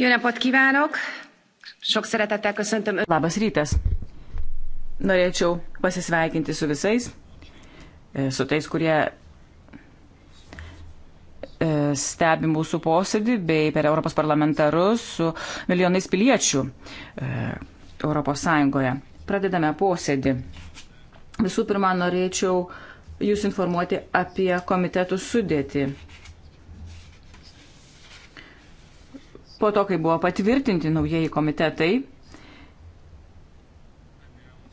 Jó napot kívánok! Sok szeretettel köszöntöm. Labas rytas. Norėčiau pasisveikinti su visais, e, su tais, kurie e, stebi mūsų posėdį bei per Europos parlamentarus su milijonais piliečių e, Europos Sąjungoje. Pradedame posėdį. Visų pirma, norėčiau Jūs informuoti apie komitetų sudėtį. Po to, kai buvo patvirtinti naujieji komitetai,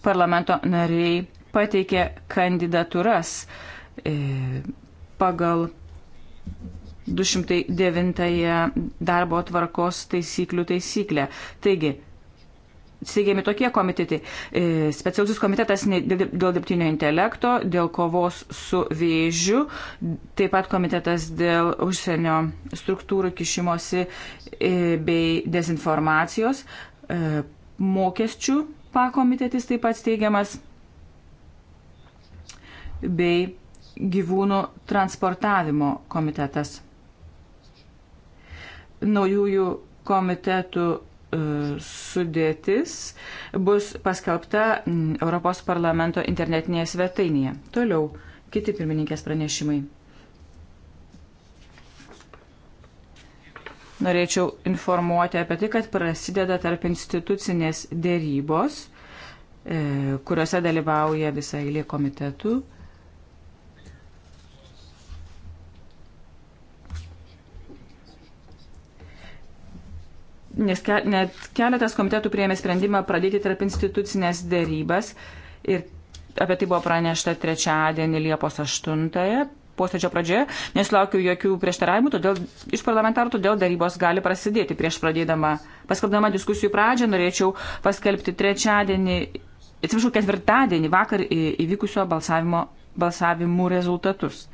parlamento nariai pateikė kandidatūras e, pagal 209 darbo tvarkos taisyklių taisyklę. Taigi, steigiami tokie komitetai. E, specialusis komitetas dėl dirbtinio intelekto, dėl kovos su vėžiu, taip pat komitetas dėl užsienio struktūrų kišimosi e, bei dezinformacijos, e, mokesčių pakomitetis taip pat steigiamas bei gyvūnų transportavimo komitetas. Naujųjų komitetų E, sudėtis bus paskelbta Europos parlamento internetinėje svetainėje. Toliau kiti pirmininkės pranešimai. Norėčiau informuoti apie tai, kad prasideda tarp institucinės dėrybos, e, kuriuose dalyvauja visai lė komitetų nes ke, net keletas komitetų prieėmė sprendimą pradėti tarp institucinės dėrybas ir apie tai buvo pranešta trečiadienį Liepos 8 posėdžio pradžioje, nesulaukiu jokių prieštaravimų, todėl iš parlamentarų, todėl darybos gali prasidėti. Prieš pradėdama, paskelbdama diskusijų pradžią, norėčiau paskelbti trečiadienį, atsiprašau, ketvirtadienį vakar įvykusio balsavimo, balsavimų rezultatus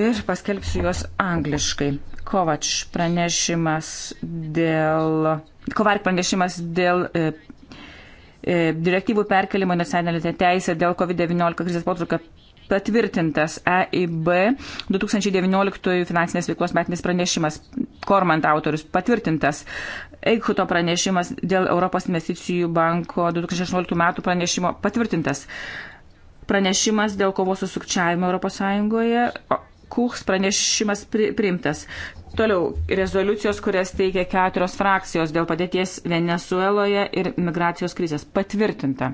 ir paskelbsiu juos angliškai. Kovač pranešimas dėl. Kovark pranešimas dėl. E, e Direktyvų perkelimo nacionalinė teisė dėl COVID-19 krizės potrukio patvirtintas EIB 2019 finansinės veiklos metinis pranešimas, Kormant autorius patvirtintas, Eikhuto pranešimas dėl Europos investicijų banko 2016 metų pranešimo patvirtintas, pranešimas dėl kovos su sukčiavimu ES, Kuchs pranešimas priimtas. Toliau rezoliucijos, kurias teikia keturios frakcijos dėl padėties Venezueloje ir migracijos krizės. Patvirtinta.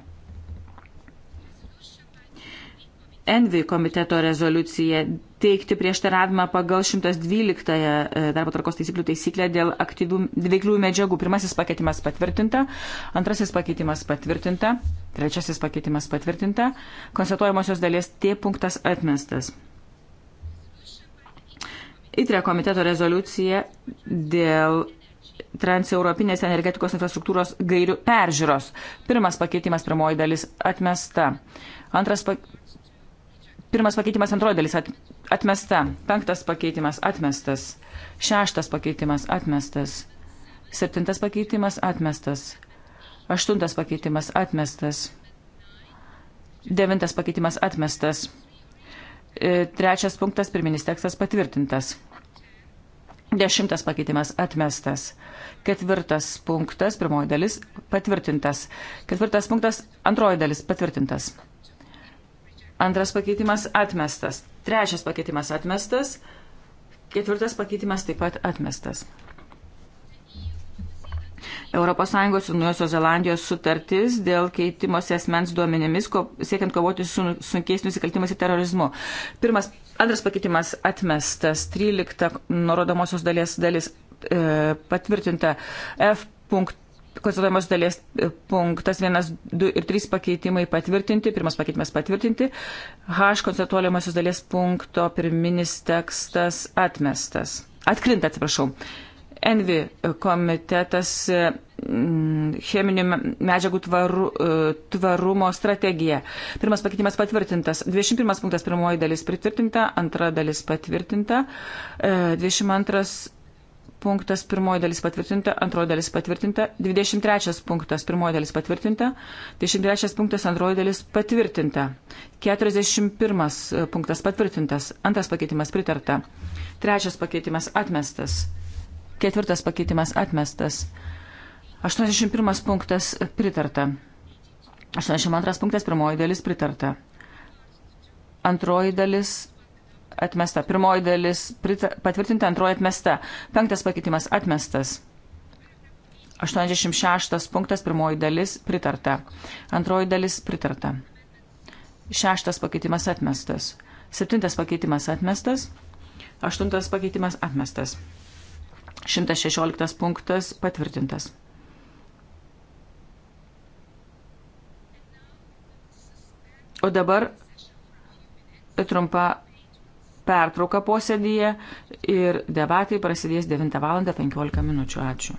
Envi komiteto rezoliucija teikti prieštaravimą pagal 112 e, darbo tvarkos taisyklių taisyklę dėl aktyvių veikliųjų medžiagų. Pirmasis pakeitimas patvirtinta, antrasis pakeitimas patvirtinta, trečiasis pakeitimas patvirtinta, konstatuojamosios dalies T punktas atmestas. ITRE komiteto rezoliucija dėl transeuropinės energetikos infrastruktūros gairių peržiūros. Pirmas pakeitimas, pirmoji dalis atmesta. Antras pa... Pirmas pakeitimas, antroji dalis at... atmesta. Penktas pakeitimas atmestas. Šeštas pakeitimas atmestas. Septintas pakeitimas atmestas. Aštuntas pakeitimas atmestas. Devintas pakeitimas atmestas. E, trečias punktas, pirminis tekstas patvirtintas. Dešimtas pakeitimas atmestas. Ketvirtas punktas, pirmoji dalis, patvirtintas. Ketvirtas punktas, antroji dalis, patvirtintas. Antras pakeitimas atmestas. Trečias pakeitimas atmestas. Ketvirtas pakeitimas taip pat atmestas. ES ir Nuojosios Zelandijos sutartis dėl keitimosi asmens duomenimis, ko, siekiant kovoti su nu, sunkiais nusikaltimais ir terorizmu. Pirmas, antras pakeitimas atmestas, 13 nurodomosios dalies dalis e, patvirtinta F. Punkt, Konstatuojamos dalies e, punktas 1, 2 ir 3 pakeitimai patvirtinti, pirmas pakeitimas patvirtinti, H konstatuojamosios dalies punkto pirminis tekstas atmestas. Atkrinta, atsiprašau. E, Envi komitetas mm, cheminių medžiagų tvaru, e, tvarumo strategija. Pirmas pakeitimas patvirtintas. 21 punktas pirmoji dalis pritvirtinta, antra dalis patvirtinta. 22 e, punktas pirmoji dalis patvirtinta, antroji dalis patvirtinta. 23 punktas pirmoji dalis patvirtinta. 23 punktas antroji dalis patvirtinta. 41 e, punktas patvirtintas. Antras pakeitimas pritarta. Trečias pakeitimas atmestas. Ketvirtas pakeitimas atmestas. 81 punktas pritarta. 82 punktas pirmoji dalis pritarta. Antroji dalis atmesta. Pirmoji dalis prita, patvirtinta, antroji atmesta. Penktas pakeitimas atmestas. 86 punktas, pirmoji dalis pritarta. Antroji dalis pritarta. Šeštas pakeitimas atmestas. Septintas pakeitimas atmestas. Aštuntas pakeitimas atmestas. 116 punktas patvirtintas. O dabar trumpa pertrauka posėdyje ir debatai prasidės 9 val. 15 min. Ačiū.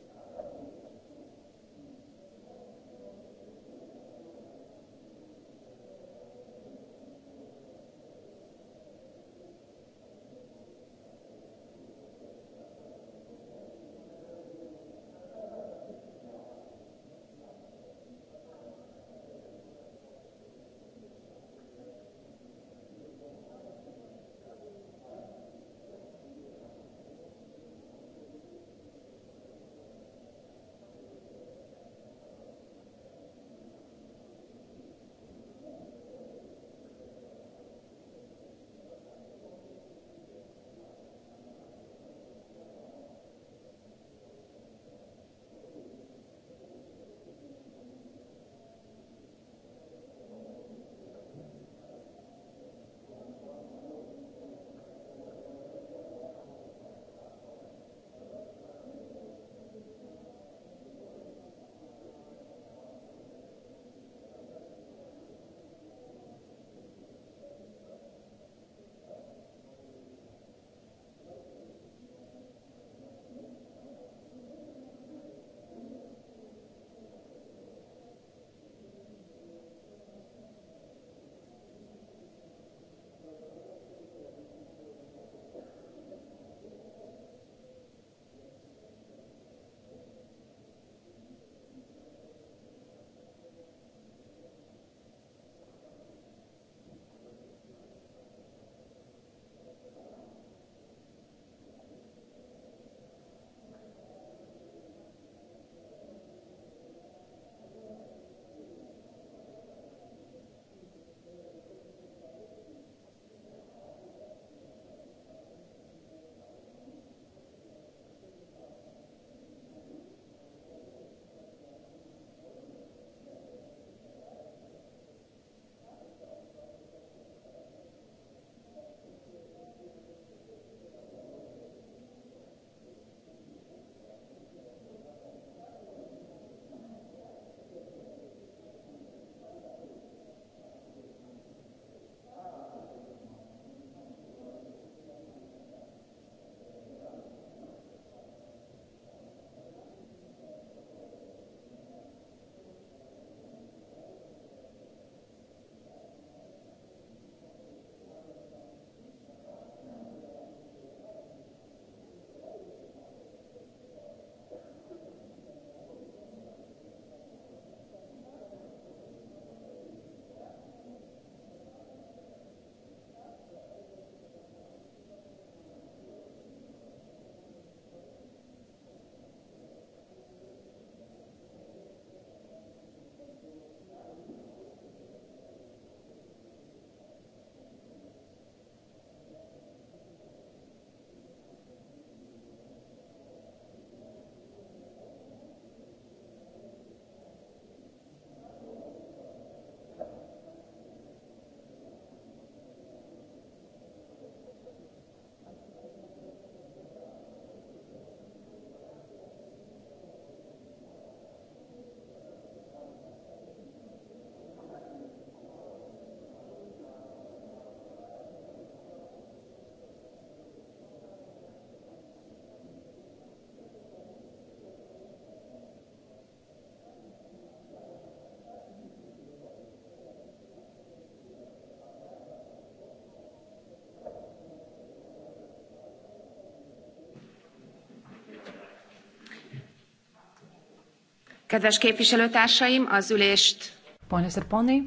Kedves képviselőtársaim, az ülést. Ponios ir ponai,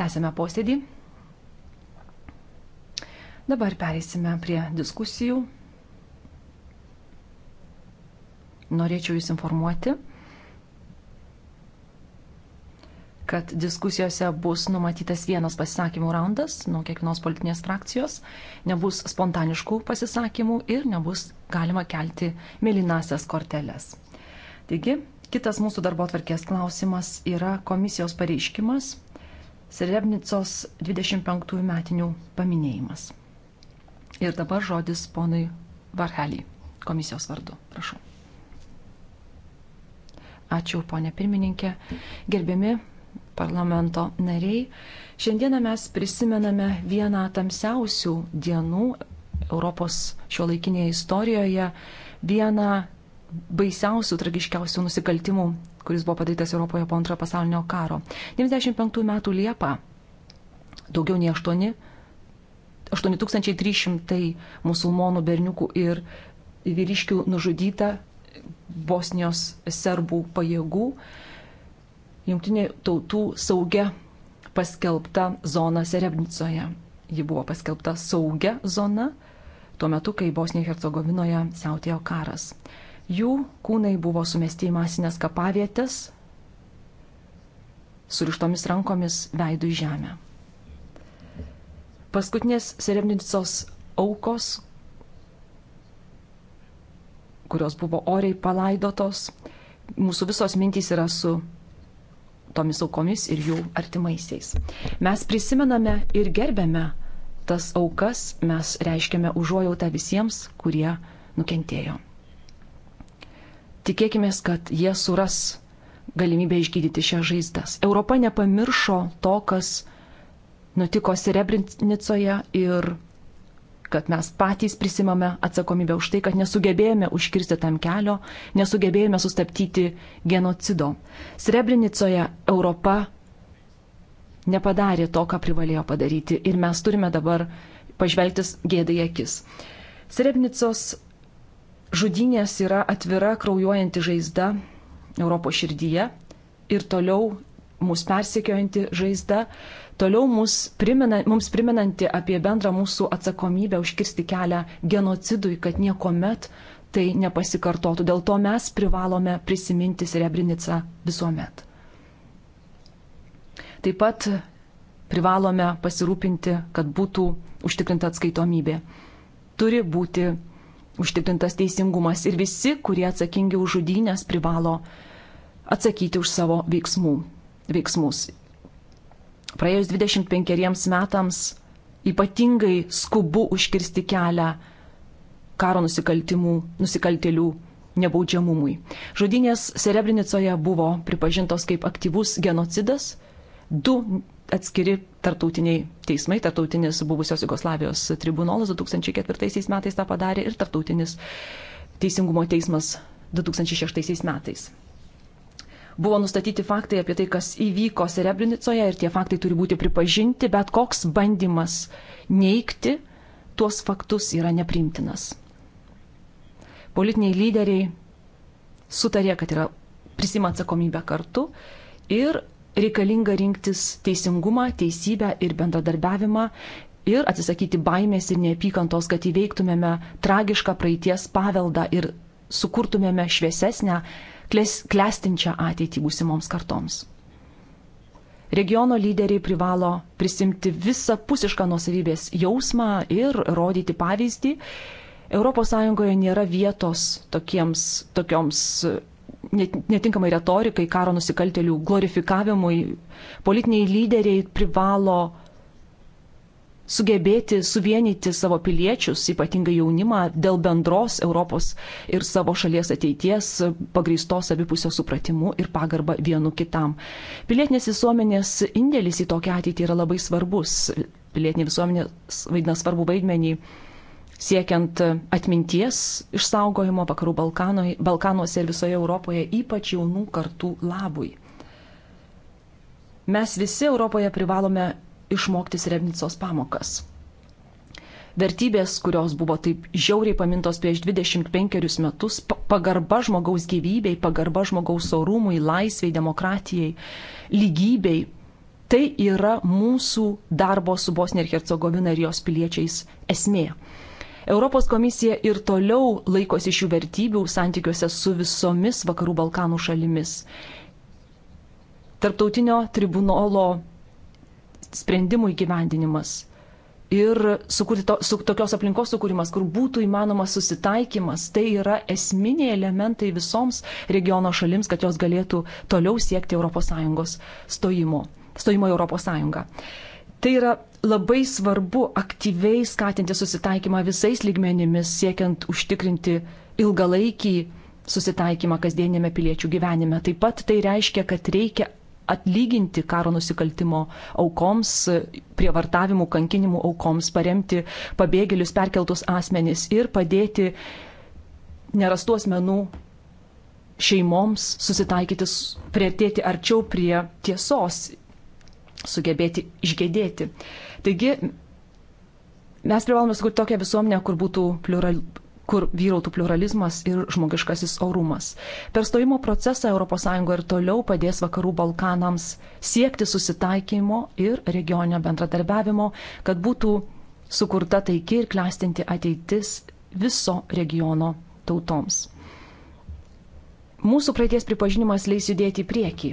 tęsime posėdį. Dabar pereisime prie diskusijų. Norėčiau Jūs informuoti, kad diskusijose bus numatytas vienas pasisakymų raundas nuo kiekvienos politinės frakcijos, nebus spontaniškų pasisakymų ir nebus galima kelti mėlynasias korteles. Taigi, kitas mūsų darbo tvarkės klausimas yra komisijos pareiškimas Srebnicos 25 metinių paminėjimas. Ir dabar žodis ponui Varhelį komisijos vardu. Prašau. Ačiū, ponė pirmininkė. Gerbiami parlamento nariai. Šiandieną mes prisimename vieną tamsiausių dienų Europos šio laikinėje istorijoje, vieną baisiausių, tragiškiausių nusikaltimų, kuris buvo padarytas Europoje po antrojo pasaulinio karo. 95 metų Liepa daugiau nei 8, 8300 musulmonų berniukų ir vyriškių nužudyta Bosnijos serbų pajėgų jungtinių tautų saugia paskelbta zona Serebnicoje. Ji buvo paskelbta saugia zona tuo metu, kai Bosnijoje Hercegovinoje siautėjo karas. Jų kūnai buvo sumesti į masinės kapavietės, surištomis rankomis veidų į žemę. Paskutinės Serebnicos aukos, kurios buvo oriai palaidotos, mūsų visos mintys yra su tomis aukomis ir jų artimaisiais. Mes prisimename ir gerbėme tas aukas, mes reiškiame užuojautą visiems, kurie nukentėjo. Tikėkime, kad jie suras galimybę išgydyti šias žaizdas. Europa nepamiršo to, kas nutiko Serebrinicoje ir kad mes patys prisimame atsakomybę už tai, kad nesugebėjome užkirsti tam kelio, nesugebėjome sustabdyti genocido. Srebrenicoje Europa nepadarė to, ką privalėjo padaryti ir mes turime dabar pažvelgtis gėdai akis. Srebrenicos žudynės yra atvira kraujuojanti žaizda Europos širdyje ir toliau mūsų persekiojanti žaizda, toliau mus primena, mums priminanti apie bendrą mūsų atsakomybę užkirsti kelią genocidui, kad nieko met tai nepasikartotų. Dėl to mes privalome prisiminti Srebrenicą visuomet. Taip pat privalome pasirūpinti, kad būtų užtikrinta atskaitomybė. Turi būti užtikrintas teisingumas ir visi, kurie atsakingi už žudynės, privalo atsakyti už savo veiksmų, veiksmus. Praėjus 25 metams ypatingai skubu užkirsti kelią karo nusikaltimų, nusikaltėlių nebaudžiamumui. Žudynės Serebrinicoje buvo pripažintos kaip aktyvus genocidas. Du atskiri tartautiniai teismai, tartautinis buvusios Jugoslavijos tribunolas 2004 metais tą padarė ir tartautinis teisingumo teismas 2006 metais buvo nustatyti faktai apie tai, kas įvyko Serebrinicoje ir tie faktai turi būti pripažinti, bet koks bandymas neikti tuos faktus yra neprimtinas. Politiniai lyderiai sutarė, kad yra prisima atsakomybę kartu ir reikalinga rinktis teisingumą, teisybę ir bendradarbiavimą ir atsisakyti baimės ir neapykantos, kad įveiktumėme tragišką praeities paveldą ir sukurtumėme šviesesnę, klestinčią ateitį būsimoms kartoms. Regiono lyderiai privalo prisimti visą pusišką nusavybės jausmą ir rodyti pavyzdį. ES nėra vietos tokiems, tokioms netinkamai retorikai, karo nusikaltelių glorifikavimui. Politiniai lyderiai privalo sugebėti suvienyti savo piliečius, ypatingai jaunimą, dėl bendros Europos ir savo šalies ateities pagrįstos abipusio supratimu ir pagarba vienu kitam. Pilietinės visuomenės indėlis į tokią ateitį yra labai svarbus. Pilietinė visuomenė vaidina svarbu vaidmenį siekiant atminties išsaugojimo vakarų Balkanoj, Balkanuose ir visoje Europoje, ypač jaunų kartų labui. Mes visi Europoje privalome išmokti Srebnicos pamokas. Vertybės, kurios buvo taip žiauriai pamintos prieš 25 metus - pagarba žmogaus gyvybei, pagarba žmogaus orumui, laisviai, demokratijai, lygybei - tai yra mūsų darbo su Bosnija ir Hercegovina ir jos piliečiais esmė. Europos komisija ir toliau laikosi šių vertybių santykiuose su visomis Vakarų Balkanų šalimis. Tarptautinio tribunolo sprendimų įgyvendinimas ir sukurti to, su, tokios aplinkos sukūrimas, kur būtų įmanomas susitaikymas, tai yra esminiai elementai visoms regiono šalims, kad jos galėtų toliau siekti ES stojimo, stojimo į ES. Tai yra labai svarbu aktyviai skatinti susitaikymą visais lygmenimis, siekiant užtikrinti ilgalaikį susitaikymą kasdienėme piliečių gyvenime. Taip pat tai reiškia, kad reikia atlyginti karo nusikaltimo aukoms, prievartavimų, kankinimų aukoms, paremti pabėgėlius perkeltus asmenys ir padėti nerastų asmenų šeimoms susitaikyti, prieartėti arčiau prie tiesos, sugebėti išgėdėti. Taigi mes privalome sukurti tokią visuomenę, kur būtų plural, kur vyrautų pluralizmas ir žmogiškasis orumas. Per stojimo procesą ES ir toliau padės vakarų Balkanams siekti susitaikymo ir regioninio bendradarbiavimo, kad būtų sukurta taiki ir klestinti ateitis viso regiono tautoms. Mūsų praeities pripažinimas leis judėti į priekį.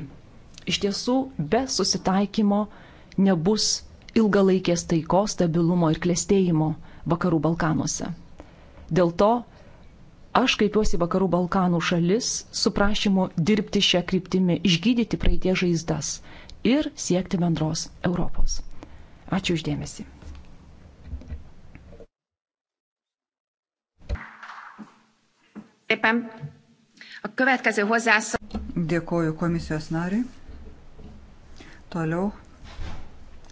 Iš tiesų, be susitaikymo nebus ilgalaikės taikos, stabilumo ir klėstėjimo vakarų Balkanuose. Dėl to aš kreipiuosi vakarų Balkanų šalis su prašymu dirbti šią kryptimį, išgydyti praeitie žaizdas ir siekti bendros Europos. Ačiū uždėmesi. Dėkoju komisijos nariui. Toliau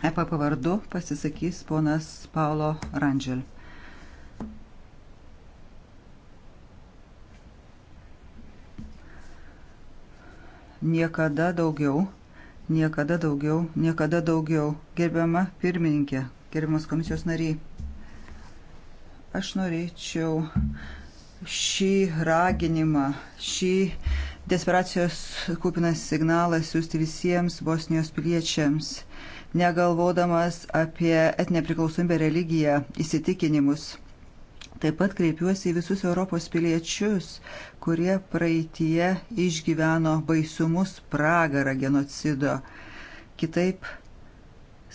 EPP vardu pasisakys ponas Paulo Rangel. Niekada daugiau, niekada daugiau, niekada daugiau. Gerbiama pirmininkė, gerbiamas komisijos nariai. Aš norėčiau šį raginimą, šį desperacijos kupinas signalas siūsti visiems Bosnijos piliečiams, negalvodamas apie etnepriklausomybę religiją, įsitikinimus Taip pat kreipiuosi į visus Europos piliečius, kurie praeitie išgyveno baisumus pragarą genocido. Kitaip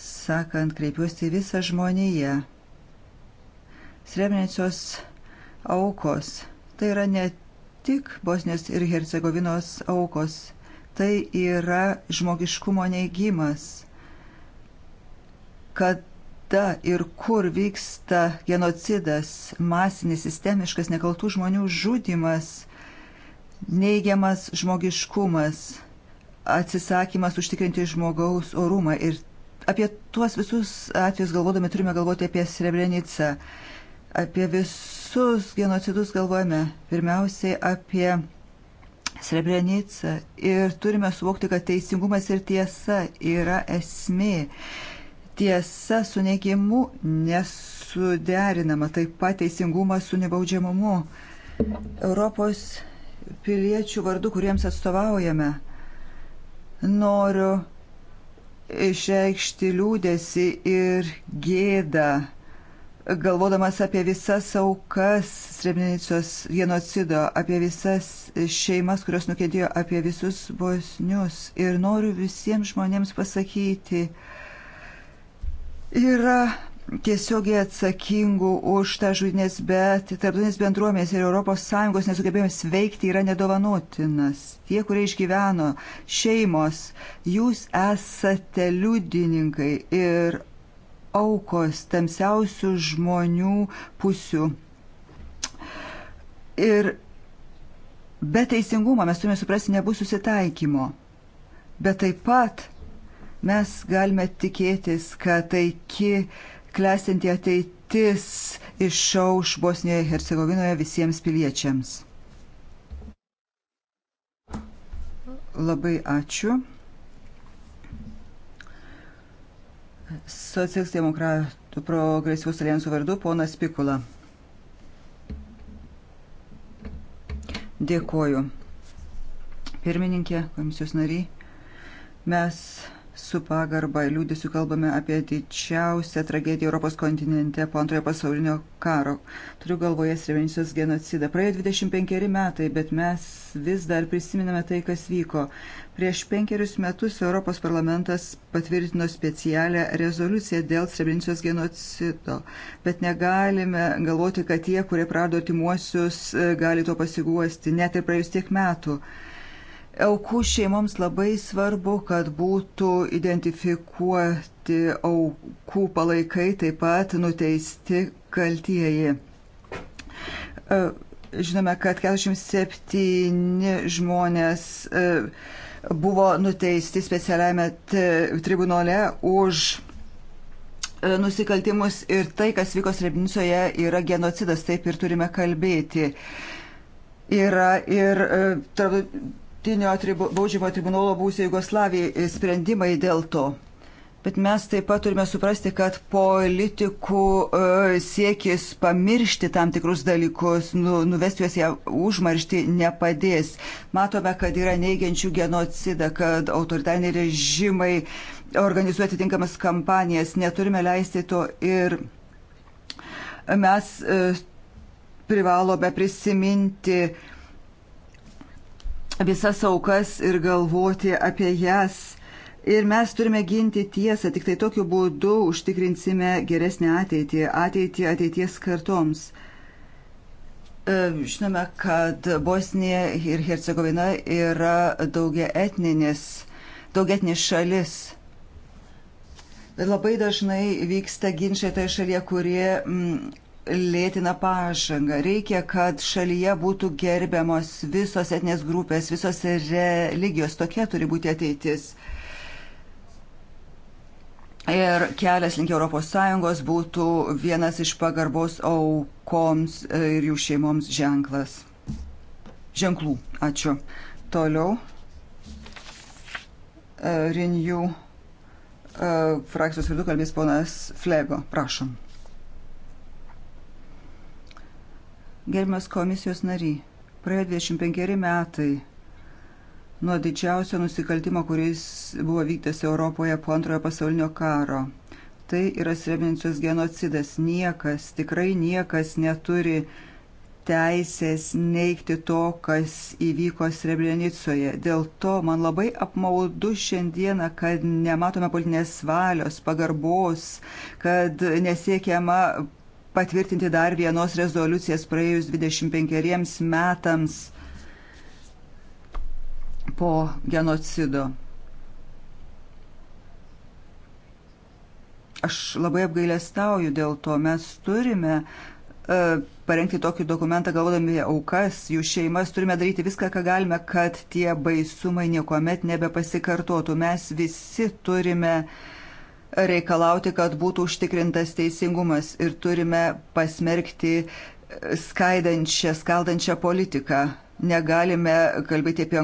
sakant, kreipiuosi į visą žmoniją. Srebrenicos aukos tai yra ne tik Bosnijos ir Hercegovinos aukos, tai yra žmogiškumo neigimas, kad kada ir kur vyksta genocidas, masinis, sistemiškas nekaltų žmonių žudimas, neigiamas žmogiškumas, atsisakymas užtikrinti žmogaus orumą. Ir apie tuos visus atvejus galvodami turime galvoti apie Srebrenicą, apie visus genocidus galvojame, pirmiausiai apie Srebrenica ir turime suvokti, kad teisingumas ir tiesa yra esmė tiesa su neigiamu nesuderinama, taip pat teisingumas su nebaudžiamumu. Europos piliečių vardu, kuriems atstovaujame, noriu išreikšti liūdėsi ir gėdą, galvodamas apie visas aukas Srebrenicos genocido, apie visas šeimas, kurios nukentėjo, apie visus bosnius. Ir noriu visiems žmonėms pasakyti, yra tiesiogiai atsakingų už tą žudinės, bet tarptautinės bendruomenės ir ES nesugebėjimas veikti yra nedovanotinas. Tie, kurie išgyveno šeimos, jūs esate liudininkai ir aukos tamsiausių žmonių pusių. Ir be teisingumo mes turime suprasti, nebus susitaikymo. Bet taip pat Mes galime tikėtis, kad taiki klestinti ateitis išauš Bosnijoje ir Hercegovinoje visiems piliečiams. Labai ačiū. Socialdemokratų progresyvus alijansų vardu ponas Pikula. Dėkoju. Pirmininkė, komisijos nariai, mes Su pagarba ir liūdėsiu kalbame apie didžiausią tragediją Europos kontinente po antrojo pasaulinio karo. Turiu galvoje Srevenicos genocidą. Praėjo 25 metai, bet mes vis dar prisiminame tai, kas vyko. Prieš penkerius metus Europos parlamentas patvirtino specialią rezoliuciją dėl Srebrenicos genocido, bet negalime galvoti, kad tie, kurie prarado timuosius, gali to pasiguosti, net ir praėjus tiek metų. Aukų šeimoms labai svarbu, kad būtų identifikuoti aukų palaikai, taip pat nuteisti kaltieji. E, žinome, kad 47 žmonės e, buvo nuteisti specialiame tribunole už e, nusikaltimus ir tai, kas vyko Srebrenicoje, yra genocidas, taip ir turime kalbėti. Yra ir, ir tarptautinio tribu, baudžiamo tribunolo būsio Jugoslavijai e, sprendimai dėl to. Bet mes taip pat turime suprasti, kad politikų e, siekis pamiršti tam tikrus dalykus, nu, nuvesti juos ją užmaršti nepadės. Matome, kad yra neigiančių genocidą, kad autoritariniai režimai organizuoja atitinkamas kampanijas, neturime leisti to ir mes e, privalome prisiminti visas aukas ir galvoti apie jas. Ir mes turime ginti tiesą, tik tai tokiu būdu užtikrinsime geresnę ateitį, ateitį ateities kartoms. E, žinome, kad Bosnija ir Hercegovina yra daugia etninis, daugia etnis šalis. Bet labai dažnai vyksta ginčiai toje tai šalyje, kurie mm, lėtina pažangą. Reikia, kad šalyje būtų gerbiamos visos etinės grupės, visos religijos. Tokia turi būti ateitis. Ir kelias link ES būtų vienas iš pagarbos aukoms ir jų šeimoms ženklas. Ženklų. Ačiū. Toliau. E, Rinjų e, frakcijos vardu kalbės ponas Flego. Prašom. Gerbiamas komisijos nariai, praėjo 25 metai nuo didžiausio nusikaltimo, kuris buvo vyktas Europoje po antrojo pasaulinio karo. Tai yra Srebrenicos genocidas. Niekas, tikrai niekas neturi teisės neikti to, kas įvyko Srebrenicoje. Dėl to man labai apmaudu šiandieną, kad nematome politinės valios, pagarbos, kad nesiekiama patvirtinti dar vienos rezoliucijas praėjus 25 metams po genocido. Aš labai apgailestauju dėl to, mes turime uh, parengti tokį dokumentą, galvodami aukas, jų šeimas, turime daryti viską, ką galime, kad tie baisumai niekuomet nebepasikartotų. Mes visi turime uh, reikalauti, kad būtų užtikrintas teisingumas ir turime pasmerkti skaidančią, skaldančią politiką. Negalime kalbėti apie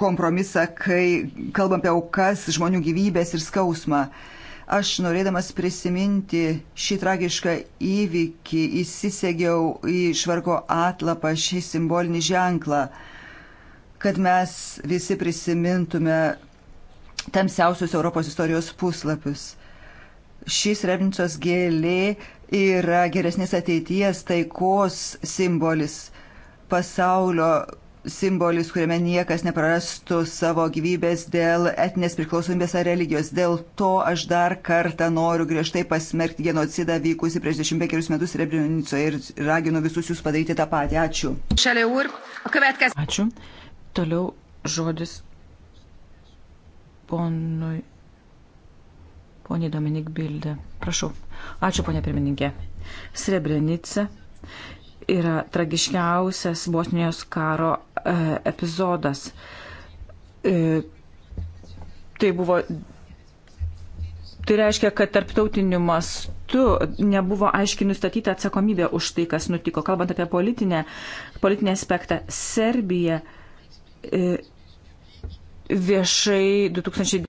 kompromisą, kai kalbam apie aukas, žmonių gyvybės ir skausmą. Aš norėdamas prisiminti šį tragišką įvykį įsisegiau į švarko atlapą šį simbolinį ženklą, kad mes visi prisimintume tamsiausius Europos istorijos puslapius. Šis Revincos gėlė yra geresnės ateities taikos simbolis, pasaulio simbolis, kuriame niekas neprarastų savo gyvybės dėl etinės priklausomybės ar religijos. Dėl to aš dar kartą noriu griežtai pasmerkti genocidą vykusi prieš 25 metus Rebrinicoje ir raginu visus jūs padaryti tą patį. Ačiū. Ačiū. Toliau žodis ponui. Pone Dominik Bildė. Prašau. Ačiū, ponė pirmininkė. Srebrenica yra tragiškiausias Bosnijos karo e, epizodas. E, tai buvo. Tai reiškia, kad tarptautiniu mastu nebuvo aiškiai nustatyta atsakomybė už tai, kas nutiko. Kalbant apie politinę, politinį aspektą, Serbija e, viešai 2000.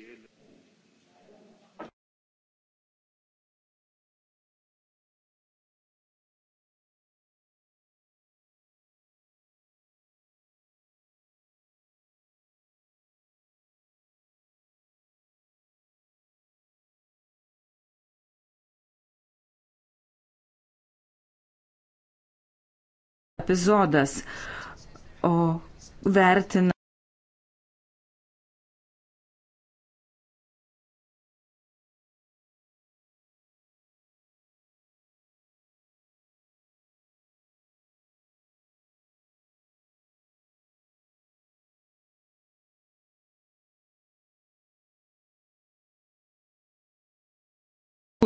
sėdi. epizodas, o vertina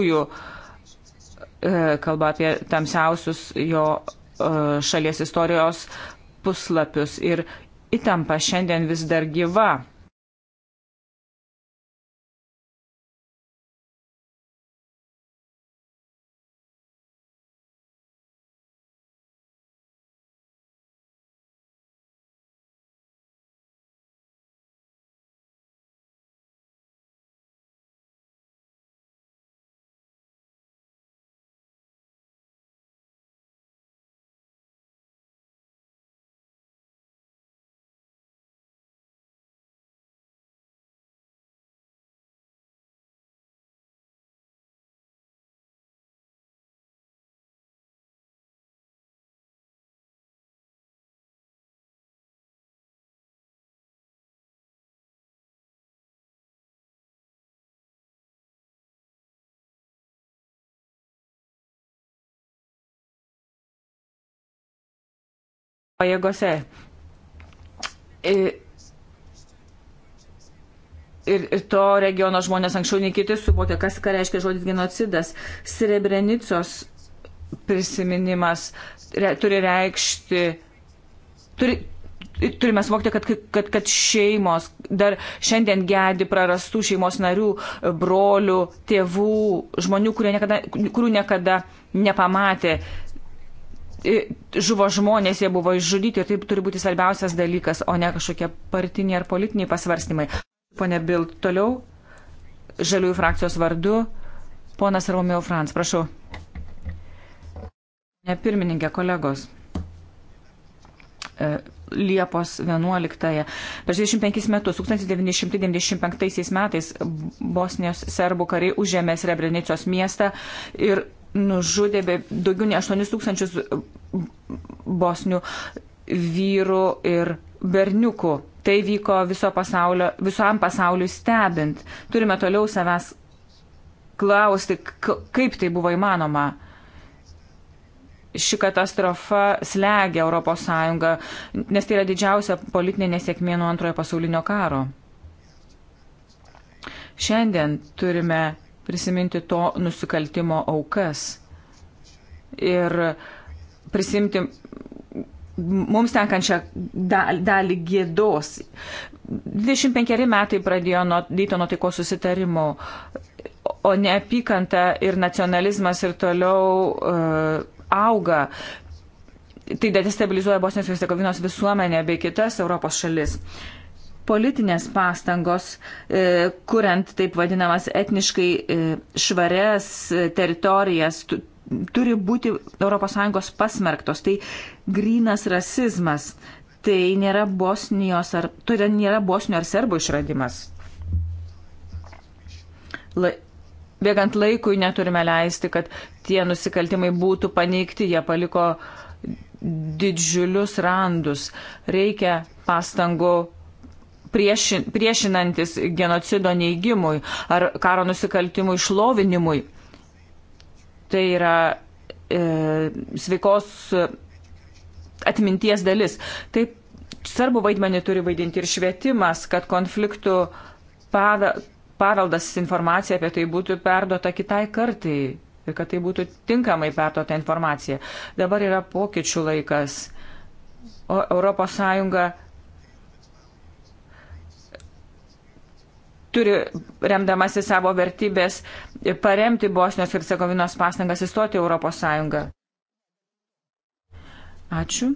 tikrųjų e, kalba apie tamsiausius jo e, šalies istorijos puslapius ir įtampa šiandien vis dar gyva. pajėgose. Ir, ir, ir to regiono žmonės anksčiau nei kiti suvokė, kas ką reiškia žodis genocidas. Srebrenicos prisiminimas re, turi reikšti, turi, turime suvokti, kad, kad, kad šeimos dar šiandien gedi prarastų šeimos narių, brolių, tėvų, žmonių, niekada, kurių niekada nepamatė žuvo žmonės, jie buvo išžudyti ir taip turi būti svarbiausias dalykas, o ne kažkokie partiniai ar politiniai pasvarstymai. Pone Bild, toliau žaliųjų frakcijos vardu, ponas Romeo Franz, prašau. Ne pirmininkė, kolegos. E, Liepos 11-ąją. Per 25 metus, 1995 metais, Bosnijos serbų kariai užėmė Srebrenicos miestą ir nužudė be daugiau nei 8 tūkstančius bosnių vyrų ir berniukų. Tai vyko viso pasaulio, visam pasauliu stebint. Turime toliau savęs klausti, kaip tai buvo įmanoma. Ši katastrofa slegia ES, nes tai yra didžiausia politinė nesėkmė nuo antrojo pasaulinio karo. Šiandien turime prisiminti to nusikaltimo aukas ir prisimti mums tenkančią dalį gėdos. 25 metai pradėjo nuo Daytono taikos susitarimo, o neapykanta ir nacionalizmas ir toliau uh, auga. Tai destabilizuoja Bosnijos ir Hercegovinos visuomenę bei kitas Europos šalis. Uh, politinės pastangos, e, kuriant taip vadinamas etniškai e, švarias e, teritorijas, turi būti ES pasmerktos. Tai grynas rasizmas. Tai nėra Bosnijos ar, tai nėra Bosnijos ar Serbų išradimas. La, bėgant laikui neturime leisti, kad tie nusikaltimai būtų paneigti, jie paliko didžiulius randus. Reikia pastangų priešin, priešinantis genocido neigimui ar karo nusikaltimų išlovinimui. Tai yra e, sveikos atminties dalis. Taip svarbu vaidmenį turi vaidinti ir švietimas, kad konfliktų paveldas informacija apie tai būtų perduota kitai kartai ir kad tai būtų tinkamai perduota informacija. Dabar yra pokyčių laikas, o ES turi, remdamasi savo vertybės, paremti Bosnios ir Cegovinos pastangas įstoti Europos Sąjungą. Ačiū.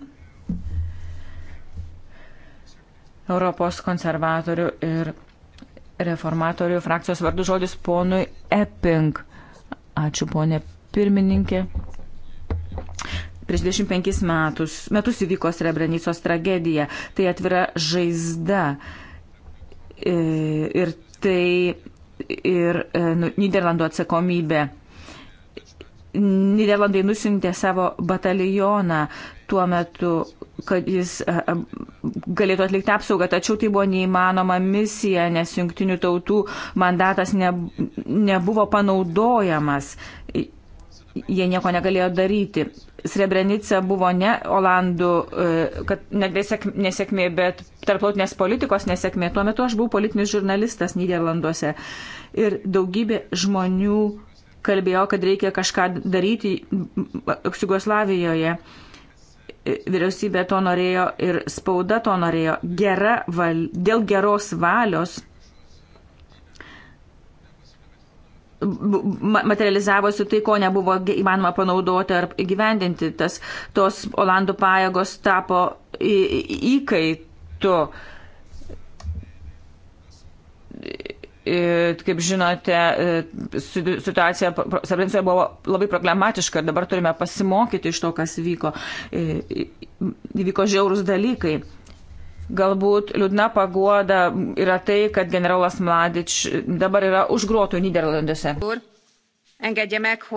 Europos konservatorių ir reformatorių frakcijos vardu žodis ponui Epping. Ačiū, ponė pirmininkė. Prieš 25 metus, metus įvyko Srebrenicos tragedija. Tai atvira žaizda. E, ir tai ir e, nu, Niderlandų atsakomybė. Niderlandai nusintė savo batalioną tuo metu, kad jis e, e, galėtų atlikti apsaugą, tačiau tai buvo neįmanoma misija, nes jungtinių tautų mandatas ne, nebuvo panaudojamas, jie nieko negalėjo daryti. Srebrenica buvo ne Olandų, e, kad nesėkmė, bet tarptautinės politikos nesėkmė. Tuo metu aš buvau politinis žurnalistas Niderlanduose ir daugybė žmonių kalbėjo, kad reikia kažką daryti Jugoslavijoje. E, vyriausybė to norėjo ir spauda to norėjo. Gera val, dėl geros valios materializavosi tai, ko nebuvo įmanoma panaudoti ar gyvendinti. Tas, tos Olandų pajėgos tapo įkaitu. Kaip žinote, situacija Sabrinsoje buvo labai problematiška ir dabar turime pasimokyti iš to, kas vyko. Įvyko žiaurus dalykai. Galbūt liūdna paguoda yra tai, kad generolas Mladič dabar yra užgruotų Niderlanduose.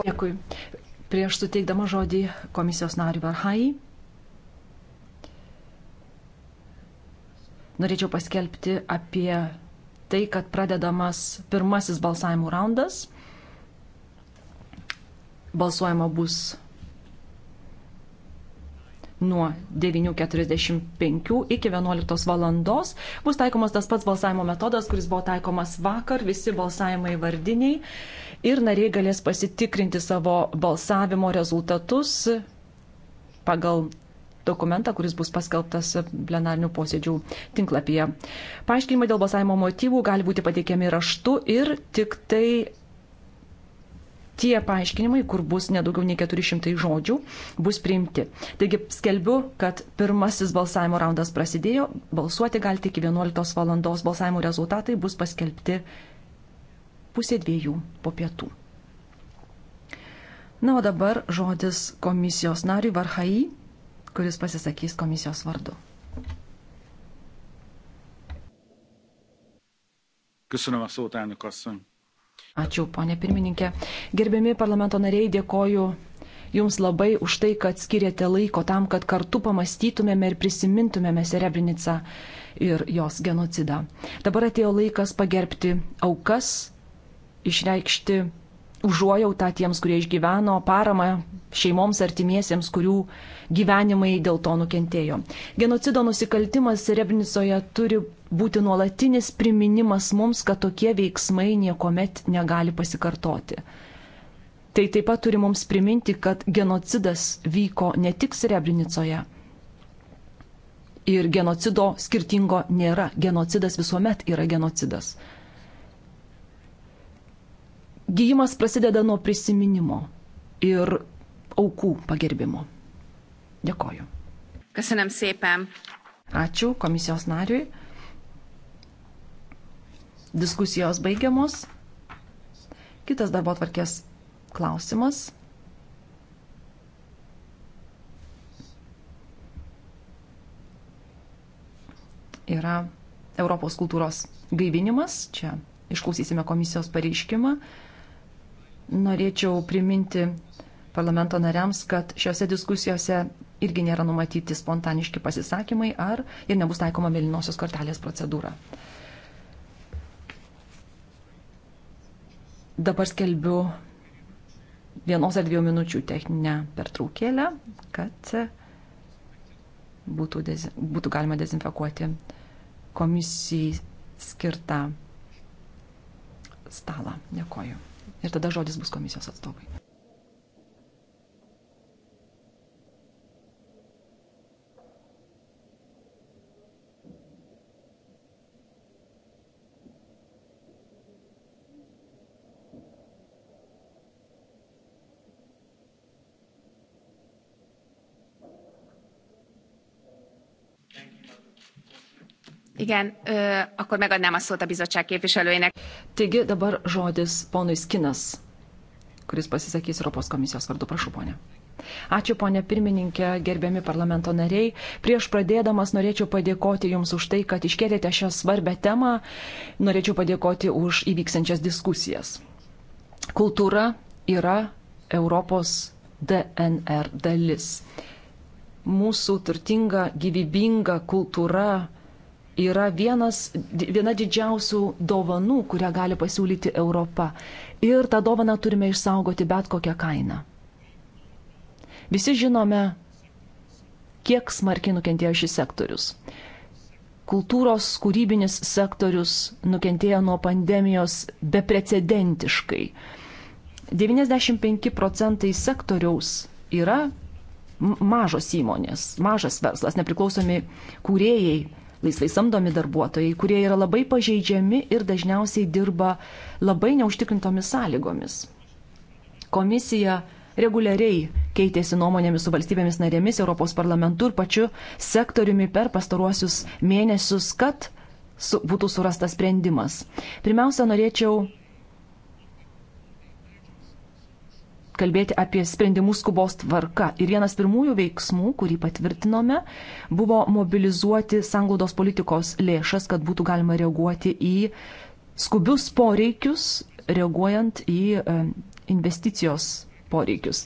Dėkui. Prieš suteikdama žodį komisijos nariui Varhai, norėčiau paskelbti apie tai, kad pradedamas pirmasis balsavimų raundas. Balsuojama bus nuo 9.45 iki 11 valandos. Bus taikomas tas pats balsavimo metodas, kuris buvo taikomas vakar, visi balsavimai vardiniai ir nariai galės pasitikrinti savo balsavimo rezultatus pagal dokumentą, kuris bus paskelbtas plenarnių posėdžių tinklapyje. Paaiškinimai dėl balsavimo motyvų gali būti pateikiami raštu ir tik tai tie paaiškinimai, kur bus nedaugiau nei 400 žodžių, bus priimti. Taigi skelbiu, kad pirmasis balsavimo raundas prasidėjo, balsuoti galite iki 11 val. balsavimo rezultatai bus paskelbti pusė dviejų po pietų. Na, o dabar žodis komisijos nariui Varhai, kuris pasisakys komisijos vardu. Köszönöm a szót, elnök asszony! Ačiū, ponė pirmininkė. Gerbiami parlamento nariai, dėkoju Jums labai už tai, kad skiriate laiko tam, kad kartu pamastytumėme ir prisimintumėme Serebrinicą ir jos genocidą. Dabar atėjo laikas pagerbti aukas, išreikšti užuojautą tiems, kurie išgyveno, paramą šeimoms artimiesiems, kurių gyvenimai dėl to nukentėjo. Genocido nusikaltimas Serebrinicoje turi būti nuolatinis priminimas mums, kad tokie veiksmai niekuomet negali pasikartoti. Tai taip pat turi mums priminti, kad genocidas vyko ne tik Srebrenicoje. Ir genocido skirtingo nėra. Genocidas visuomet yra genocidas. Gyjimas prasideda nuo prisiminimo ir aukų pagerbimo. Dėkoju. Kasinam sėpėm. Ačiū komisijos nariui. Diskusijos baigiamos. Kitas darbo tvarkės klausimas. Yra Europos kultūros gaivinimas. Čia išklausysime komisijos pareiškimą. Norėčiau priminti parlamento nariams, kad šiuose diskusijose irgi nėra numatyti spontaniški pasisakymai ar ir nebus taikoma mėlynosios kortelės procedūra. Dabar skelbiu vienos ar dviejų minučių techninę pertraukėlę, kad būtų, dezi, būtų galima dezinfekuoti komisijai skirtą stalą. Dėkoju. Ir tada žodis bus komisijos atstovai. Igen, ö, akkor megadnám a szót a bizottság képviselőjének. Taigi dabar žodis ponui Skinas, kuris pasisakys Europos komisijos vardu. Prašau, ponė. Ačiū, ponė pirmininkė, gerbiami parlamento nariai. Prieš pradėdamas norėčiau padėkoti Jums už tai, kad iškėlėte šią svarbę temą. Norėčiau padėkoti už įvyksančias diskusijas. Kultūra yra Europos DNR dalis. Mūsų turtinga, gyvybinga kultūra yra vienas, viena didžiausių dovanų, kurią gali pasiūlyti Europa. Ir tą dovaną turime išsaugoti bet kokią kainą. Visi žinome, kiek smarkiai nukentėjo šis sektorius. Kultūros kūrybinis sektorius nukentėjo nuo pandemijos beprecedentiškai. 95 procentai sektoriaus yra mažos įmonės, mažas verslas, nepriklausomi kūrėjai, laisvai samdomi darbuotojai, kurie yra labai pažeidžiami ir dažniausiai dirba labai neužtikrintomis sąlygomis. Komisija reguliariai keitėsi nuomonėmis su valstybėmis narėmis, Europos parlamentu ir pačiu sektoriumi per pastaruosius mėnesius, kad su, būtų surastas sprendimas. Pirmiausia, norėčiau kalbėti apie sprendimus skubos tvarka. Ir vienas pirmųjų veiksmų, kurį patvirtinome, buvo mobilizuoti sanglaudos politikos lėšas, kad būtų galima reaguoti į skubius poreikius, reaguojant į e, investicijos poreikius.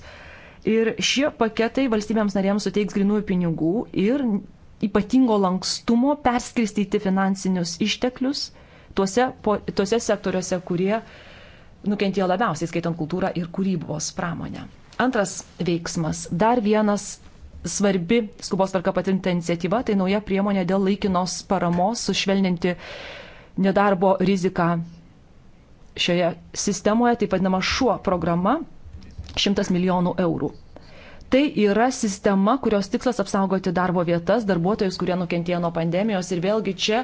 Ir šie paketai valstybėms narėms suteiks grinųjų pinigų ir ypatingo lankstumo perskirstyti finansinius išteklius tuose, tuose sektoriuose, kurie uh, nukentėjo labiausiai, skaitant kultūrą ir kūrybos pramonę. Antras veiksmas. Dar vienas svarbi skubos tvarka patrinta iniciatyva - tai nauja priemonė dėl laikinos paramos sušvelninti nedarbo riziką šioje sistemoje, taip vadinama šuo programa - 100 milijonų eurų. Tai yra sistema, kurios tikslas apsaugoti darbo vietas, darbuotojus, kurie nukentėjo nuo pandemijos ir vėlgi čia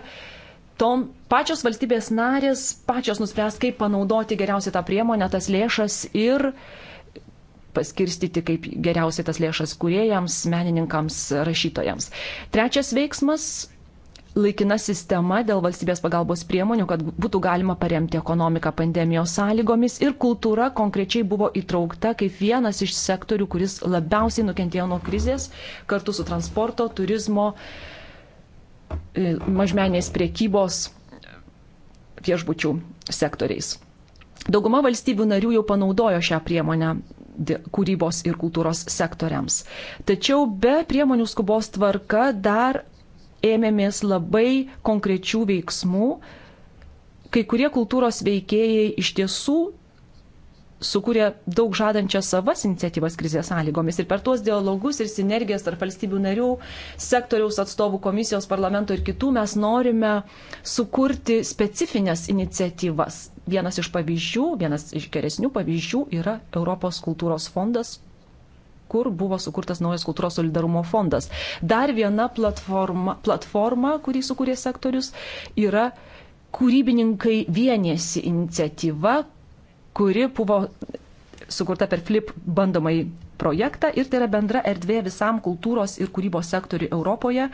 tom pačios valstybės narės pačios nuspręs, kaip panaudoti geriausiai tą priemonę, tas lėšas ir paskirstyti kaip geriausiai tas lėšas kuriejams, menininkams, rašytojams. Trečias veiksmas - laikina sistema dėl valstybės pagalbos priemonių, kad būtų galima paremti ekonomiką pandemijos sąlygomis ir kultūra konkrečiai buvo įtraukta kaip vienas iš sektorių, kuris labiausiai nukentėjo nuo krizės kartu su transporto, turizmo, uh, E, mažmenės priekybos viešbučių sektoriais. Dauguma valstybių narių jau panaudojo šią priemonę kūrybos ir kultūros sektoriams. Tačiau be priemonių skubos tvarka dar ėmėmės labai konkrečių veiksmų. Kai kurie kultūros veikėjai iš tiesų sukūrė daug žadančias savas iniciatyvas krizės sąlygomis. Ir per tuos dialogus ir sinergijas tarp valstybių narių, sektoriaus atstovų komisijos, parlamento ir kitų mes norime sukurti specifines iniciatyvas. Vienas iš pavyzdžių, vienas iš geresnių pavyzdžių yra Europos kultūros fondas kur buvo sukurtas naujas kultūros solidarumo fondas. Dar viena platforma, platforma kurį sukūrė sektorius, yra kūrybininkai vienėsi iniciatyva, kuri buvo sukurta per FLIP bandomai projektą ir tai yra bendra erdvė visam kultūros ir kūrybos sektoriui Europoje,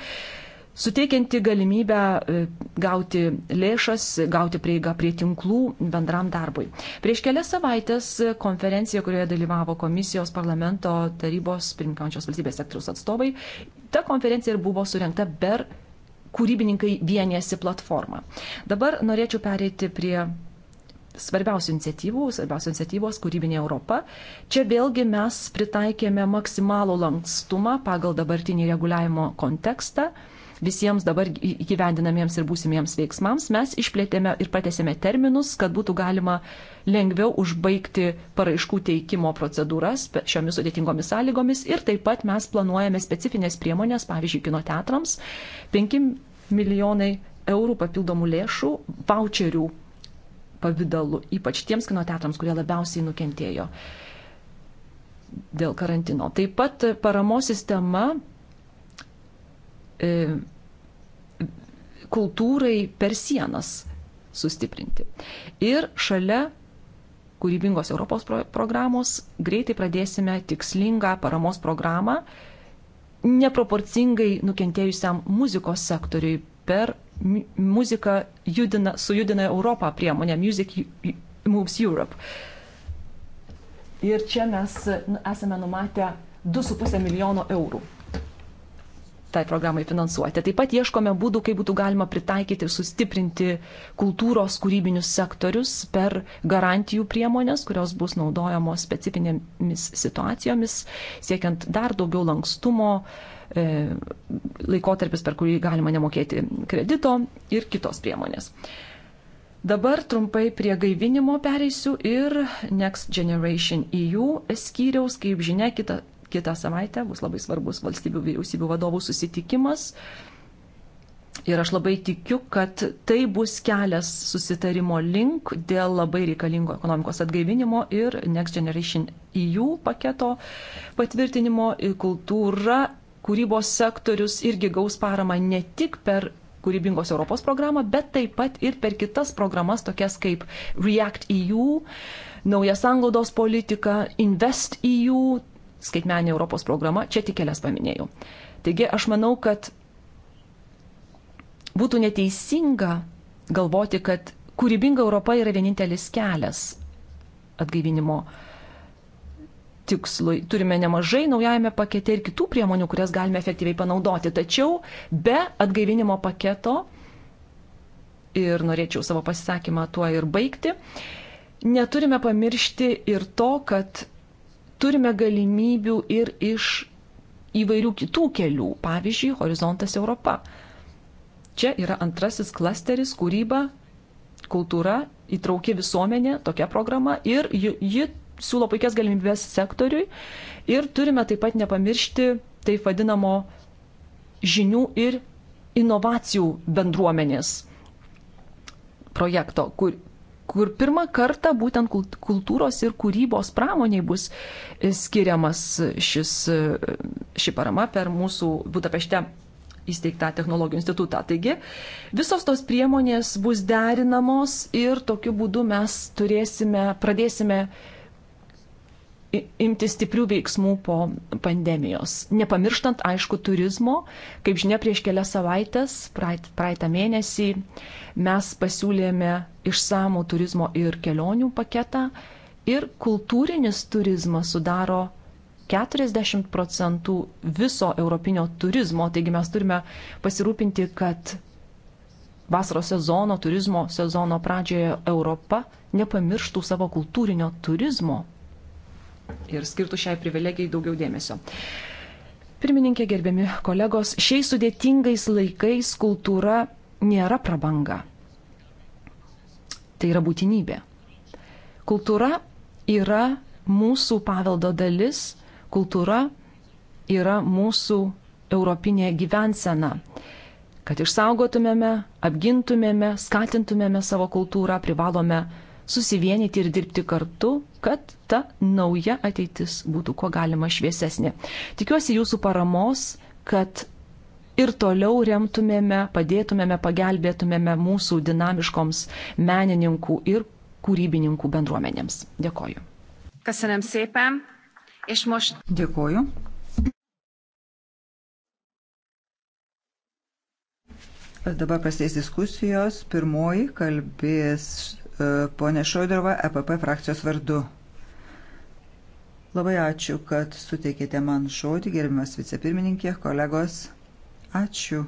suteikianti galimybę e, gauti lėšas, gauti prieigą prie tinklų bendram darbui. Prieš kelias savaitės konferencija, kurioje dalyvavo komisijos parlamento tarybos pirmininkančios valstybės sektoriaus atstovai, ta konferencija ir buvo surinkta per kūrybininkai vienėsi platformą. Dabar norėčiau pereiti prie svarbiausių iniciatyvų, svarbiausios iniciatyvos kūrybinė Europa. Čia vėlgi mes pritaikėme maksimalų lankstumą pagal dabartinį reguliavimo kontekstą. Visiems dabar įgyvendinamiems ir būsimiems veiksmams mes išplėtėme ir patėsėme terminus, kad būtų galima lengviau užbaigti paraiškų teikimo procedūras šiomis sudėtingomis sąlygomis ir taip pat mes planuojame specifines priemonės, pavyzdžiui, kino teatrams, 5 milijonai eurų papildomų lėšų, voucherių pavydalu, ypač tiems kino teatrams, kurie labiausiai nukentėjo dėl karantino. Taip pat paramos sistema e, kultūrai per sienas sustiprinti. Ir šalia kūrybingos Europos pro programos greitai pradėsime tikslingą paramos programą neproporcingai nukentėjusiam muzikos sektoriui per muzika judina, sujudina Europą priemonė Music Moves Europe. Ir čia mes nu, esame numatę 2,5 milijono eurų tai programai finansuoti. Taip pat ieškome būdų, kaip būtų galima pritaikyti ir sustiprinti kultūros kūrybinius sektorius per garantijų priemonės, kurios bus naudojamos specifinėmis situacijomis, siekiant dar daugiau lankstumo, uh, E, laikotarpis, per kurį galima nemokėti kredito ir kitos priemonės. Dabar trumpai prie gaivinimo pereisiu ir Next Generation EU skyriaus, kaip žinia, kitą, kitą savaitę bus labai svarbus valstybių vyriausybių vadovų susitikimas. Ir aš labai tikiu, kad tai bus kelias susitarimo link dėl labai reikalingo ekonomikos atgaivinimo ir Next Generation EU paketo patvirtinimo. Kultūra kūrybos sektorius irgi gaus paramą ne tik per kūrybingos Europos programą, bet taip pat ir per kitas programas, tokias kaip React EU, nauja sanglaudos politika, Invest EU, skaitmenė Europos programa, čia tik kelias paminėjau. Taigi aš manau, kad būtų neteisinga galvoti, kad kūrybinga Europa yra vienintelis kelias atgaivinimo tikslui. Turime nemažai naujajame pakete ir kitų priemonių, kurias galime efektyviai panaudoti. Tačiau be atgaivinimo paketo, ir norėčiau savo pasisakymą tuo ir baigti, neturime pamiršti ir to, kad turime galimybių ir iš įvairių kitų kelių, pavyzdžiui, Horizontas Europa. Čia yra antrasis klasteris - kūryba, kultūra, įtraukė visuomenė, tokia programa ir ji siūlo puikias galimybės sektoriui ir turime taip pat nepamiršti taip vadinamo žinių ir inovacijų bendruomenės projekto, kur, kur pirmą kartą būtent kultūros ir kūrybos pramoniai bus e, skiriamas šis, e, ši parama per mūsų Budapešte įsteigtą technologijų institutą. Taigi visos tos priemonės bus derinamos ir tokiu būdu mes turėsime, pradėsime uh, imti stiprių veiksmų po pandemijos. Nepamirštant, aišku, turizmo, kaip žinia, prieš kelias savaitės, praeitą mėnesį, mes pasiūlėme išsamų turizmo ir kelionių paketą ir kultūrinis turizmas sudaro 40 procentų viso europinio turizmo, taigi mes turime pasirūpinti, kad vasaros sezono, turizmo sezono pradžioje Europa nepamirštų savo kultūrinio turizmo ir skirtų šiai privilegijai daugiau dėmesio. Pirmininkė, gerbiami kolegos, šiais sudėtingais laikais kultūra nėra prabanga. Tai yra būtinybė. Kultūra yra mūsų paveldo dalis, kultūra yra mūsų europinė gyvensena. Kad išsaugotumėme, apgintumėme, skatintumėme savo kultūrą, privalome susivienyti ir dirbti kartu, kad ta nauja ateitis būtų kuo galima šviesesnė. Tikiuosi jūsų paramos, kad ir toliau remtumėme, padėtumėme, pagelbėtumėme mūsų dinamiškoms menininkų ir kūrybininkų bendruomenėms. Dėkoju. Kasanėm sėpėm. Išmoš. Dėkoju. Dabar prasidės diskusijos. Pirmoji kalbės ponė Šoidrova, EPP frakcijos vardu. Labai ačiū, kad suteikėte man žodį, gerbimas vicepirmininkė, kolegos. Ačiū,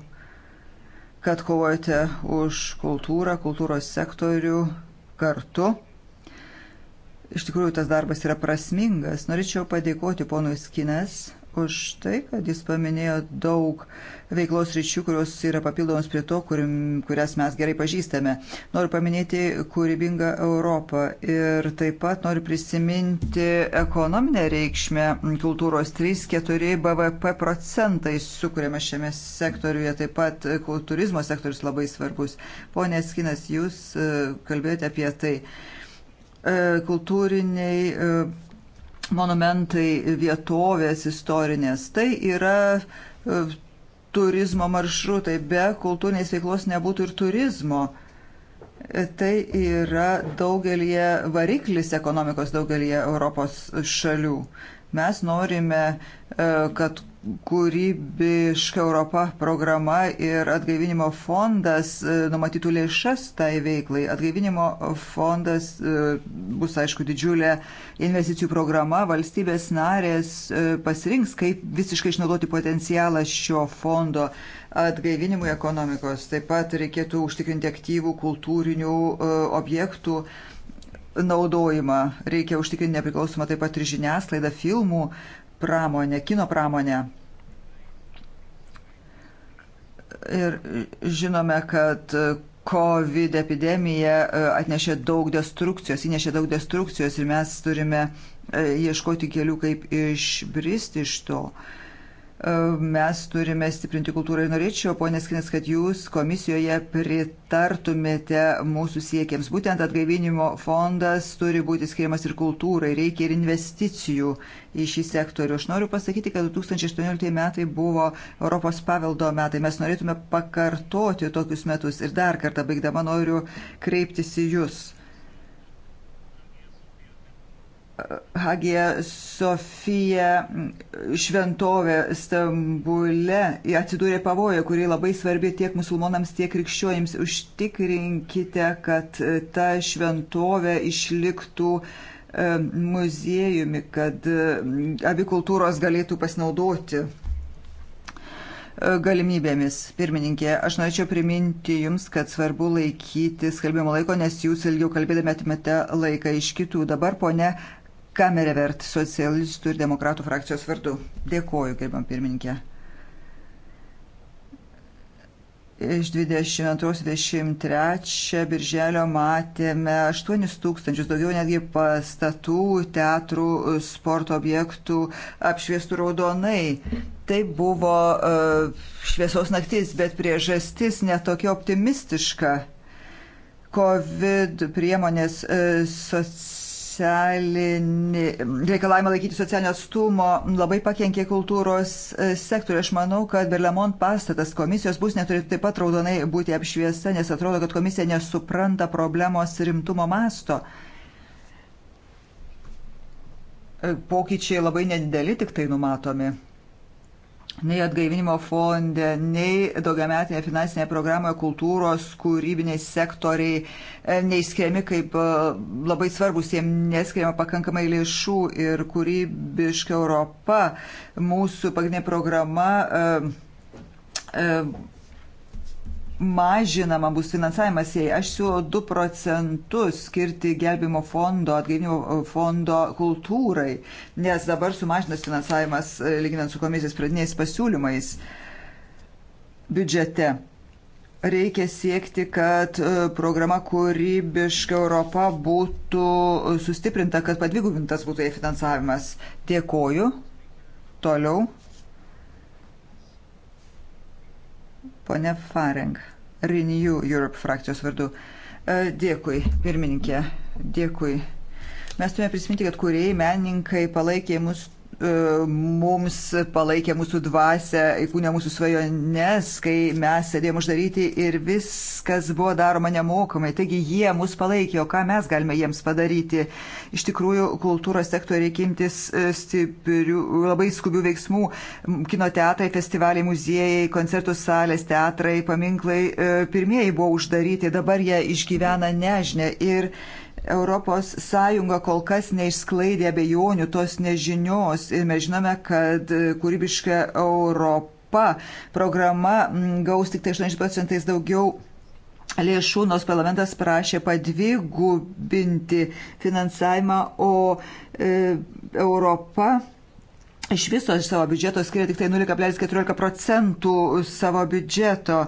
kad kovojate už kultūrą, kultūros sektorių kartu. Iš tikrųjų, tas darbas yra prasmingas. Norėčiau padėkoti ponui Skines už tai, kad jis paminėjo daug veiklos ryčių, kurios yra papildomos prie to, kur, kurias mes gerai pažįstame. Noriu paminėti kūrybingą Europą ir taip pat noriu prisiminti ekonominę reikšmę kultūros 3-4 BVP procentai sukūrėme šiame sektoriuje, taip pat turizmo sektorius labai svarbus. Pone Skinas, jūs e, kalbėjote apie tai. E, kultūriniai e, monumentai, vietovės istorinės. Tai yra e, turizmo maršrutai. Be kultūrinės veiklos nebūtų ir turizmo. E, tai yra daugelie variklis ekonomikos daugelie Europos šalių. Mes norime, e, kad kūrybiška Europa programa ir atgaivinimo fondas e, numatytų lėšas tai veiklai. Atgaivinimo fondas e, bus, aišku, didžiulė investicijų programa. Valstybės narės pasirinks, kaip visiškai išnaudoti potencialą šio fondo atgaivinimui ekonomikos. Taip pat reikėtų užtikrinti aktyvų kultūrinių objektų naudojimą. Reikia užtikrinti nepriklausomą taip pat ir žiniasklaidą, filmų pramonę, kino pramonę. Ir žinome, kad COVID epidemija e, atnešė daug destrukcijos, įnešė daug destrukcijos ir mes turime e, ieškoti kelių, kaip išbristi iš to mes turime stiprinti kultūrą ir norėčiau, ponės Kinės, kad jūs komisijoje pritartumėte mūsų siekiams. Būtent atgaivinimo fondas turi būti skiriamas ir kultūrai, reikia ir investicijų į šį sektorių. Aš noriu pasakyti, kad 2018 metai buvo Europos paveldo metai. Mes norėtume pakartoti tokius metus. Ir dar kartą baigdama noriu kreiptis į jūs. Hagija Sofija šventovė Stambule atsidūrė pavojo, kuri labai svarbi tiek musulmonams, tiek krikščionims. Užtikrinkite, kad ta šventovė išliktų e, muziejumi, kad e, abi kultūros galėtų pasinaudoti e, galimybėmis. Pirmininkė, aš norėčiau priminti Jums, kad svarbu laikyti skalbimo laiko, nes Jūs ilgiau kalbėdami atmete laiką iš kitų. Dabar ponė Kamerevert, socialistų ir demokratų frakcijos vardu. Dėkoju, gerbam pirmininkė. Iš 22-23 birželio matėme 8 tūkstančius, daugiau netgi pastatų, teatrų, sporto objektų apšviestų raudonai. Tai buvo e, šviesos naktis, bet priežastis netokia optimistiška. COVID priemonės e, socialinės socialinį, reikalavimą laikyti socialinio atstumo labai pakenkė kultūros e, sektoriui. Aš manau, kad Berlemont pastatas komisijos bus neturi taip pat raudonai būti apšviesta, nes atrodo, kad komisija nesupranta problemos rimtumo masto. E, pokyčiai labai nedideli tik tai numatomi nei atgaivinimo fonde, nei daugiametinėje finansinėje programoje kultūros, kūrybiniai sektoriai e, neišskiriami kaip e, labai svarbus, jiems neskiriama pakankamai lėšų ir kūrybiška Europa, mūsų pagrindinė programa e, mažinama bus finansavimas jai. Aš siūlau 2 procentus skirti gelbimo fondo, atgaivinimo e, fondo kultūrai, nes dabar sumažinas finansavimas, e, lyginant su komisijos pradiniais pasiūlymais biudžete. Reikia siekti, kad e, programa Kūrybiška Europa būtų sustiprinta, kad padvigubintas būtų jai finansavimas. Dėkoju. Toliau. Pone Fareng, Renew Europe frakcijos vardu. E, dėkui, pirmininkė. Dėkui. Mes turime prisiminti, kad kuriejai, menininkai palaikė mus E, mums palaikė mūsų dvasę, įkūnė mūsų svajones, kai mes sėdėjom uždaryti ir viskas buvo daroma nemokamai. Taigi jie mus palaikė, o ką mes galime jiems padaryti. Iš tikrųjų, kultūros sektoriai reikia imtis e, stiprių, labai skubių veiksmų. Kino teatrai, festivaliai, muziejai, koncertų salės, teatrai, paminklai e, pirmieji buvo uždaryti, dabar jie išgyvena nežinia. Ir ES kol kas neišsklaidė abejonių tos nežinios ir mes žinome, kad e, kūrybiška Europa programa gaus tik tai 80 procentais daugiau lėšų, nors parlamentas prašė padvigubinti finansavimą, o e, Europa iš viso iš savo biudžeto skiria tik tai 0,14 procentų savo biudžeto.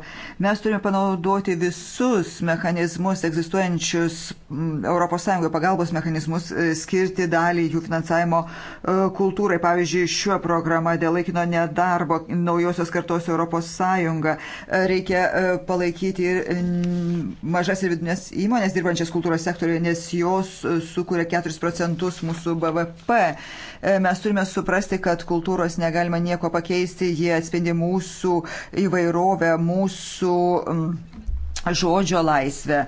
Mes turime panaudoti visus mechanizmus egzistuojančius mm, ES pagalbos mechanizmus, e, skirti dalį jų finansavimo e, kultūrai. Pavyzdžiui, šiuo programa dėl laikino nedarbo naujosios kartos ES e, reikia palaikyti ir mažas ir vidinės įmonės dirbančias kultūros sektoriuje, nes jos sukuria 4 procentus mūsų BVP. E, mes turime suprasti, kad kultūros negalima nieko pakeisti, jie atspindi mūsų įvairovę, mūsų žodžio laisvę.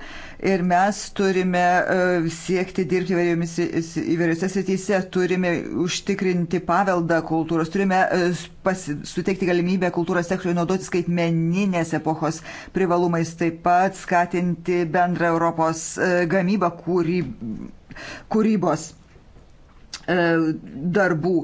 Ir mes turime e, siekti dirbti įvairiose srityse, turime užtikrinti paveldą kultūros, turime e, pasi, suteikti galimybę kultūros sektoriui naudotis kaip meninės epochos privalumais, taip pat skatinti bendrą Europos gamybą kūry, kūrybos E, darbų.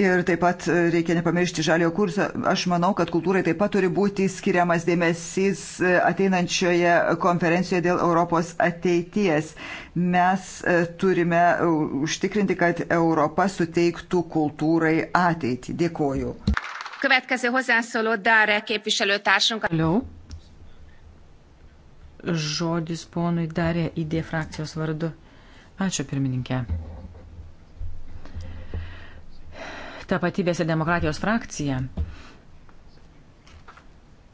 Ir taip pat reikia nepamiršti žaliojo kurso. Aš manau, kad kultūrai taip pat turi būti skiriamas dėmesys e, ateinančioje konferencijoje dėl Europos ateities. Mes e, turime užtikrinti, kad Europa suteiktų kultūrai ateitį. Dėkoju. Toliau. Žodis ponui darė idėja frakcijos vardu. Ačiū pirmininkė. tapatybės ir demokratijos frakcija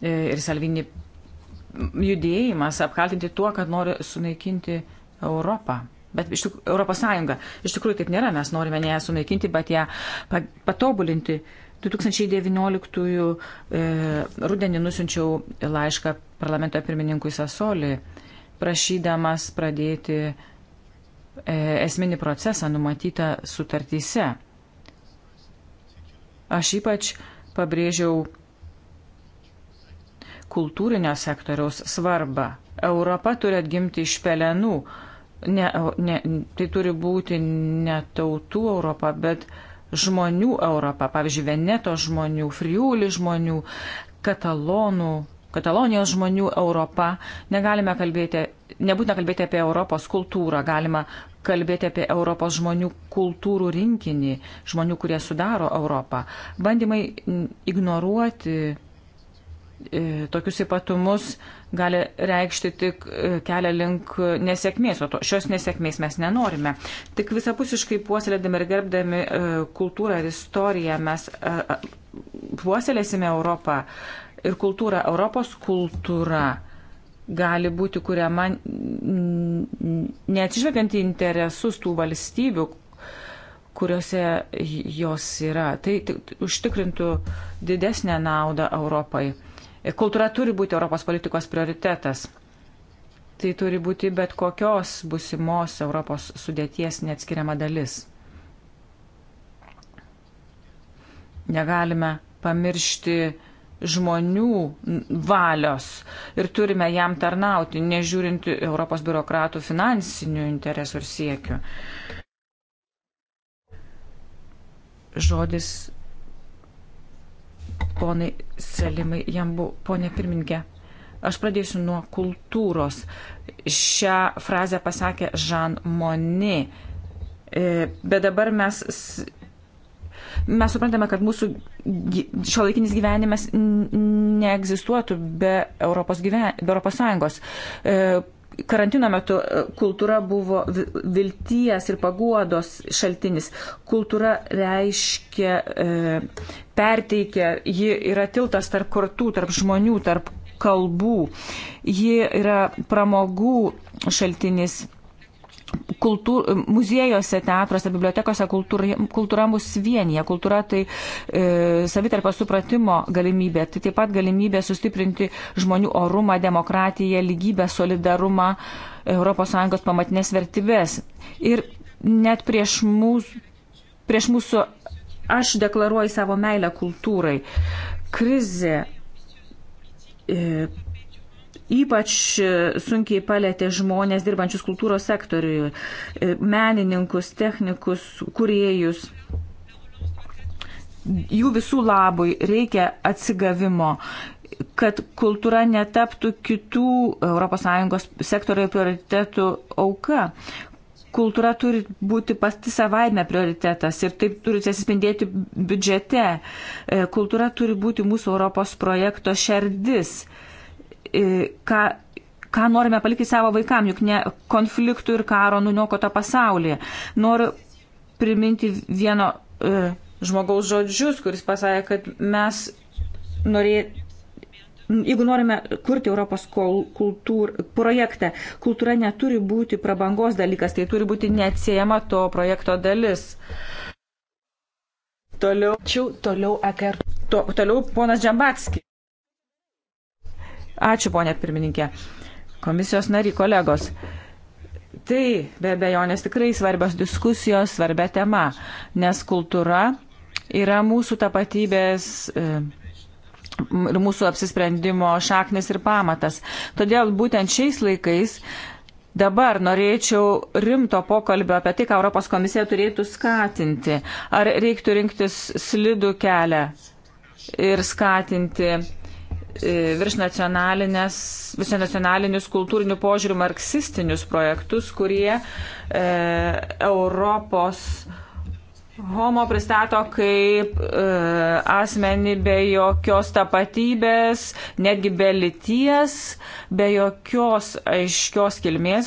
e, ir Salvini judėjimas apkaltinti tuo, kad nori sunaikinti Europą. Bet iš tikrųjų, Europos Sąjunga. Iš tikrųjų taip nėra, mes norime ne ją sunaikinti, bet ją patobulinti. 2019 e, rudenį nusinčiau laišką parlamento pirmininkui Sasoli, prašydamas pradėti e, esminį procesą numatytą sutartyse. Aš ypač pabrėžiau kultūrinio sektoriaus svarbą. Europa turi atgimti iš pelenų. Ne, ne, tai turi būti ne tautų Europa, bet žmonių Europa. Pavyzdžiui, Veneto žmonių, Friuli žmonių, Katalonų, Katalonijos žmonių Europa. Negalime kalbėti, nebūtina kalbėti apie Europos kultūrą, galima kalbėti apie Europos žmonių kultūrų rinkinį, žmonių, kurie sudaro Europą. Bandymai ignoruoti e, tokius ypatumus gali reikšti tik e, kelią link nesėkmės, o to, šios nesėkmės mes nenorime. Tik visapusiškai puoselėdami ir gerbdami e, kultūrą ir istoriją mes puoselėsime Europą ir kultūrą, Europos kultūrą gali būti kuriama neatsižvelgiant į interesus tų valstybių, kuriuose jos yra. Tai užtikrintų didesnę naudą Europai. Kultūra turi būti Europos politikos prioritetas. Tai turi būti bet kokios busimos Europos sudėties neatskiriama dalis. Negalime pamiršti žmonių valios ir turime jam tarnauti, nežiūrint Europos biurokratų finansinių interesų ir siekių. Žodis ponai Salimai, jam buvo ponė pirmininkė. Aš pradėsiu nuo kultūros. Šią frazę pasakė Žan Moni. E, bet dabar mes Mes suprantame, kad mūsų šiuolaikinis gyvenimas neegzistuotų be Europos, gyven, be Europos Sąjungos. E, karantino metu e, kultūra buvo vilties ir paguodos šaltinis. Kultūra reiškia, e, perteikia, ji yra tiltas tarp kartų, tarp žmonių, tarp kalbų. Ji yra pramogų šaltinis kultūr, muziejose, teatruose, bibliotekose kultūra, kultūra mus vienyje. Kultūra tai e, savitarpio supratimo galimybė, tai taip pat galimybė sustiprinti žmonių orumą, demokratiją, lygybę, solidarumą, ES pamatinės vertybės. Ir net prieš mūsų, prieš mūsų aš deklaruoju savo meilę kultūrai. Krizė. E, ypač e, sunkiai palėtė žmonės dirbančius kultūros sektoriuje, e, menininkus, technikus, kuriejus. Jų visų labui reikia atsigavimo, kad kultūra netaptų kitų ES sektorių prioritetų auka. Kultūra turi būti pati savaime prioritetas ir taip turi atsispindėti biudžete. E, kultūra turi būti mūsų Europos projekto šerdis ką, ką norime palikti savo vaikam, juk ne konfliktų ir karo nuniokota pasaulyje. Noriu priminti vieno e, žmogaus žodžius, kuris pasakė, kad mes norėtume. Jeigu norime kurti Europos kultūr, projektą, kultūra neturi būti prabangos dalykas, tai turi būti neatsiejama to projekto dalis. Toliau, čia, toliau, akar, to, toliau ponas Džambatski. Ačiū, ponė pirmininkė. Komisijos nariai, kolegos. Tai be abejonės tikrai svarbios diskusijos, svarbia tema, nes kultūra yra mūsų tapatybės e, ir mūsų apsisprendimo šaknis ir pamatas. Todėl būtent šiais laikais Dabar norėčiau rimto pokalbio apie tai, ką Europos komisija turėtų skatinti. Ar reiktų rinktis slidų kelią ir skatinti E, virš nacionalinius kultūrinių požiūrių marksistinius projektus, kurie e, Europos homo pristato kaip e, asmenį be jokios tapatybės, netgi be lities, be jokios aiškios kilmės.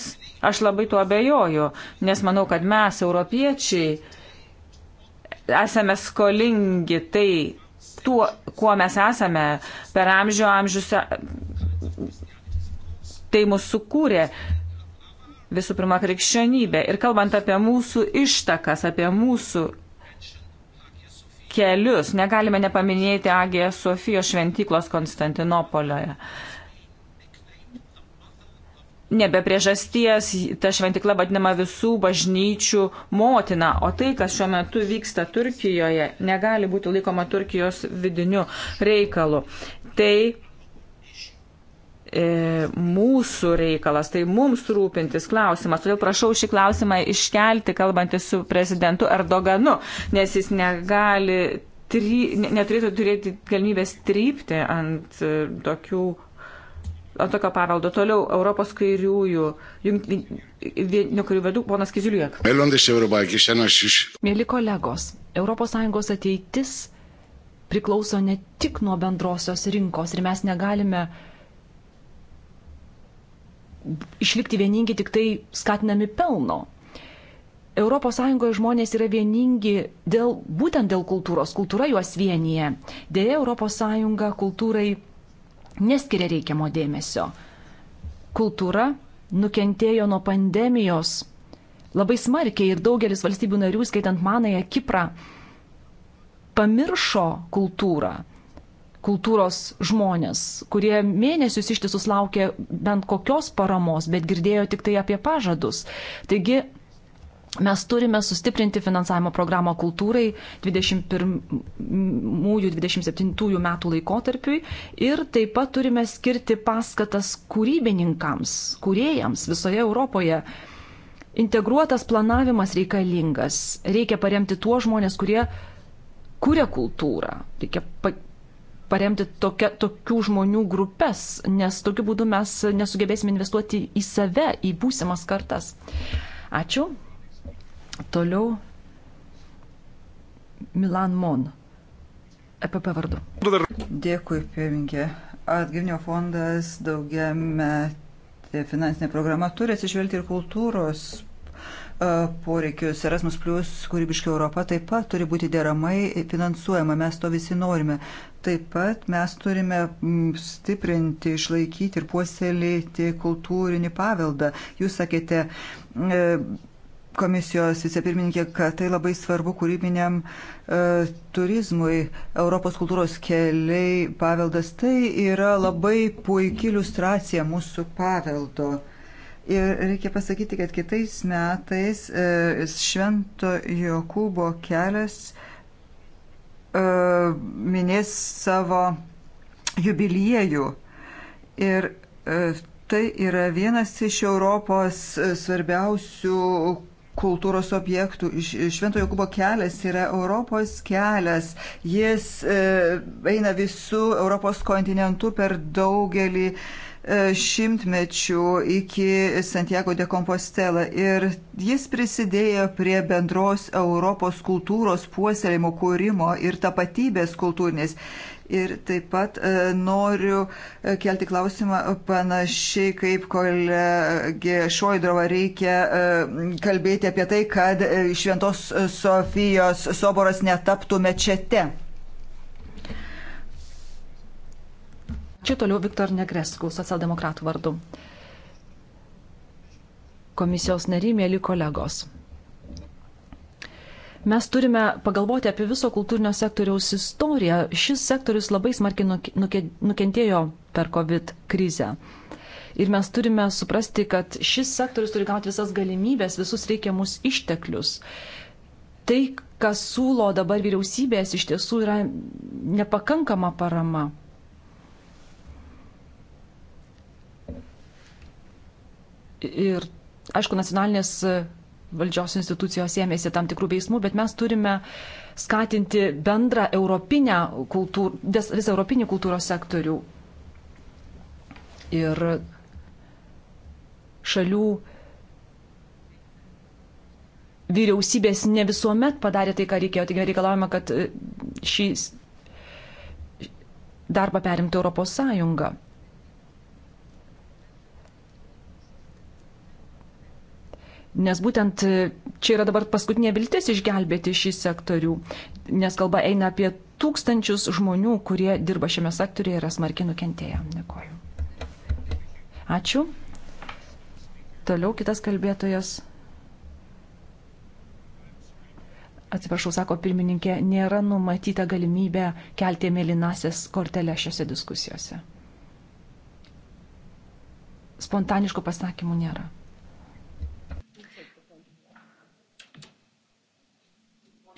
Aš labai tuo abejoju, nes manau, kad mes, europiečiai, esame skolingi tai, tuo, kuo mes esame per amžių amžius, tai mūsų sukūrė visų pirma krikščionybė. Ir kalbant apie mūsų ištakas, apie mūsų kelius, negalime nepaminėti Agijos Sofijos šventyklos Konstantinopolioje nebe priežasties ta šventikla vadinama visų bažnyčių motina, o tai, kas šiuo metu vyksta Turkijoje, negali būti laikoma Turkijos vidiniu reikalu. Tai e, mūsų reikalas, tai mums rūpintis klausimas. Todėl prašau šį klausimą iškelti, kalbantį su prezidentu Erdoganu, nes jis negali, try, neturėtų turėti galimybės trypti ant e, tokių ant tokio paveldo. Toliau Europos kairiųjų, vietinių karių vadų, ponas Kiziuliek. Mėly kolegos, ES ateitis priklauso ne tik nuo bendrosios rinkos ir mes negalime išlikti vieningi tik tai skatinami pelno. ES žmonės yra vieningi dėl, būtent dėl kultūros, kultūra juos vienyje. Deja, ES kultūrai neskiria reikiamo dėmesio. Kultūra nukentėjo nuo pandemijos labai smarkiai ir daugelis valstybių narių, skaitant manąją Kiprą, pamiršo kultūrą, kultūros žmonės, kurie mėnesius ištisus laukė bent kokios paramos, bet girdėjo tik tai apie pažadus. Taigi Mes turime sustiprinti finansavimo programą kultūrai 21-27 metų laikotarpiui ir taip pat turime skirti paskatas kūrybininkams, kuriejams visoje Europoje. Integruotas planavimas reikalingas. Reikia paremti tuos žmonės, kurie kuria kultūrą. Reikia pa paremti tokia, tokių žmonių grupės, nes tokiu būdu mes nesugebėsime investuoti į save, į būsimas kartas. Ačiū. Toliau Milan Mon. EPP vardu. Dėkui, pirmininkė. Atgimnio fondas daugia metė finansinė programa turi atsižvelgti ir kultūros e, poreikius. Erasmus Plus, kūrybiška Europa taip pat turi būti deramai finansuojama, mes to visi norime. Taip pat mes turime stiprinti, išlaikyti ir puoselėti kultūrinį paveldą. Jūs sakėte, e, komisijos vicepirmininkė, kad tai labai svarbu kūrybiniam e, turizmui. Europos kultūros keliai paveldas tai yra labai puikia iliustracija mūsų paveldo. Ir reikia pasakyti, kad kitais metais e, Švento Jokūbo kelias e, minės savo jubiliejų. Ir e, Tai yra vienas iš Europos e, svarbiausių kultūros objektų. Švento Jokūbo kelias yra Europos kelias. Jis e, eina visų Europos kontinentų per daugelį e, šimtmečių iki Santiago de Compostela ir jis prisidėjo prie bendros Europos kultūros puoselėjimo kūrimo ir tapatybės kultūrinės. Ir taip pat e, noriu e, kelti klausimą panašiai kaip kolegė Šoidrova reikia e, kalbėti apie tai, kad Šventos Sofijos soboras netaptų mečete. Čia toliau Viktor Negreskų, socialdemokratų vardu. Komisijos nariai, mėly kolegos. Mes turime pagalvoti apie viso kultūrinio sektoriaus istoriją. Šis sektorius labai smarkiai nukentėjo per COVID krizę. Ir mes turime suprasti, kad šis sektorius turi gauti visas galimybės, visus reikiamus išteklius. Tai, kas siūlo dabar vyriausybės, iš tiesų yra nepakankama parama. Ir, aišku, nacionalinės valdžios institucijos ėmėsi tam tikrų veiksmų, bet mes turime skatinti bendrą europinę kultūrą, visą europinį kultūros sektorių ir šalių vyriausybės ne visuomet padarė tai, ką reikėjo, taigi reikalavome, kad šį darbą perimtų Europos Sąjunga. Nes būtent e, čia yra dabar paskutinė viltis išgelbėti šį sektorių, nes kalba eina apie tūkstančius žmonių, kurie dirba šiame sektoriuje ir yra smarkiai nukentėję. Dėkoju. Ačiū. Toliau kitas kalbėtojas. Atsiprašau, sako pirmininkė, nėra numatyta galimybė kelti mėlynasias korteles šiose diskusijose. Spontaniškų pasakymų nėra.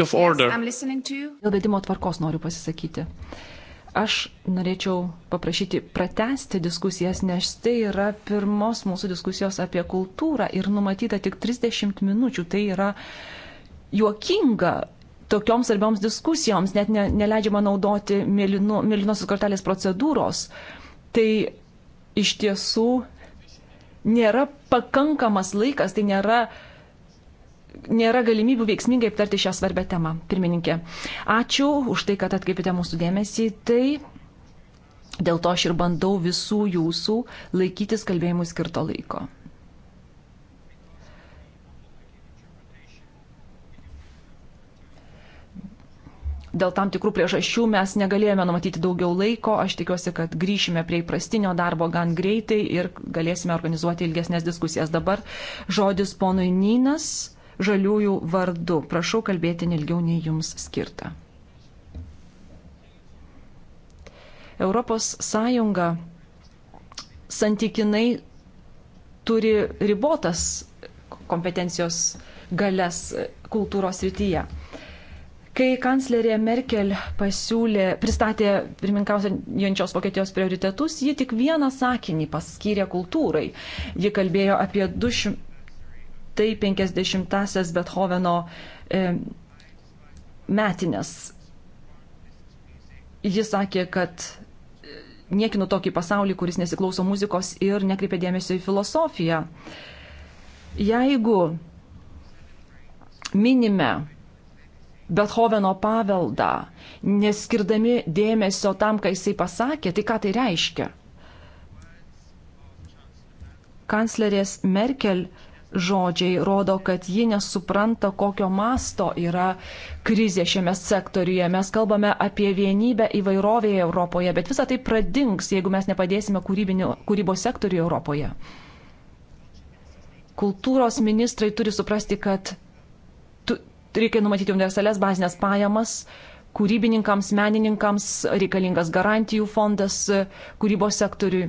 Dėl vedimo tvarkos noriu pasisakyti. Aš norėčiau paprašyti pratesti diskusijas, nes tai yra pirmos mūsų diskusijos apie kultūrą ir numatyta tik 30 minučių. Tai yra juokinga tokioms svarbioms diskusijoms, net ne, neleidžiama naudoti mėlynu, mėlynosios kortelės procedūros. Tai iš tiesų nėra pakankamas laikas, tai nėra uh, nėra galimybių veiksmingai aptarti šią svarbę temą. Pirmininkė, ačiū už tai, kad atkreipėte mūsų dėmesį. Tai dėl to aš ir bandau visų jūsų laikytis kalbėjimui skirto laiko. Dėl tam tikrų priežasčių mes negalėjome numatyti daugiau laiko. Aš tikiuosi, kad grįšime prie įprastinio darbo gan greitai ir galėsime organizuoti ilgesnės diskusijas. Dabar žodis ponui Nynas žaliųjų vardu. Prašau kalbėti nelgiau nei jums skirta. Europos Sąjunga santykinai turi ribotas kompetencijos galės kultūros rytyje. Kai kanclerė Merkel pasiūlė, pristatė pirmininkausiančios Vokietijos prioritetus, ji tik vieną sakinį paskyrė kultūrai. Ji kalbėjo apie 200 tai 50-asias Bethoveno e, metinės. Jis sakė, kad e, niekinu tokį pasaulį, kuris nesiklauso muzikos ir nekreipia dėmesio į filosofiją. Jeigu minime Bethoveno paveldą, neskirdami dėmesio tam, ką jisai pasakė, tai ką tai reiškia? Kanclerės Merkel žodžiai rodo, kad ji nesupranta, kokio masto yra krizė šiame sektoriuje. Mes kalbame apie vienybę įvairovėje Europoje, bet visa tai pradings, jeigu mes nepadėsime kūrybos sektoriuje Europoje. Kultūros ministrai turi suprasti, kad tu, reikia numatyti universales bazinės pajamas, kūrybininkams, menininkams reikalingas garantijų fondas e, kūrybos sektoriui.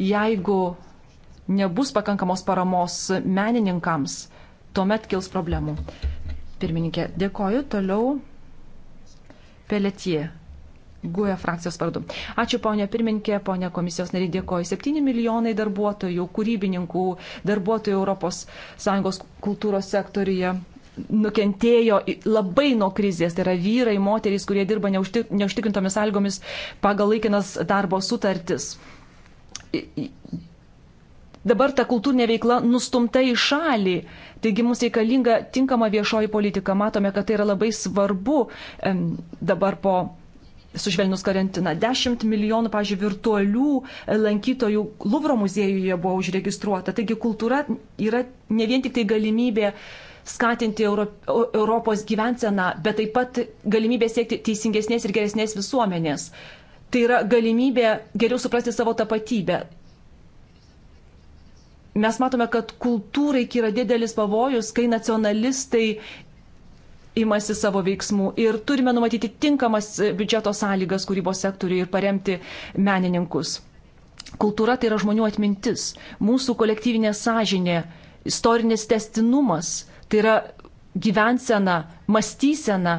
Jeigu nebus pakankamos paramos menininkams, tuomet kils problemų. Pirmininkė, dėkoju. Toliau Peletie, GUE frakcijos vardu. Ačiū ponė pirmininkė, ponė komisijos nariai, dėkoju. 7 milijonai darbuotojų, kūrybininkų, darbuotojų ES kultūros sektoriuje nukentėjo labai nuo krizės. Tai yra vyrai, moterys, kurie dirba neužtikrintomis sąlygomis pagal laikinas darbo sutartis Dabar ta kultūrinė veikla nustumta į šalį, taigi mums reikalinga tinkama viešoji politika. Matome, kad tai yra labai svarbu dabar po sužvelnus karantiną. 10 milijonų, pažiūrėjau, virtualių e, lankytojų Luvro muziejuje buvo užregistruota. Taigi kultūra yra ne vien tik tai galimybė skatinti Euro, Europos gyvenseną, bet taip pat galimybė siekti teisingesnės ir geresnės visuomenės. Tai yra galimybė geriau suprasti savo tapatybę mes matome, kad kultūrai kyra didelis pavojus, kai nacionalistai imasi savo veiksmų ir turime numatyti tinkamas biudžeto sąlygas kūrybos sektoriui ir paremti menininkus. Kultūra tai yra žmonių atmintis, mūsų kolektyvinė sąžinė, istorinis testinumas, tai yra gyvensena, mąstysena.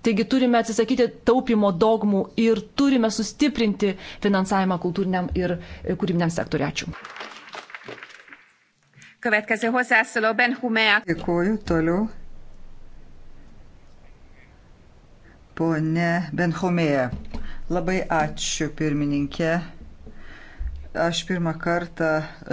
Taigi turime atsisakyti taupimo dogmų ir turime sustiprinti finansavimą kultūriniam ir kūrybiniam sektoriu. Ačiū. Következő hozzászóló Ben Humea. Dėkuoju toliau. Pone Ben Humea. Labai ačiū pirmininkė. Aš pirmą kartą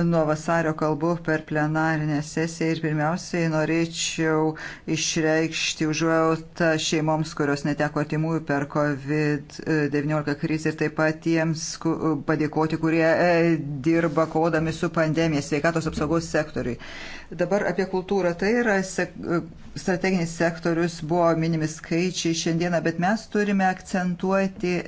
nuo vasario kalbu per plenarinę sesiją ir pirmiausiai norėčiau išreikšti užuojautą šeimoms, kurios neteko atimųjų per COVID-19 krizę ir taip pat tiems padėkoti, kurie e, dirba kovodami su pandemija sveikatos apsaugos sektoriui. Dabar apie kultūrą. Tai yra sek strateginis sektorius, buvo minimi skaičiai šiandieną, bet mes turime akcentuoti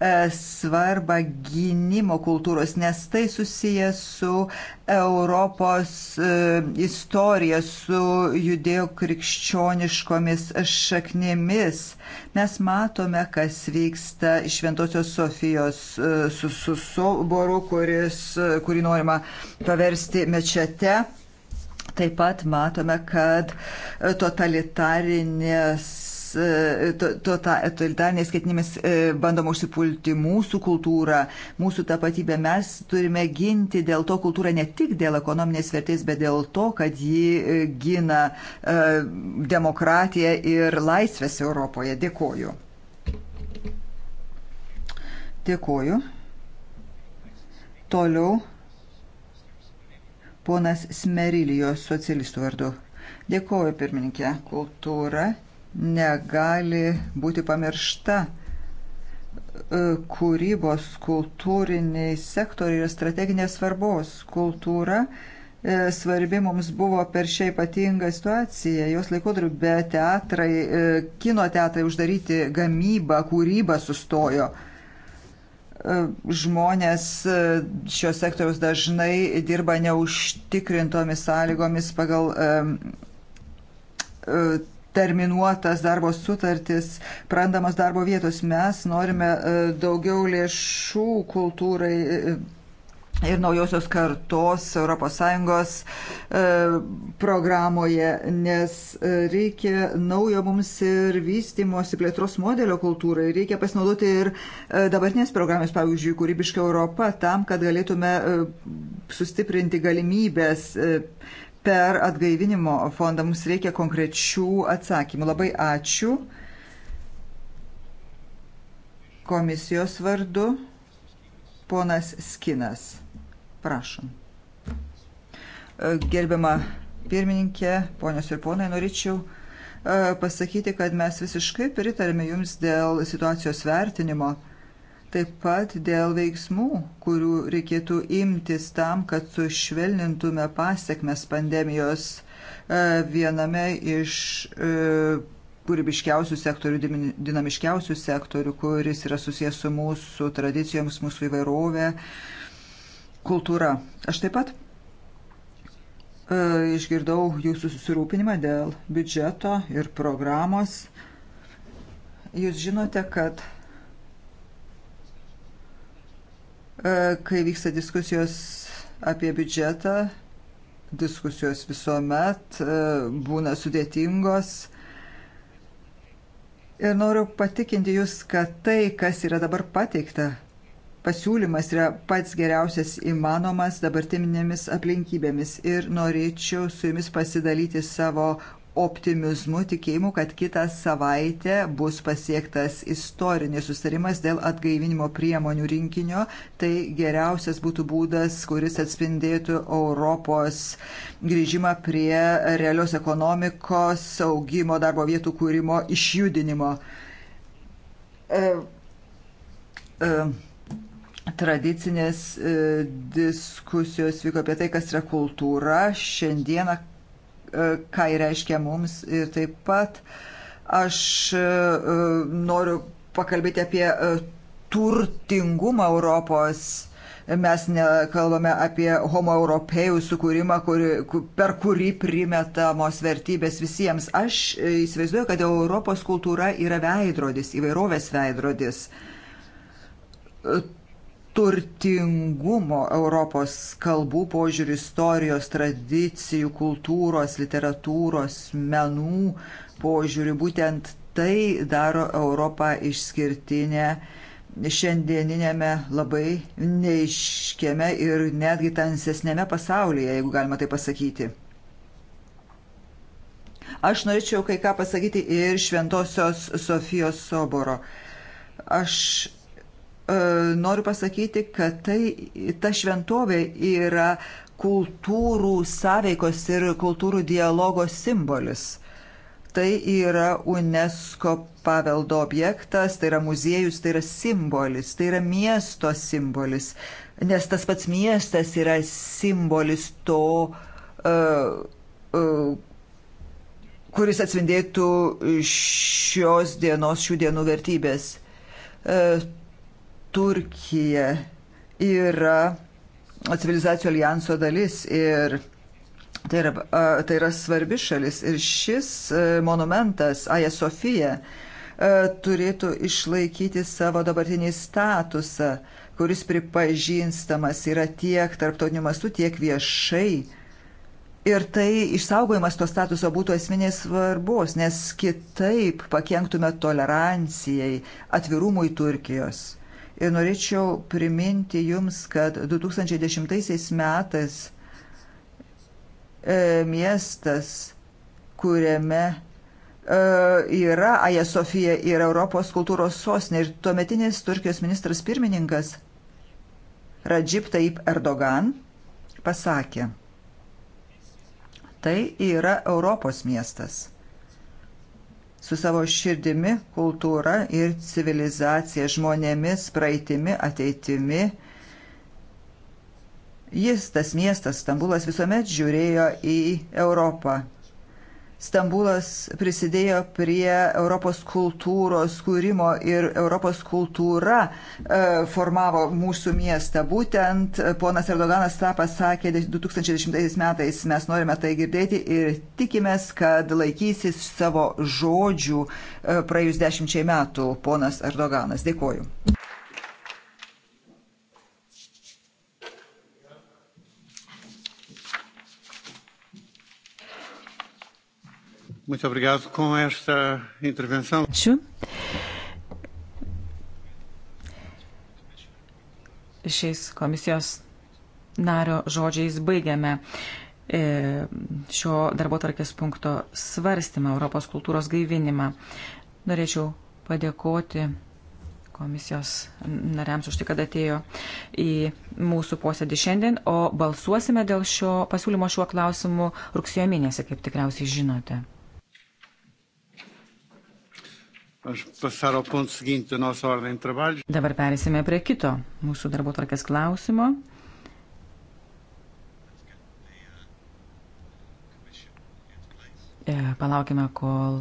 E, svarbą gynimo kultūros, nes tai susiję su Europos e, istorija, su judėjo krikščioniškomis šaknimis. Mes matome, kas vyksta iš Ventosios Sofijos e, su, su soboru, kuris, kurį norima paversti mečete. Taip pat matome, kad totalitarinės E, totalitarnės ketinimės e, bandoma užsipulti mūsų kultūrą, mūsų tapatybę. Mes turime ginti dėl to kultūrą ne tik dėl ekonominės vertės, bet dėl to, kad ji e, gina demokratiją ir laisvės Europoje. Dėkoju. Dėkoju. Toliau ponas Smerilijos socialistų vardu. Dėkoju, pirmininkė. Kultūra negali būti pamiršta. E, kūrybos kultūriniai sektoriai yra strateginės svarbos. Kultūra e, svarbi mums buvo per šią ypatingą situaciją, jos laikotarpį, bet teatrai, e, kino teatrai uždaryti, gamyba, kūryba sustojo žmonės šio sektoriaus dažnai dirba neužtikrintomis sąlygomis pagal terminuotas darbo sutartis, prarandamos darbo vietos. Mes norime e, daugiau lėšų kultūrai e, ir naujosios kartos ES e, programoje, nes reikia naujo mums ir vystimosi plėtros modelio kultūrai. Reikia pasinaudoti ir dabartinės programos, pavyzdžiui, kūrybiška Europa, tam, kad galėtume sustiprinti galimybės per atgaivinimo fondą. Mums reikia konkrečių atsakymų. Labai ačiū komisijos vardu. Ponas Skinas, prašom. E, gerbiama pirmininkė, ponios ir ponai, norėčiau e, pasakyti, kad mes visiškai pritarėme jums dėl situacijos vertinimo taip pat dėl veiksmų, kurių reikėtų imtis tam, kad sušvelnintume pasiekmes pandemijos e, viename iš e, kūrybiškiausių sektorių, dinamiškiausių sektorių, kuris yra susijęs su mūsų tradicijoms, mūsų įvairovė, kultūra. Aš taip pat e, išgirdau jūsų susirūpinimą dėl biudžeto ir programos. Jūs žinote, kad E, kai vyksta diskusijos apie biudžetą, diskusijos visuomet e, būna sudėtingos. Ir noriu patikinti Jūs, kad tai, kas yra dabar pateikta, pasiūlymas yra pats geriausias įmanomas dabartiminėmis aplinkybėmis. Ir norėčiau su Jumis pasidalyti savo optimizmu, tikėjimu, kad kitą savaitę bus pasiektas istorinis sustarimas dėl atgaivinimo priemonių rinkinio. Tai geriausias būtų būdas, kuris atspindėtų Europos grįžimą prie realios ekonomikos, saugimo, darbo vietų kūrimo, išjudinimo. E, e, tradicinės e, diskusijos vyko apie tai, kas yra kultūra. Šiandieną E, ką jį reiškia mums. Ir taip pat aš e, noriu pakalbėti apie e, turtingumą Europos mes nekalbame apie homoeuropėjų sukūrimą, kuri, per kurį primetamos vertybės visiems. Aš įsivaizduoju, kad Europos kultūra yra veidrodis, įvairovės veidrodis turtingumo Europos kalbų požiūrį, istorijos, tradicijų, kultūros, literatūros, menų požiūrį. Būtent tai daro Europą išskirtinę šiandieninėme labai neiškiame ir netgi tansesnėme pasaulyje, jeigu galima tai pasakyti. Aš norėčiau kai ką pasakyti ir Šventosios Sofijos Soboro. Aš noriu pasakyti, kad tai, ta šventovė yra kultūrų sąveikos ir kultūrų dialogo simbolis. Tai yra UNESCO paveldo objektas, tai yra muziejus, tai yra simbolis, tai yra miesto simbolis, nes tas pats miestas yra simbolis to, uh, uh, kuris atspindėtų šios dienos, šių dienų vertybės. Uh, Turkija yra civilizacijų alijanso dalis ir tai yra, tai yra svarbi šalis. Ir šis monumentas, Aja Sofija, turėtų išlaikyti savo dabartinį statusą, kuris pripažinstamas yra tiek tarptautiniu mastu, tiek viešai. Ir tai išsaugojimas to statuso būtų esminės svarbos, nes kitaip pakenktume tolerancijai, atvirumui Turkijos. Ir norėčiau priminti Jums, kad 2010 metais e, miestas, kuriame e, yra Aja Sofija ir Europos kultūros sostinė. Ir tuometinis Turkijos ministras pirmininkas Radžip Taip Erdogan pasakė, tai yra Europos miestas su savo širdimi, kultūra ir civilizacija, žmonėmis, praeitimi, ateitimi. Jis, tas miestas, Stambulas, visuomet žiūrėjo į Europą. Stambulas prisidėjo prie Europos kultūros kūrimo ir Europos kultūra e, formavo mūsų miestą. Būtent e, ponas Erdoganas tą pasakė 2010 metais. Mes norime tai girdėti ir tikimės, kad laikysis savo žodžių e, praėjus dešimčiai metų ponas Erdoganas. Dėkoju. Muito obrigado com esta intervenção. Ačiū. Šiais komisijos nario žodžiais baigiame e, šio darbo tarkės punkto svarstymą Europos kultūros gaivinimą. Norėčiau padėkoti komisijos nariams už tai, kad atėjo į mūsų posėdį šiandien, o balsuosime dėl šio pasiūlymo šiuo klausimu rugsėjo mėnesį, kaip tikriausiai žinote. Dabar perėsime prie kito mūsų darbo tvarkės klausimo. E, palaukime, kol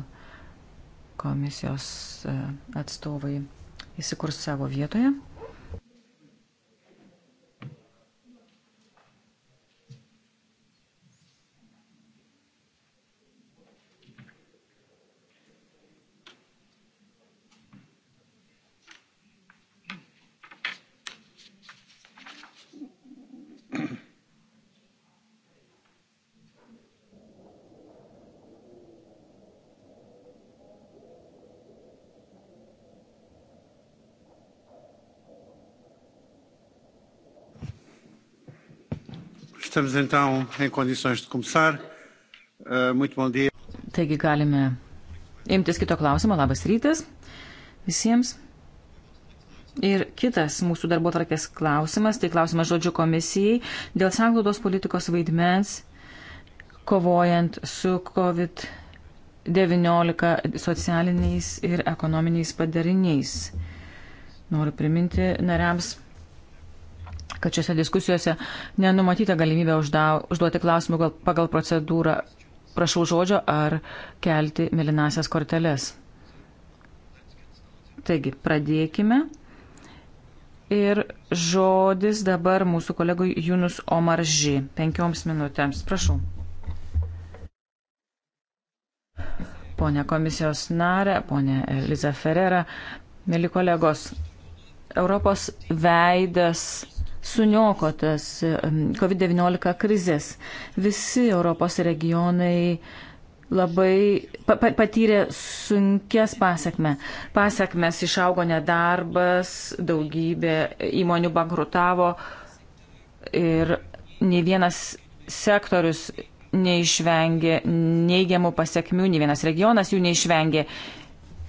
komisijos e, atstovai įsikurs savo vietoje. Estamos então em condições de começar. Eh, muito bom dia. Taigi galime imtis kito klausimo. Labas rytas visiems. Ir kitas mūsų darbo tarkės klausimas, tai klausimas žodžio komisijai dėl sanglaudos politikos vaidmens kovojant su COVID-19 socialiniais ir ekonominiais padariniais. Noriu priminti nariams kad šiuose diskusijose nenumatyta galimybė užduoti klausimų pagal procedūrą prašau žodžio ar kelti melinasias korteles. Taigi, pradėkime. Ir žodis dabar mūsų kolegui Junus Omarži, penkioms minutėms. Prašau. Pone komisijos narė, pone Eliza Ferrera, mėly kolegos, Europos veidas suniokotas COVID-19 krizės. Visi Europos regionai labai pa, pa, patyrė sunkes pasiekme. Pasiekmes išaugo nedarbas, daugybė įmonių bankrutavo ir nei vienas sektorius neišvengė neigiamų pasiekmių, nei vienas regionas jų neišvengė.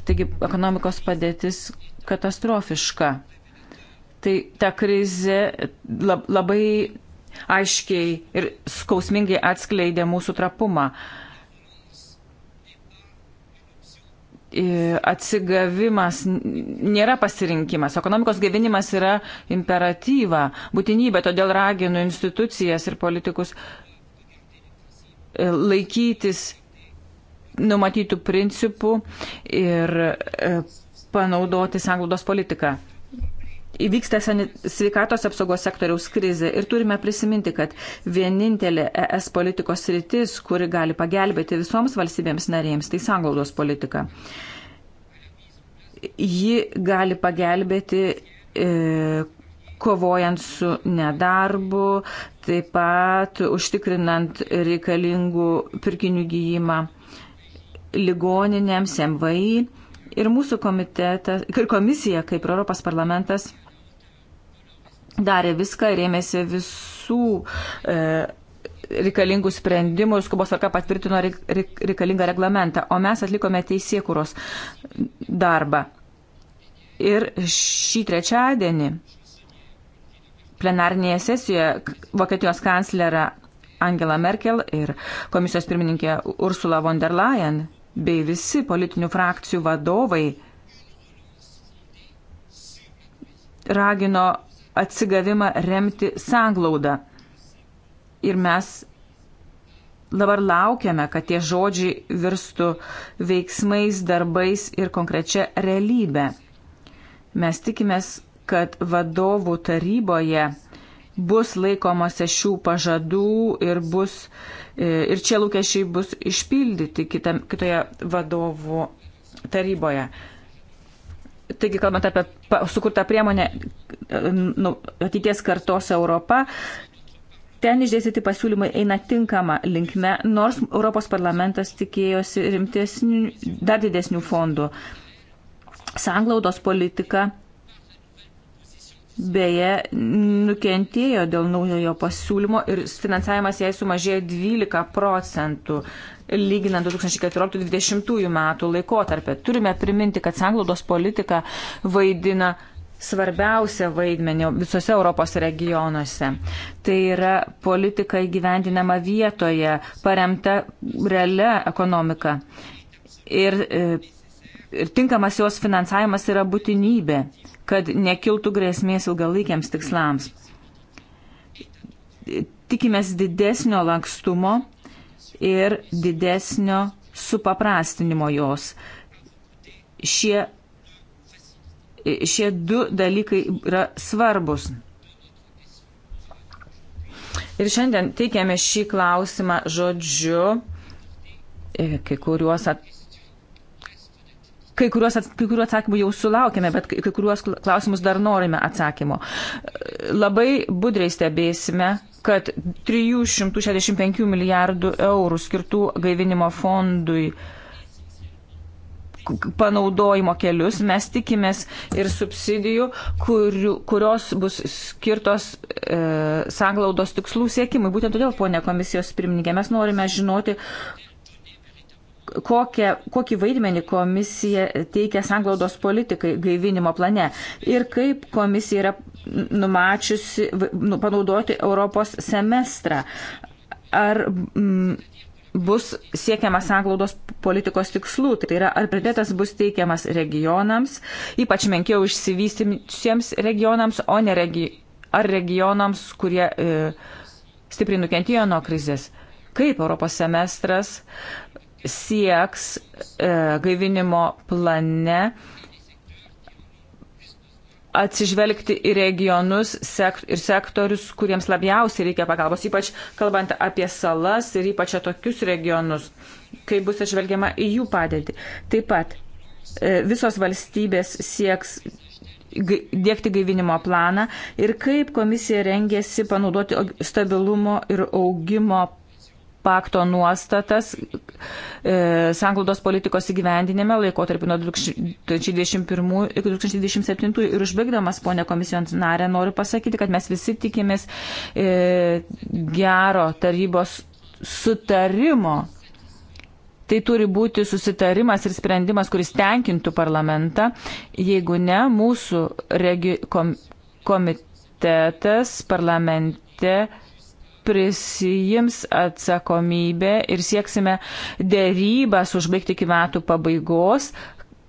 Taigi ekonomikos padėtis katastrofiška tai ta krizė labai aiškiai ir skausmingai atskleidė mūsų trapumą. E, atsigavimas nėra pasirinkimas, ekonomikos gavinimas yra imperatyva, būtinybė, todėl raginu institucijas ir politikus e, laikytis numatytų principų ir e, panaudoti sanglaudos politiką įvyksta sveikatos apsaugos sektoriaus krizė ir turime prisiminti, kad vienintelė ES politikos sritis, kuri gali pagelbėti visoms valstybėms narėms, tai sanglaudos politika. Ji gali pagelbėti e, kovojant su nedarbu, taip pat užtikrinant reikalingų pirkinių gyjimą ligoninėms, MVI ir mūsų komitetas, ir komisija kaip Europos parlamentas darė viską ir ėmėsi visų e, reikalingų sprendimų ir skubos varka patvirtino reik, reik, reikalingą reglamentą, o mes atlikome teisėkuros darbą. Ir šį trečiadienį plenarnėje sesijoje Vokietijos kanclera Angela Merkel ir komisijos pirmininkė Ursula von der Leyen bei visi politinių frakcijų vadovai ragino atsigavimą remti sanglaudą. Ir mes dabar laukiame, kad tie žodžiai virstų veiksmais, darbais ir konkrečia realybė. Mes tikimės, kad vadovų taryboje bus laikomose šių pažadų ir, bus, e, ir čia lūkesčiai bus išpildyti kitam, kitoje vadovų taryboje. Taigi, kalbant apie sukurtą priemonę e, nu, ateities kartos Europą, ten išdėstyti pasiūlymai eina tinkama linkme, nors Europos parlamentas tikėjosi rimtesnių, dar didesnių fondų. Sanglaudos politika beje nukentėjo dėl naujojo pasiūlymo ir finansavimas jai sumažėjo 12 procentų lyginant 2014-2020 metų laikotarpį. Turime priminti, kad sanglaudos politika vaidina svarbiausią vaidmenį visose Europos regionuose. Tai yra politika įgyvendinama vietoje, paremta realia ekonomika. Ir, e, ir tinkamas jos finansavimas yra būtinybė kad nekiltų grėsmės ilgalaikiams tikslams. Tikimės didesnio lankstumo ir didesnio supaprastinimo jos. Šie, šie du dalykai yra svarbus. Ir šiandien teikiame šį klausimą žodžiu, e, kai kuriuos at, Kai kuriuos, kai kuriuos atsakymų jau sulaukėme, bet kai kuriuos klausimus dar norime atsakymo. Labai budriai stebėsime, kad 365 milijardų eurų skirtų gaivinimo fondui panaudojimo kelius. Mes tikimės ir subsidijų, kuriu, kurios bus skirtos e, sanglaudos tikslų siekimui. Būtent todėl, ponė komisijos pirmininkė, mes norime žinoti, kokią, kokį vaidmenį komisija teikia sanglaudos politikai gaivinimo plane ir kaip komisija yra numačiusi nu, panaudoti Europos semestrą. Ar mm, bus siekiama sanglaudos politikos tikslų, tai yra ar pridėtas bus teikiamas regionams, ypač menkiau išsivystymsiems regionams, o ne regi ar regionams, kurie e, stipriai nukentėjo nuo krizės. Kaip Europos semestras e, sieks e, gaivinimo plane atsižvelgti į regionus sekt, ir sektorius, kuriems labiausiai reikia pagalbos, ypač kalbant apie salas ir ypač tokius regionus, kai bus atsižvelgiama į jų padėtį. Taip pat e, visos valstybės sieks dėkti gaivinimo planą ir kaip komisija rengėsi panaudoti stabilumo ir augimo pakto nuostatas e, sanglaudos politikos įgyvendinime laikotarpį nuo 2021 iki 2027 ir užbaigdamas, ponė komisijos narė, noriu pasakyti, kad mes visi tikimės e, gero tarybos sutarimo. Tai turi būti susitarimas ir sprendimas, kuris tenkintų parlamentą. Jeigu ne, mūsų regi, kom, komitetas parlamente prisijims atsakomybę ir sieksime dėrybas užbaigti iki metų pabaigos,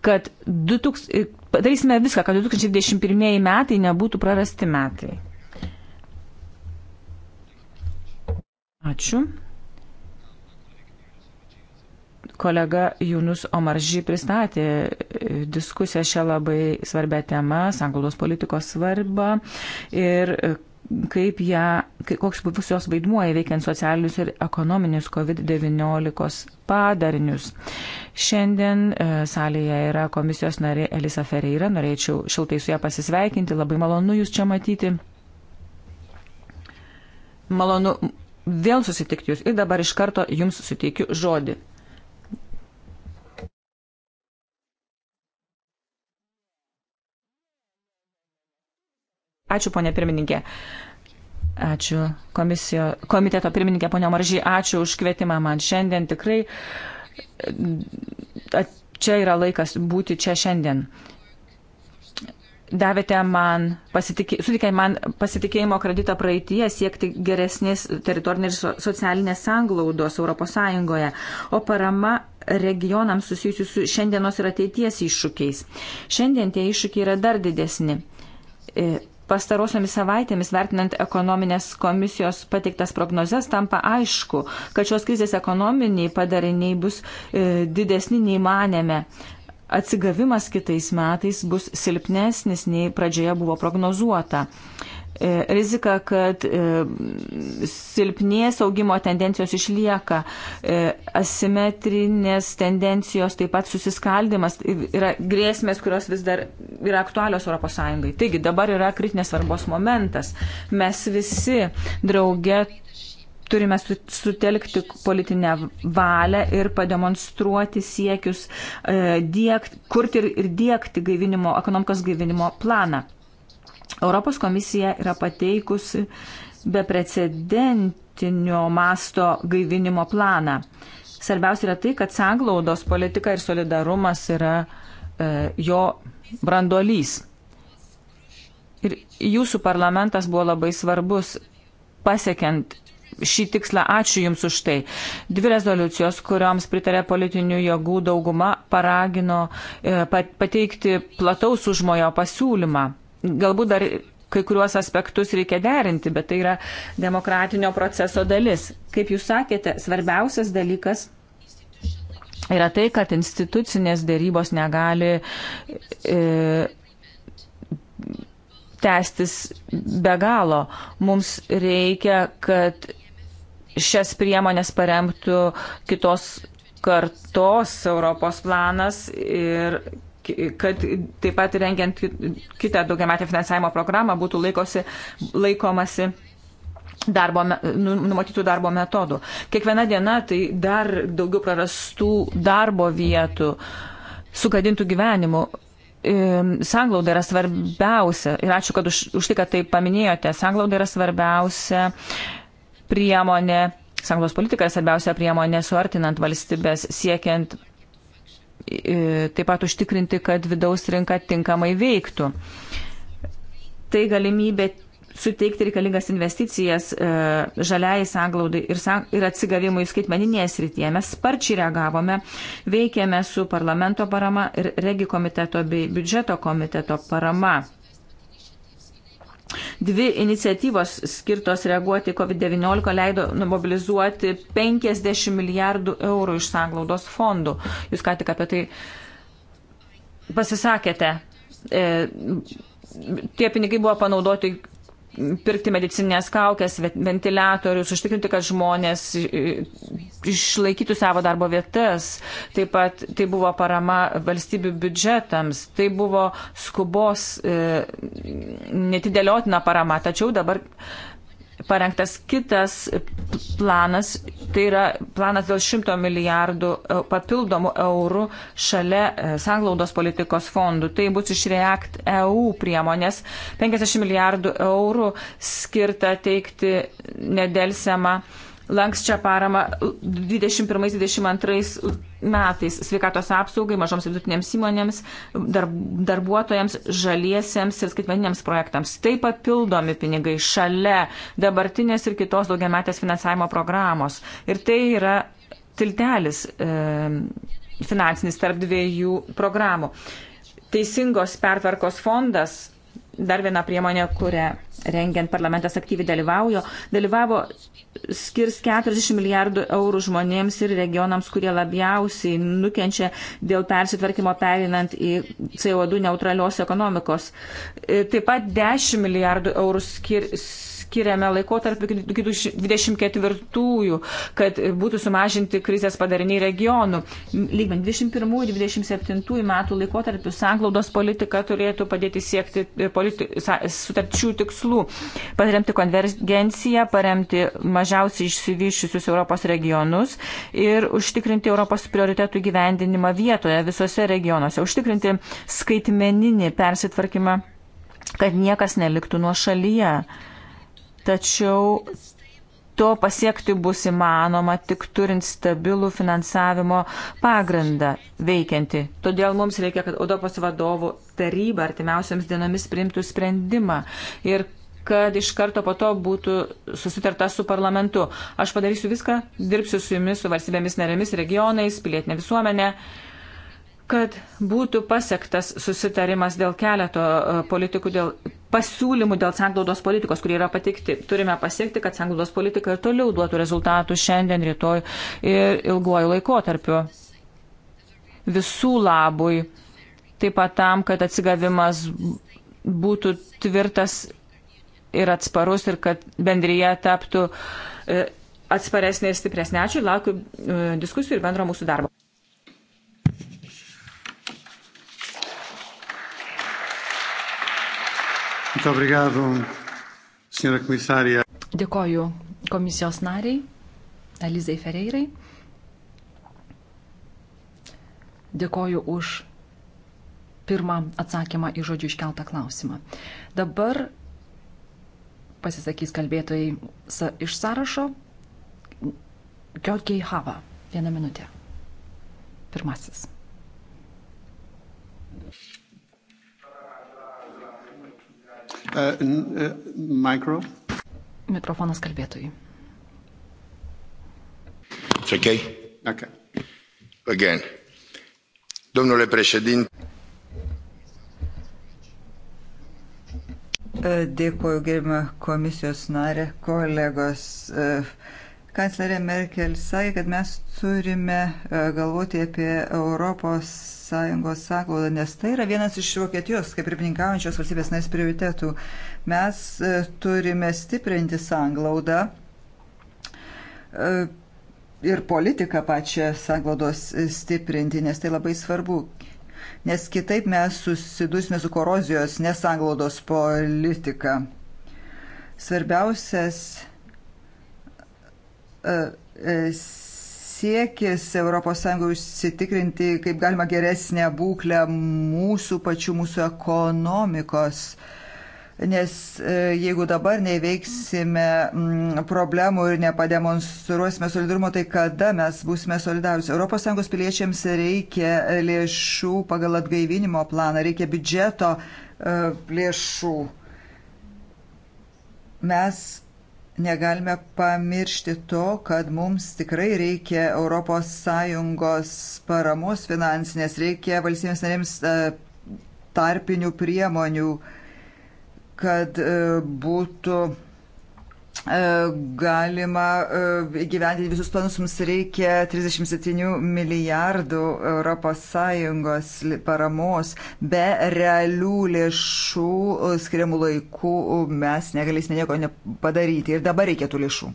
kad 2000, padarysime viską, kad 2021 metai nebūtų prarasti metai. Ačiū. Kolega Junus Omaržy pristatė diskusiją šią labai svarbę temą, sanglaudos politikos svarbą ir kaip ją, koks bus jos vaidmuo įveikiant socialinius ir ekonominius COVID-19 padarinius. Šiandien e, salėje yra komisijos narė Elisa Ferreira, norėčiau šiltai su ją pasisveikinti, labai malonu jūs čia matyti. Malonu vėl susitikti jūs ir dabar iš karto jums suteikiu žodį. Ačiū, ponė pirmininkė. Ačiū komisijo, komiteto pirmininkė, ponė Maržy, ačiū už kvietimą man šiandien. Tikrai čia yra laikas būti čia šiandien. Davėte man, pasitikė, sutikė man pasitikėjimo kreditą praeitie siekti geresnės teritorinės ir socialinės sanglaudos ES, o parama regionams susijusių su šiandienos ir ateities iššūkiais. Šiandien tie iššūkiai yra dar didesni e, Pastarosiomis savaitėmis, vertinant ekonominės komisijos pateiktas prognozes, tampa aišku, kad šios krizės ekonominiai padariniai bus e, didesni nei manėme. Atsigavimas kitais metais bus silpnesnis nei pradžioje buvo prognozuota. E, E, rizika, kad e, silpnės augimo tendencijos išlieka, e, asimetrinės tendencijos, taip pat susiskaldimas yra grėsmės, kurios vis dar yra aktualios ES. Taigi dabar yra kritinės svarbos momentas. Mes visi drauge turime sutelkti politinę valią ir pademonstruoti siekius, diekt, kurti ir, ir diekti gaivinimo, ekonomikos gaivinimo planą. Europos komisija yra pateikusi beprecedentinio masto gaivinimo planą. Svarbiausia yra tai, kad sanglaudos politika ir solidarumas yra e, jo brandolys. Ir jūsų parlamentas buvo labai svarbus pasiekiant šį tikslą. Ačiū Jums už tai. Dvi rezoliucijos, kurioms pritarė politinių jėgų dauguma, paragino e, pateikti plataus užmojo pasiūlymą. Galbūt dar kai kuriuos aspektus reikia derinti, bet tai yra demokratinio proceso dalis. Kaip jūs sakėte, svarbiausias dalykas yra tai, kad institucinės dėrybos negali e, tęstis be galo. Mums reikia, kad šias priemonės paremtų kitos kartos Europos planas ir kad taip pat rengiant kitą daugiametę finansavimo programą būtų laikosi, laikomasi darbo, nu, numatytų darbo metodų. Kiekviena diena tai dar daugiau prarastų darbo vietų, sugadintų gyvenimų. Ehm, sanglauda yra svarbiausia ir ačiū, kad už, už tai, kad tai paminėjote. Sanglauda yra svarbiausia priemonė, sanglaudos politika yra svarbiausia priemonė suartinant valstybės, siekiant E, taip pat užtikrinti, kad vidaus rinka tinkamai veiktų. Tai galimybė suteikti reikalingas investicijas e, žaliai sanglaudai ir atsigavimui skaitmeninėje srityje. Mes sparčiai reagavome, veikėme su parlamento parama ir regi komiteto bei biudžeto komiteto parama. Dvi iniciatyvos skirtos reaguoti COVID-19 leido mobilizuoti 50 milijardų eurų iš sanglaudos fondų. Jūs ką tik apie tai pasisakėte. E, tie pinigai buvo panaudoti pirkti medicinės kaukės, ventiliatorius, užtikrinti, kad žmonės išlaikytų savo darbo vietas. Taip pat tai buvo parama valstybių biudžetams, tai buvo skubos e, netidėliotina parama. Tačiau dabar parengtas kitas planas, tai yra planas dėl 100 milijardų e, papildomų eurų šalia e, sanglaudos politikos fondų. Tai bus iš React EU priemonės 50 milijardų eurų skirta teikti nedelsiamą lankščią paramą 21-22 metais sveikatos apsaugai, mažoms ir vidutinėms įmonėms, dar, darbuotojams, žaliesiems ir skaitmeniniams projektams. Tai papildomi pinigai šalia dabartinės ir kitos daugiametės finansavimo programos. Ir tai yra tiltelis e, finansinis tarp dviejų programų. Teisingos pertvarkos fondas dar viena priemonė, kurią rengiant parlamentas aktyviai dalyvaujo, dalyvavo skirs 40 milijardų eurų žmonėms ir regionams, kurie labiausiai nukenčia dėl persitvarkymo perinant į CO2 neutralios ekonomikos. E, taip pat 10 milijardų eurų skirs skiriame laikotarpį 24-ųjų, kad būtų sumažinti krizės padariniai regionų. Lygmen 21-27 metų laikotarpių sanglaudos politika turėtų padėti siekti e, politi, sutarčių tikslų, paremti konvergenciją, paremti mažiausiai išsivyščiusius Europos regionus ir užtikrinti Europos prioritetų gyvendinimą vietoje visose regionuose, užtikrinti skaitmeninį persitvarkymą kad niekas neliktų nuo šalyje. Tačiau to pasiekti bus įmanoma tik turint stabilų finansavimo pagrindą veikianti. Todėl mums reikia, kad Europos vadovų taryba artimiausiams dienomis priimtų sprendimą ir kad iš karto po to būtų susitarta su parlamentu. Aš padarysiu viską, dirbsiu su jumis, su valstybėmis narėmis, regionais, pilietinė visuomenė kad būtų pasiektas susitarimas dėl keleto e, politikų, dėl pasiūlymų dėl sanglaudos politikos, kurie yra patikti. Turime pasiekti, kad sanglaudos politika ir toliau duotų rezultatų šiandien, rytoj ir ilguoju laikotarpiu. Visų labui. Taip pat tam, kad atsigavimas būtų tvirtas ir atsparus ir kad bendryje taptų e, atsparesnė ir stipresnė. Ačiū, laukiu e, diskusijų ir bendro mūsų darbo. Dėkoju komisijos nariai, Elizai Ferreirai. Dėkoju už pirmą atsakymą į žodžių iškeltą klausimą. Dabar pasisakys kalbėtojai sa iš sąrašo. Giokiai Hava. Vieną minutę. Pirmasis. Uh, uh, micro. Mikrofonas kalbėtojai. It's okay? Okay. Again. Domnule președinte. Uh, Dėkuoju, gerbimo komisijos narė, kolegos. Uh, kanclerė Merkel sakė, kad mes turime galvoti apie Europos sąjungos sąklaudą, nes tai yra vienas iš Vokietijos, kaip ir pininkaujančios valstybės nais prioritetų. Mes e, turime stiprinti sąnglaudą e, ir politiką pačią sąnglaudos stiprinti, nes tai labai svarbu nes kitaip mes susidursime su korozijos nesanglaudos politika. Svarbiausias e, siekis ES užsitikrinti kaip galima geresnę būklę mūsų pačių, mūsų ekonomikos. Nes e, jeigu dabar neįveiksime mm, problemų ir nepademonstruosime solidarumo, tai kada mes būsime solidarius? ES piliečiams reikia lėšų pagal atgaivinimo planą, reikia biudžeto e, lėšų. Mes negalime pamiršti to, kad mums tikrai reikia ES paramos finansinės, reikia valstybės narėms e, tarpinių priemonių, kad e, būtų E, galima e, gyventi visus planus, mums reikia 37 milijardų ES paramos. Be realių lėšų skiriamų laikų mes negalėsime nieko padaryti ir dabar reikėtų lėšų.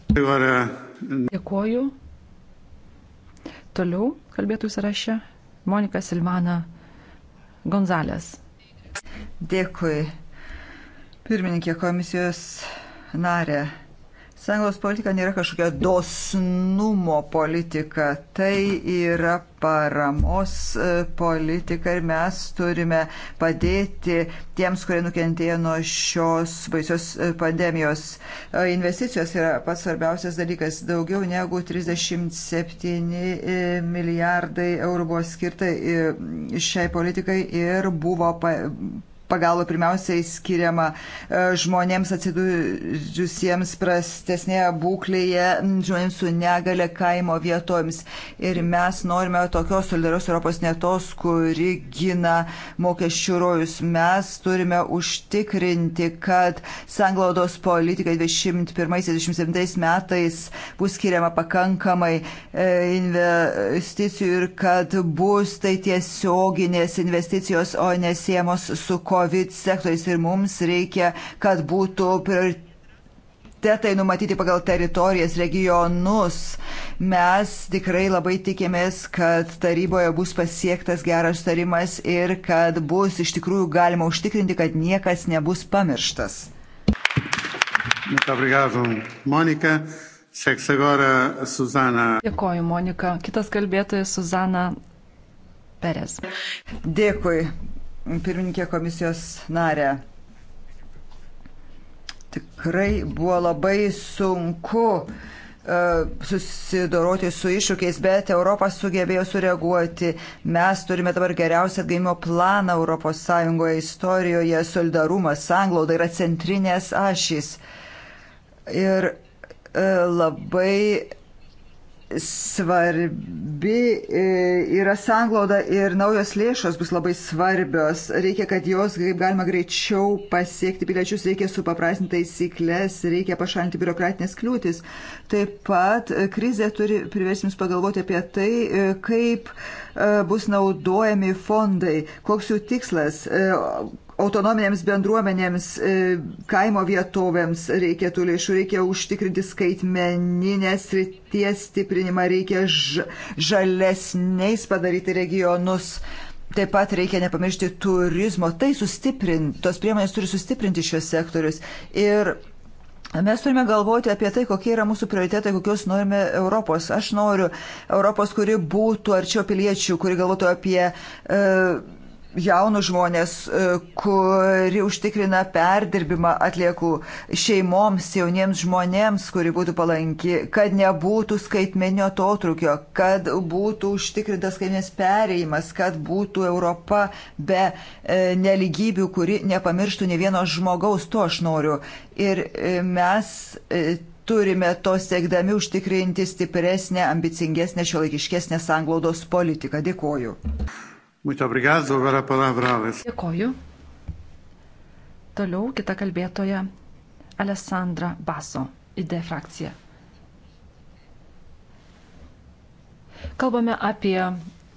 Dėkuoju. Toliau kalbėtų įsirašę Monika Silvana Gonzalės. Dėkui. Pirmininkė komisijos narė Sąjungos politika nėra kažkokia dosnumo politika, tai yra paramos e, politika ir mes turime padėti tiems, kurie nukentėjo nuo šios baisios e, pandemijos. E, investicijos yra pats svarbiausias dalykas. Daugiau negu 37 milijardai eurų buvo skirta šiai politikai ir buvo pagalba pirmiausiai skiriama e, žmonėms atsidūrusiems prastesnėje būklėje, žmonėms su negale kaimo vietoms. Ir mes norime tokios solidarios Europos netos, kuri gina mokesčių rojus. Mes turime užtikrinti, kad sanglaudos politika 21-27 metais bus skiriama pakankamai e, investicijų ir kad bus tai tiesioginės investicijos, o nesiemos su ko COVID sektoriais ir mums reikia, kad būtų prioritetų prioritetai numatyti pagal teritorijas, regionus. Mes tikrai labai tikimės, kad taryboje bus pasiektas geras tarimas ir kad bus iš tikrųjų galima užtikrinti, kad niekas nebus pamirštas. Dėkoju, Monika. Kitas kalbėtojas Suzana Perez. Dėkui pirmininkė komisijos narė. Tikrai buvo labai sunku e, susidoroti su iššūkiais, bet Europa sugebėjo sureaguoti. Mes turime dabar geriausią atgaimo planą ES istorijoje. Solidarumas, sanglauda yra centrinės ašys. Ir e, labai svarbi e, yra sanglauda ir naujos lėšos bus labai svarbios. Reikia, kad jos kaip galima greičiau pasiekti piliečius, reikia supaprasinti taisyklės, reikia pašalinti biurokratinės kliūtis. Taip pat e, krizė turi priversti mus pagalvoti apie tai, e, kaip bus naudojami fondai, koks jų tikslas, autonominėms bendruomenėms, e, kaimo vietovėms reikėtų lėšų, reikia užtikrinti skaitmeninės ryties stiprinimą, reikia žalesniais padaryti regionus. Taip pat reikia nepamiršti turizmo, tai sustiprinti, tos priemonės turi sustiprinti šios sektorius. Ir Mes turime galvoti apie tai, kokie yra mūsų prioritetai, kokios norime Europos. Aš noriu Europos, kuri būtų arčiau piliečių, kuri galvotų apie e, jaunus žmonės, e, kuri užtikrina perdirbimą atliekų šeimoms, jauniems žmonėms, kuri būtų palanki, kad nebūtų skaitmenio totrukio, kad būtų užtikrintas skaitmenės pereimas, kad būtų Europa be e, neligybių, kuri nepamirštų ne vieno žmogaus, to aš noriu. Ir e, mes turime to siekdami užtikrinti stipresnę, ambicingesnę, šiolaikiškesnę sanglaudos politiką. Dėkoju. Dėkoju. Toliau kita kalbėtoja Alessandra Baso, ID frakcija. Kalbame apie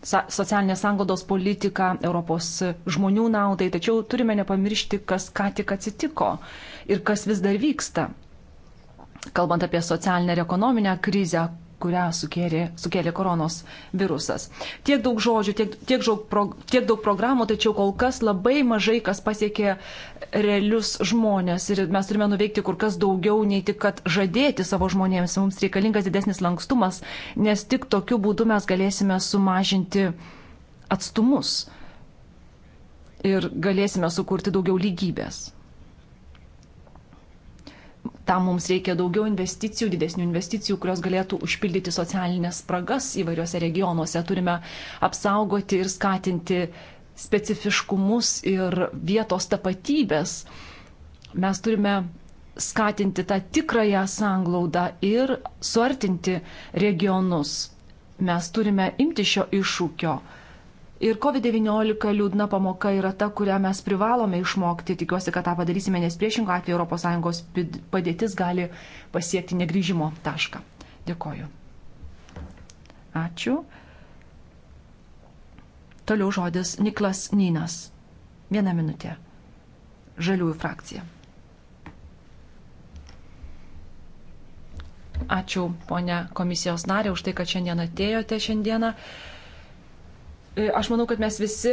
socialinės sangodos politiką, Europos žmonių naudai, tačiau turime nepamiršti, kas ką tik atsitiko ir kas vis dar vyksta. Kalbant apie socialinę ir ekonominę krizę, kurią sukėlė, sukėlė koronos virusas. Tiek daug žodžių, tiek, tiek, žaug, pro, tiek daug programų, tačiau kol kas labai mažai kas pasiekė realius žmonės ir mes turime nuveikti kur kas daugiau nei tik, kad žadėti savo žmonėms. Mums reikalingas didesnis lankstumas, nes tik tokiu būdu mes galėsime sumažinti atstumus ir galėsime sukurti daugiau lygybės. Tam mums reikia daugiau investicijų, didesnių investicijų, kurios galėtų užpildyti socialinės spragas įvairiuose regionuose. Turime apsaugoti ir skatinti specifiškumus ir vietos tapatybės. Mes turime skatinti tą tikrąją sanglaudą ir suartinti regionus. Mes turime imti šio iššūkio Ir COVID-19 liūdna pamoka yra ta, kurią mes privalome išmokti. Tikiuosi, kad tą padarysime, nes priešingų atveju ES padėtis gali pasiekti negryžimo tašką. Dėkoju. Ačiū. Toliau žodis Niklas Nynas. Vieną minutę. Žaliųjų frakcija. Ačiū, ponia komisijos narė, už tai, kad šiandien atėjote šiandieną. šiandieną E, aš manau, kad mes visi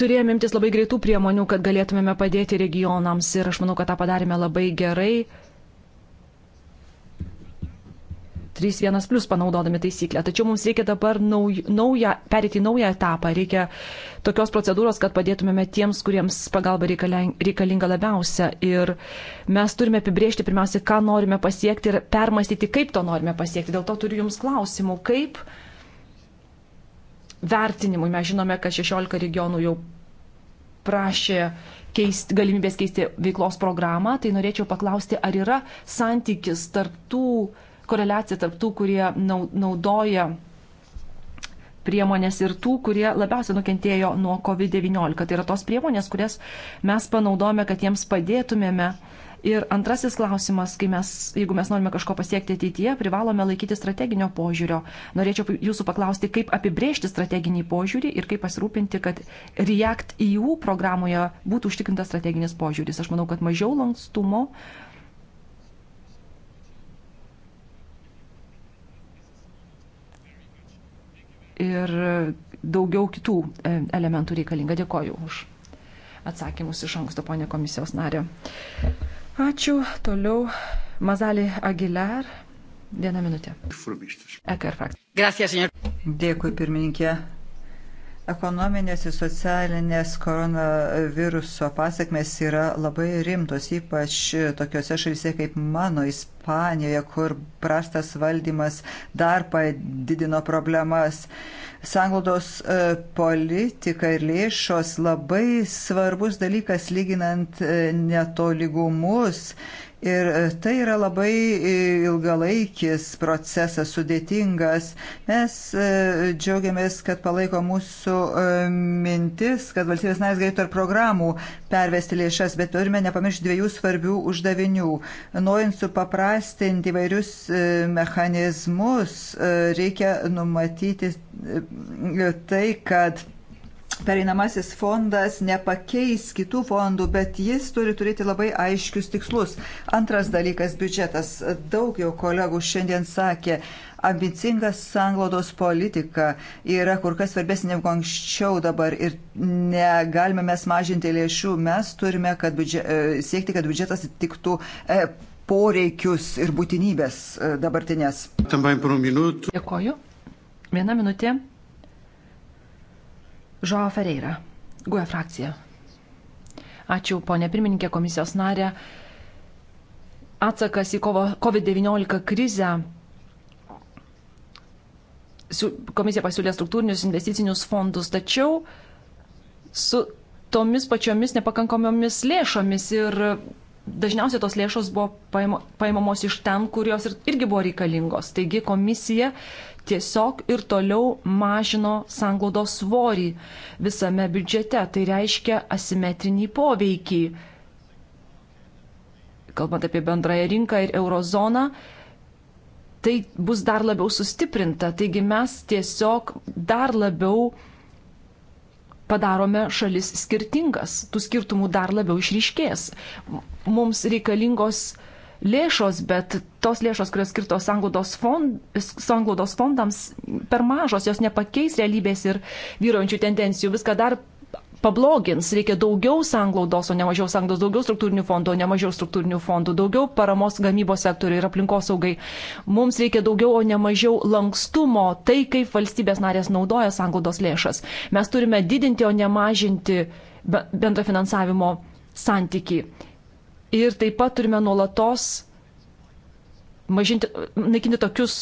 turėjome imtis labai greitų priemonių, kad galėtumėme padėti regionams ir aš manau, kad tą padarėme labai gerai. 3.1 plus panaudodami taisyklę. Tačiau mums reikia dabar nauj, nauja, perėti į naują etapą. Reikia tokios procedūros, kad padėtumėme tiems, kuriems pagalba reikalinga labiausia. Ir mes turime apibriežti pirmiausia, ką norime pasiekti ir permastyti, kaip to norime pasiekti. Dėl to turiu Jums klausimų, kaip uh, vertinimui. Mes žinome, kad 16 regionų jau prašė keist, galimybės keisti veiklos programą, tai norėčiau paklausti, ar yra santykis tarp tų, koreliacija tarp tų, kurie naudoja priemonės ir tų, kurie labiausiai nukentėjo nuo COVID-19. Tai yra tos priemonės, kurias mes panaudojame, kad jiems padėtumėme. Ir antrasis klausimas, mes, jeigu mes norime kažko pasiekti ateityje, privalome laikyti strateginio požiūrio. Norėčiau jūsų paklausti, kaip apibrėžti strateginį požiūrį ir kaip pasirūpinti, kad React EU programoje būtų užtikrintas strateginis požiūris. Aš manau, kad mažiau lankstumo ir daugiau kitų e, elementų reikalinga. Dėkoju už atsakymus iš anksto, ponė komisijos narė. Ačiū. Toliau Mazalį Aguilar. Vieną minutę. Gracias, Dėkui, pirmininkė. Ekonominės ir socialinės koronaviruso pasiekmes yra labai rimtos, ypač tokiuose šalyse kaip mano Ispanijoje, kur prastas valdymas dar padidino problemas. Sanglaudos e, politika ir lėšos labai svarbus dalykas lyginant e, netolygumus Ir e, tai yra labai e, ilgalaikis procesas, sudėtingas. Mes e, džiaugiamės, kad palaiko mūsų mintis, kad valstybės narės galėtų ar programų pervesti lėšas, bet turime nepamiršti dviejų svarbių uždavinių. Norint supaprastinti vairius mechanizmus, reikia numatyti tai, kad pereinamasis fondas nepakeis kitų fondų, bet jis turi turėti labai aiškius tikslus. Antras dalykas - biudžetas. Daug jau kolegų šiandien sakė, ambicingas sanglodos politika yra kur kas svarbesnė negu anksčiau dabar ir negalime mes mažinti lėšų. Mes turime kad biudžet, e, siekti, kad biudžetas tiktų. E, poreikius ir būtinybės e, dabartinės. Dėkoju. Viena minutė Žoa Ferreira, GUE frakcija. Ačiū, ponė pirmininkė, komisijos narė. Atsakas į COVID-19 krizę komisija pasiūlė struktūrinius investicinius fondus, tačiau su tomis pačiomis nepakankamomis lėšomis ir dažniausiai tos lėšos buvo paimamos iš ten, kurios ir, irgi buvo reikalingos. Taigi komisija tiesiog ir toliau mažino sanglaudos svorį visame biudžete. Tai reiškia asimetrinį poveikį. Kalbant apie bendrąją rinką ir eurozoną, tai bus dar labiau sustiprinta. Taigi mes tiesiog dar labiau padarome šalis skirtingas. Tų skirtumų dar labiau išryškės. Mums reikalingos lėšos, bet tos lėšos, kurios skirtos sanglaudos, fond, sanglaudos fondams, per mažos, jos nepakeis realybės ir vyruojančių tendencijų. Viską dar pablogins, reikia daugiau sanglaudos, o ne mažiau sanglaudos, daugiau struktūrinių fondų, o ne mažiau struktūrinių fondų, daugiau paramos gamybos sektoriui ir aplinkosaugai. Mums reikia daugiau, o ne mažiau lankstumo tai, kaip valstybės narės naudoja sanglaudos lėšas. Mes turime didinti, o ne mažinti bendrofinansavimo santyki. Ir taip pat turime nuolatos mažinti, naikinti tokius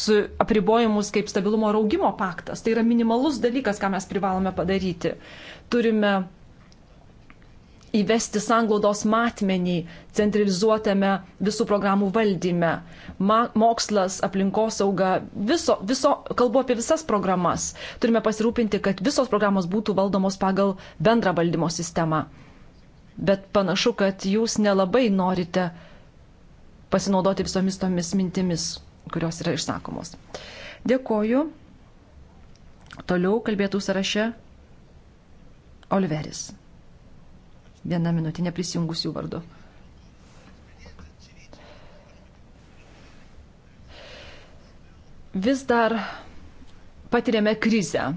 apribojimus kaip stabilumo ir augimo paktas. Tai yra minimalus dalykas, ką mes privalome padaryti. Turime įvesti sanglaudos matmenį centralizuotame visų programų valdyme. Ma, mokslas, aplinkosauga, viso, viso, kalbu apie visas programas. Turime pasirūpinti, kad visos programos būtų valdomos pagal bendrą valdymo sistemą bet panašu, kad jūs nelabai norite pasinaudoti visomis tomis mintimis, kurios yra išsakomos. Dėkoju. Toliau kalbėtų sąraše Oliveris. Viena minutė neprisijungusių vardu. Vis dar patiriame krizę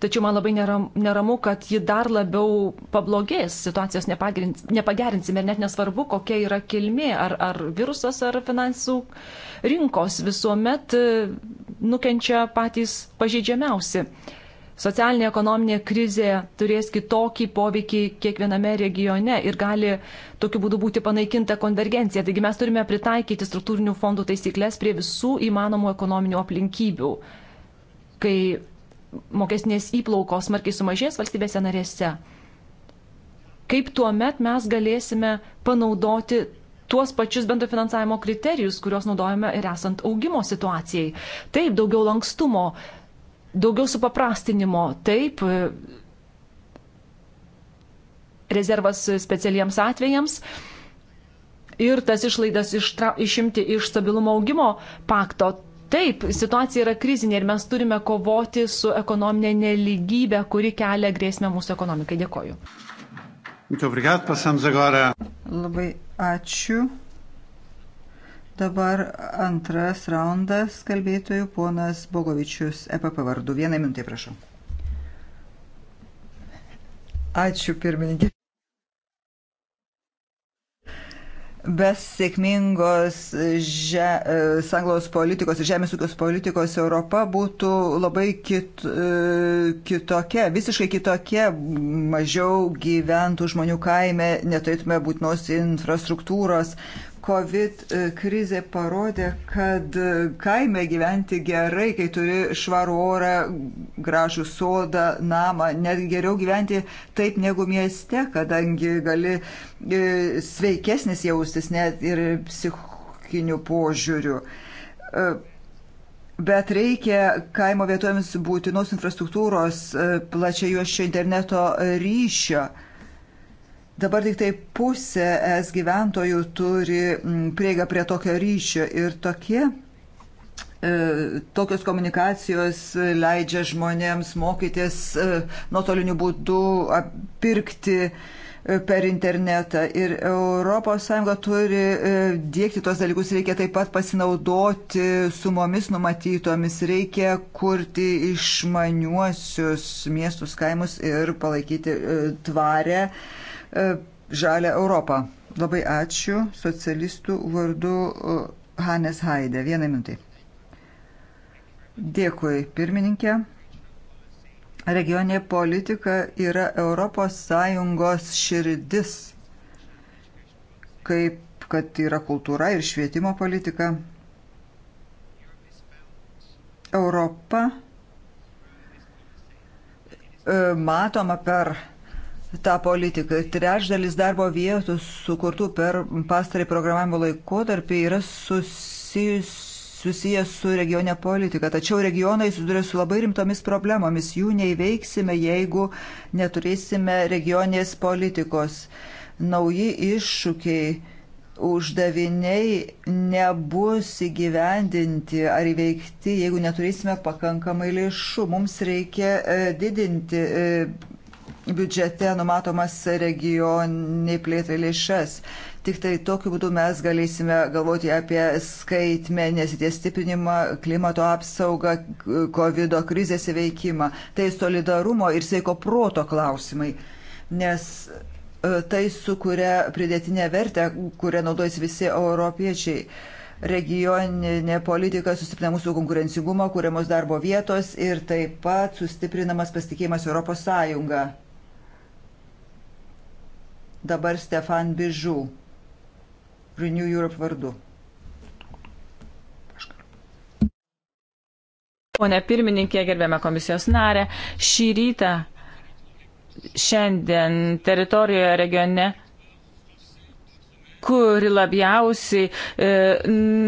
Tačiau man labai neram, neramu, kad ji dar labiau pablogės, situacijos nepagerinsime ir net nesvarbu, kokia yra kilmė, ar, ar virusas, ar finansų rinkos, visuomet e, nukenčia patys pažeidžiamiausi. Socialinė ekonominė krizė turės kitokį poveikį kiekviename regione ir gali tokiu būdu būti panaikinta konvergencija. Taigi mes turime pritaikyti struktūrinių fondų taisyklės prie visų įmanomų ekonominių aplinkybių, kai mokesnės įplaukos smarkiai sumažės valstybėse narėse, kaip tuo met mes galėsime panaudoti tuos pačius bendro finansavimo kriterijus, kuriuos naudojame ir esant augimo situacijai. Taip, daugiau lankstumo, daugiau supaprastinimo, taip, rezervas specialiems atvejams ir tas išlaidas ištra, išimti iš stabilumo augimo pakto. Taip, situacija yra krizinė ir mes turime kovoti su ekonominė neligybė, kuri kelia grėsmę mūsų ekonomikai. Dėkoju. Labai ačiū. Dabar antras raundas kalbėtojų ponas Bogovičius, EPP vardu. Vieną minutę, prašau. Ačiū, pirmininkė. Be sėkmingos že, e, sanglaus politikos ir žemės ūkios politikos Europa būtų labai kit, e, kitokia, visiškai kitokia, mažiau gyventų žmonių kaime, neturėtume būtinos infrastruktūros, COVID e, krizė parodė, kad e, kaime gyventi gerai, kai turi švarų orą, gražų sodą, namą, net geriau gyventi taip negu mieste, kadangi gali e, sveikesnis jaustis net ir psichinių požiūrių. Bet reikia kaimo vietovėms būtinos infrastruktūros, plačiai juoščio interneto ryšio Dabar tik tai pusė es gyventojų turi mm, prieigą prie tokio ryšio ir tokie e, tokios komunikacijos leidžia žmonėms mokytis e, nuotoliniu būdu, pirkti e, per internetą. Ir ES turi dėkti tos dalykus, reikia taip pat pasinaudoti sumomis numatytomis, reikia kurti išmaniuosius miestus, kaimus ir palaikyti tvarę E, žalę Europą. Labai ačiū socialistų vardu e, Hanes Haidė. Vieną minutį. Dėkui, pirmininkė. Regioninė politika yra ES širdis, kaip kad yra kultūra ir švietimo politika. Europa e, matoma per tą politiką. Trečdalis darbo vietų sukurtų per pastarį programavimo laikotarpį yra susijus susijęs su regione politika. Tačiau regionai susiduria su labai rimtomis problemomis. Jų neįveiksime, jeigu neturėsime regionės politikos. Nauji iššūkiai, uždaviniai nebus įgyvendinti ar įveikti, jeigu neturėsime pakankamai lėšų. Mums reikia e, didinti e, biudžete numatomas regioniai plėtrai lėšas. Tik tai tokiu būdu mes galėsime galvoti apie skaitmenės įties stiprinimą, klimato apsaugą, COVID krizės įveikimą. Tai solidarumo ir sveiko proto klausimai, nes e, tai sukuria pridėtinę vertę, kurią naudojasi visi europiečiai regioninė politika sustiprina mūsų konkurencingumą, kuriamos darbo vietos ir taip pat sustiprinamas pasitikėjimas Europos Sąjunga. Dabar Stefan Bižų, Renew Europe vardu. Pone pirmininkė, gerbėme komisijos narę, šį rytą, šiandien teritorijoje regione, kuri labiausiai e,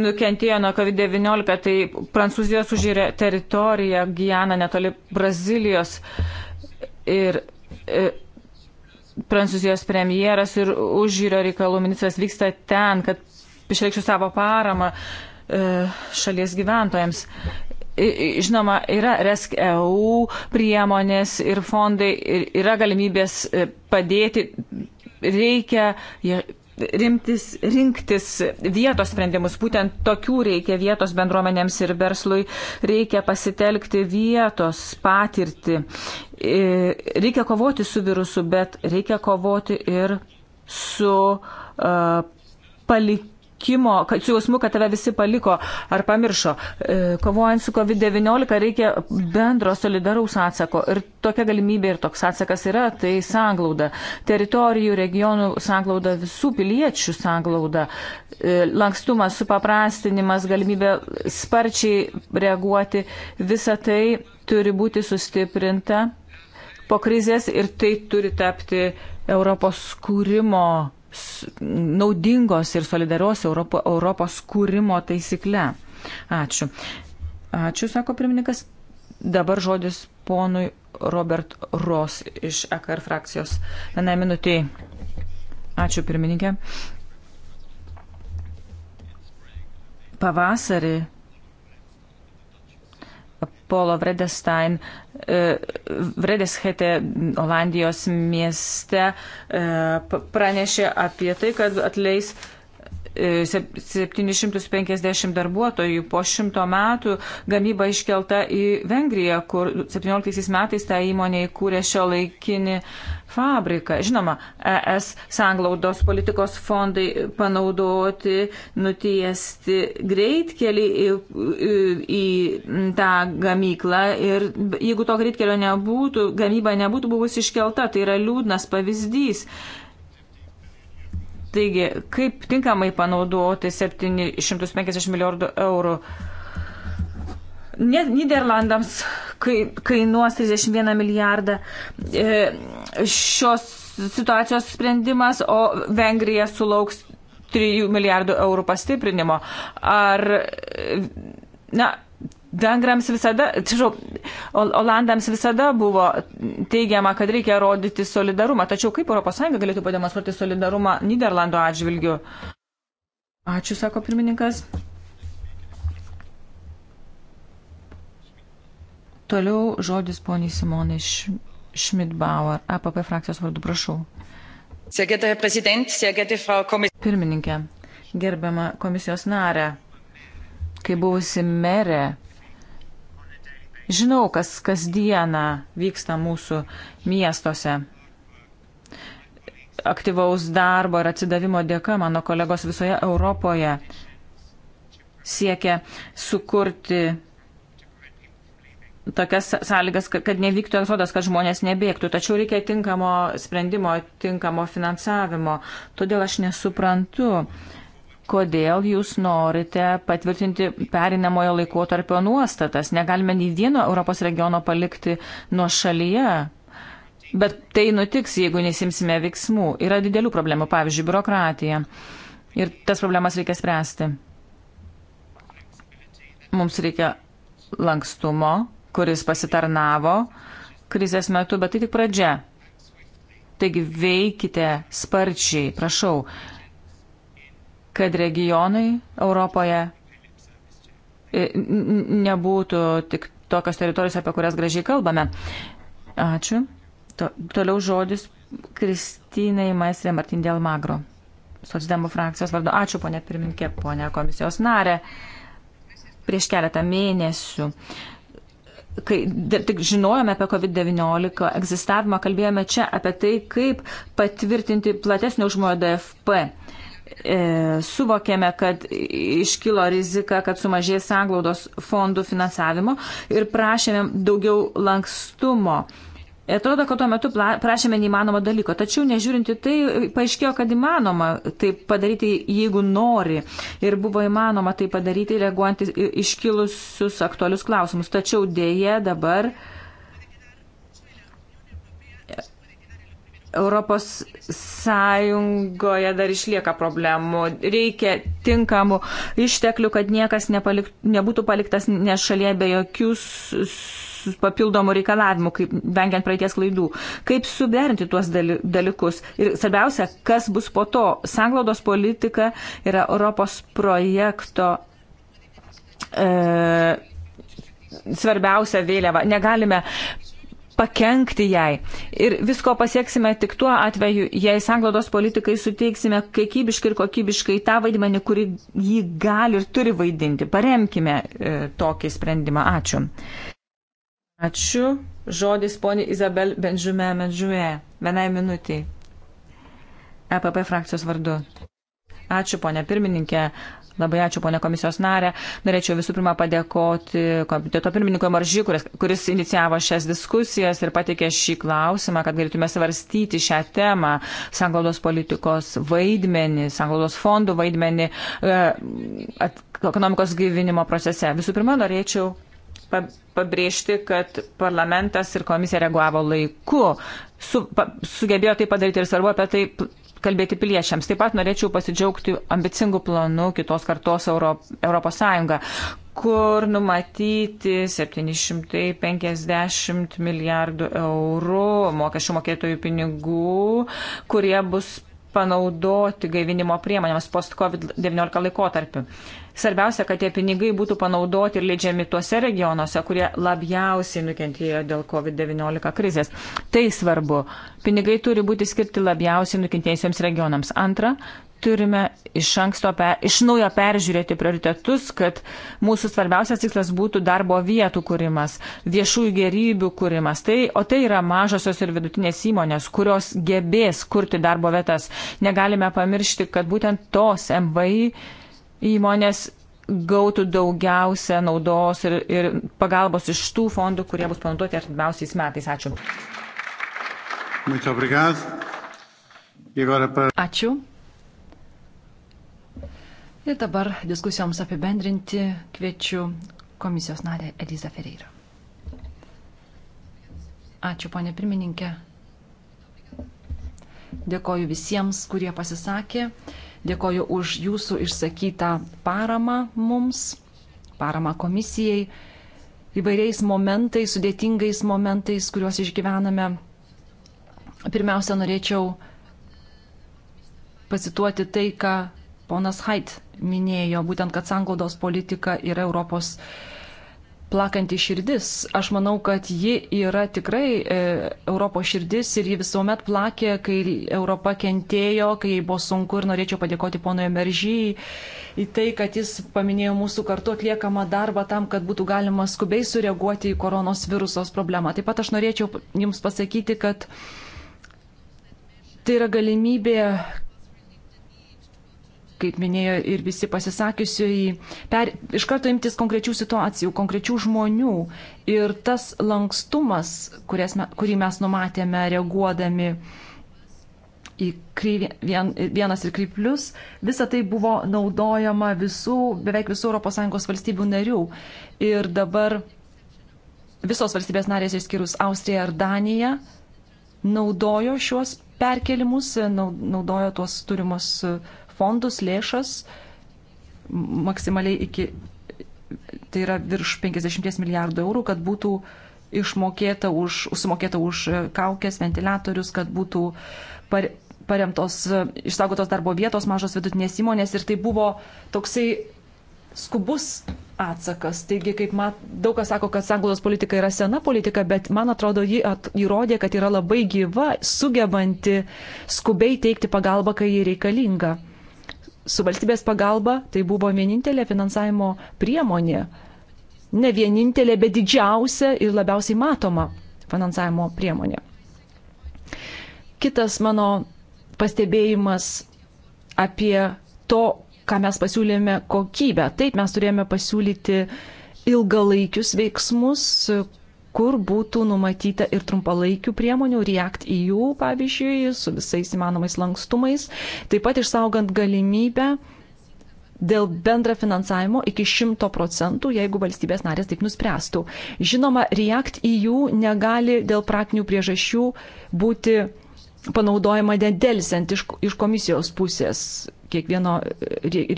nukentėjo nuo COVID-19, tai Prancūzijos užžiūrė teritoriją Gijaną netoli Brazilijos ir e, Prancūzijos premjeras ir užjūrio reikalų ministras vyksta ten, kad išreikštų savo paramą e, šalies gyventojams. Žinoma, yra RESC-EU priemonės ir fondai, yra galimybės e, padėti, reikia rimtis, rinktis vietos sprendimus. Būtent tokių reikia vietos bendruomenėms ir verslui. Reikia pasitelkti vietos patirtį. E, reikia kovoti su virusu, bet reikia kovoti ir su uh, e, palikimu palikimo, kad su jausmu, kad tave visi paliko ar pamiršo. E, kovojant su COVID-19 reikia bendro solidaraus atsako. Ir tokia galimybė ir toks atsakas yra, tai sanglauda. Teritorijų, regionų sanglauda, visų piliečių sanglauda. E, lankstumas, supaprastinimas, galimybė sparčiai reaguoti. Visa tai turi būti sustiprinta po krizės ir tai turi tapti Europos kūrimo naudingos ir solidarios Europo, Europos kūrimo taisykle. Ačiū. Ačiū, sako pirmininkas. Dabar žodis ponui Robert Ros iš EKR frakcijos. Vienai minutiai. Ačiū, pirmininkė. Pavasarį Polo Vredestein e, Vredeshete Olandijos mieste e, pranešė apie tai, kad atleis 750 e, darbuotojų po 100 metų gamyba iškelta į Vengriją, kur 17 metais tą įmonę įkūrė šio laikinį fabriką. Žinoma, ES sanglaudos politikos fondai panaudoti, nutiesti greitkelį į, į, į tą gamyklą ir jeigu to greitkelio nebūtų, gamyba nebūtų buvusi iškelta, tai yra liūdnas pavyzdys. Taigi, kaip tinkamai panaudoti 750 milijardų eurų? Niderlandams kainuos 31 milijardą e, šios situacijos sprendimas, o Vengrija sulauks 3 milijardų eurų pastiprinimo. Ar, na, Vengrams visada, atsižau, Olandams visada buvo teigiama, kad reikia rodyti solidarumą, tačiau kaip ES galėtų pademonstruoti solidarumą Niderlandų atžvilgiu? Ačiū, sako pirmininkas. Toliau žodis poniai Simonai Šmitbauer, APP frakcijos vardu, prašau. Pirmininkė, gerbiama komisijos narė, kai buvusi merė, žinau, kas kasdieną vyksta mūsų miestuose aktyvaus darbo ir atsidavimo dėka mano kolegos visoje Europoje siekia sukurti tokias sąlygas, kad nevyktų egzodas, kad žmonės nebėgtų. Tačiau reikia tinkamo sprendimo, tinkamo finansavimo. Todėl aš nesuprantu, kodėl jūs norite patvirtinti perinamojo laikotarpio nuostatas. Negalime nei vieno Europos regiono palikti nuo šalyje. Bet tai nutiks, jeigu nesimsime veiksmų. Yra didelių problemų, pavyzdžiui, biurokratija. Ir tas problemas reikia spręsti. Mums reikia lankstumo, kuris pasitarnavo krizės metu, bet tai tik pradžia. Taigi veikite sparčiai, prašau, kad regionai Europoje e, nebūtų tik tokios teritorijos, apie kurias gražiai kalbame. Ačiū. To, toliau žodis Kristinai Maestrė Martin Del Magro. Socialdemų frakcijos vardu. Ačiū, ponė pirminkė, ponė komisijos narė. Prieš keletą mėnesių uh, kai tik žinojome apie COVID-19 egzistavimą, kalbėjome čia apie tai, kaip patvirtinti platesnio užmojo DFP. E, suvokėme, kad iškilo rizika, kad sumažės sanglaudos fondų finansavimo ir prašėme daugiau lankstumo. E, Atrodo, kad tuo metu prašėme neįmanomo dalyko, tačiau nežiūrinti tai, paaiškėjo, kad įmanoma tai padaryti, jeigu nori. Ir buvo įmanoma tai padaryti, reaguojant iškilusius aktualius klausimus. Tačiau dėje dabar Europos Sąjungoje dar išlieka problemų. Reikia tinkamų išteklių, kad niekas nepalik, nebūtų paliktas nešalia be jokių papildomų reikalavimų, kaip vengiant praeities klaidų. Kaip suderinti tuos dalykus. Ir svarbiausia, kas bus po to. Sanglaudos politika yra Europos projekto. E, svarbiausia vėliava. Negalime pakengti jai. Ir visko pasieksime tik tuo atveju, jei sanglados politikai suteiksime kiekybiškai ir kokybiškai tą vaidmenį, kurį jį gali ir turi vaidinti. Paremkime e, tokį sprendimą. Ačiū. Ačiū. Žodis poni Izabel Benžume Medžume. Vienai minutiai. EPP frakcijos vardu. Ačiū, ponė pirmininkė. Labai ačiū, ponė komisijos narė. Norėčiau visų pirma padėkoti komiteto pirmininkui Maržy, kuris, kuris inicijavo šias diskusijas ir patikė šį klausimą, kad galėtume svarstyti šią temą, sanglaudos politikos vaidmenį, sanglaudos fondų vaidmenį e, ekonomikos gyvinimo procese. Visų pirma, norėčiau pabrėžti, kad parlamentas ir komisija reagavo laiku, su, pa, sugebėjo tai padaryti ir svarbu apie tai kalbėti piliečiams. Taip pat norėčiau pasidžiaugti ambicingų planų kitos kartos Euro, Europos Sąjunga, kur numatyti 750 milijardų eurų mokesčių mokėtojų pinigų, kurie bus panaudoti gaivinimo priemonėms post-COVID-19 laikotarpiu. Svarbiausia, kad tie pinigai būtų panaudoti ir leidžiami tuose regionuose, kurie labiausiai nukentėjo dėl COVID-19 krizės. Tai svarbu. Pinigai turi būti skirti labiausiai nukentėjusiems regionams. Antra, turime iš anksto pe, iš naujo peržiūrėti prioritetus, kad mūsų svarbiausias tikslas būtų darbo vietų kūrimas, viešųjų gerybių kūrimas. Tai, o tai yra mažosios ir vidutinės įmonės, kurios gebės kurti darbo vietas. Negalime pamiršti, kad būtent tos MVI įmonės gautų daugiausia naudos ir, ir pagalbos iš tų fondų, kurie bus panaudoti artimiausiais metais. Ačiū. E Ačiū. Ir dabar diskusijoms apibendrinti kviečiu komisijos narę Eliza Ferreira. Ačiū, ponė pirmininkė. Dėkoju visiems, kurie pasisakė. Dėkoju už jūsų išsakytą paramą mums, paramą komisijai, įvairiais momentais, sudėtingais momentais, kuriuos išgyvename. Pirmiausia, norėčiau pacituoti tai, ką ponas Hait minėjo, būtent, kad sanglaudos politika yra Europos plakanti širdis. Aš manau, kad ji yra tikrai e, Europos širdis ir ji visuomet plakė, kai Europa kentėjo, kai jai buvo sunku ir norėčiau padėkoti ponoje Meržyjai į tai, kad jis paminėjo mūsų kartu atliekamą darbą tam, kad būtų galima skubiai sureaguoti į koronos virusos problemą. Taip pat aš norėčiau Jums pasakyti, kad tai yra galimybė kaip minėjo ir visi pasisakiusiai, per, iš karto imtis konkrečių situacijų, konkrečių žmonių. Ir tas lankstumas, me, kurį mes numatėme reaguodami į kryv, vien, vienas ir kryplius, visa tai buvo naudojama visų, beveik visų ES valstybių narių. Ir dabar visos valstybės narės išskyrus Austriją ir Daniją naudojo šiuos perkelimus, naudojo tuos turimus fondus, lėšas maksimaliai iki, tai yra virš 50 milijardų eurų, kad būtų išmokėta už, sumokėta už kaukės, ventiliatorius, kad būtų par, paremtos, išsaugotos darbo vietos mažos vidutinės įmonės ir tai buvo toksai skubus atsakas. Taigi, kaip mat, daug kas sako, kad sanglaudos politika yra sena politika, bet man atrodo, ji at, įrodė, kad yra labai gyva, sugebanti skubiai teikti pagalbą, kai ji reikalinga su valstybės pagalba tai buvo vienintelė finansavimo priemonė. Ne vienintelė, bet didžiausia ir labiausiai matoma finansavimo priemonė. Kitas mano pastebėjimas apie to, ką mes pasiūlėme kokybę. Taip, mes turėjome pasiūlyti ilgalaikius veiksmus, kur būtų numatyta ir trumpalaikių priemonių, React EU pavyzdžiui, su visais įmanomais lankstumais, taip pat išsaugant galimybę dėl bendra finansavimo iki 100 procentų, jeigu valstybės narės taip nuspręstų. Žinoma, React EU negali dėl praktinių priežasčių būti panaudojama nedelsiant iš, iš komisijos pusės kiekvieno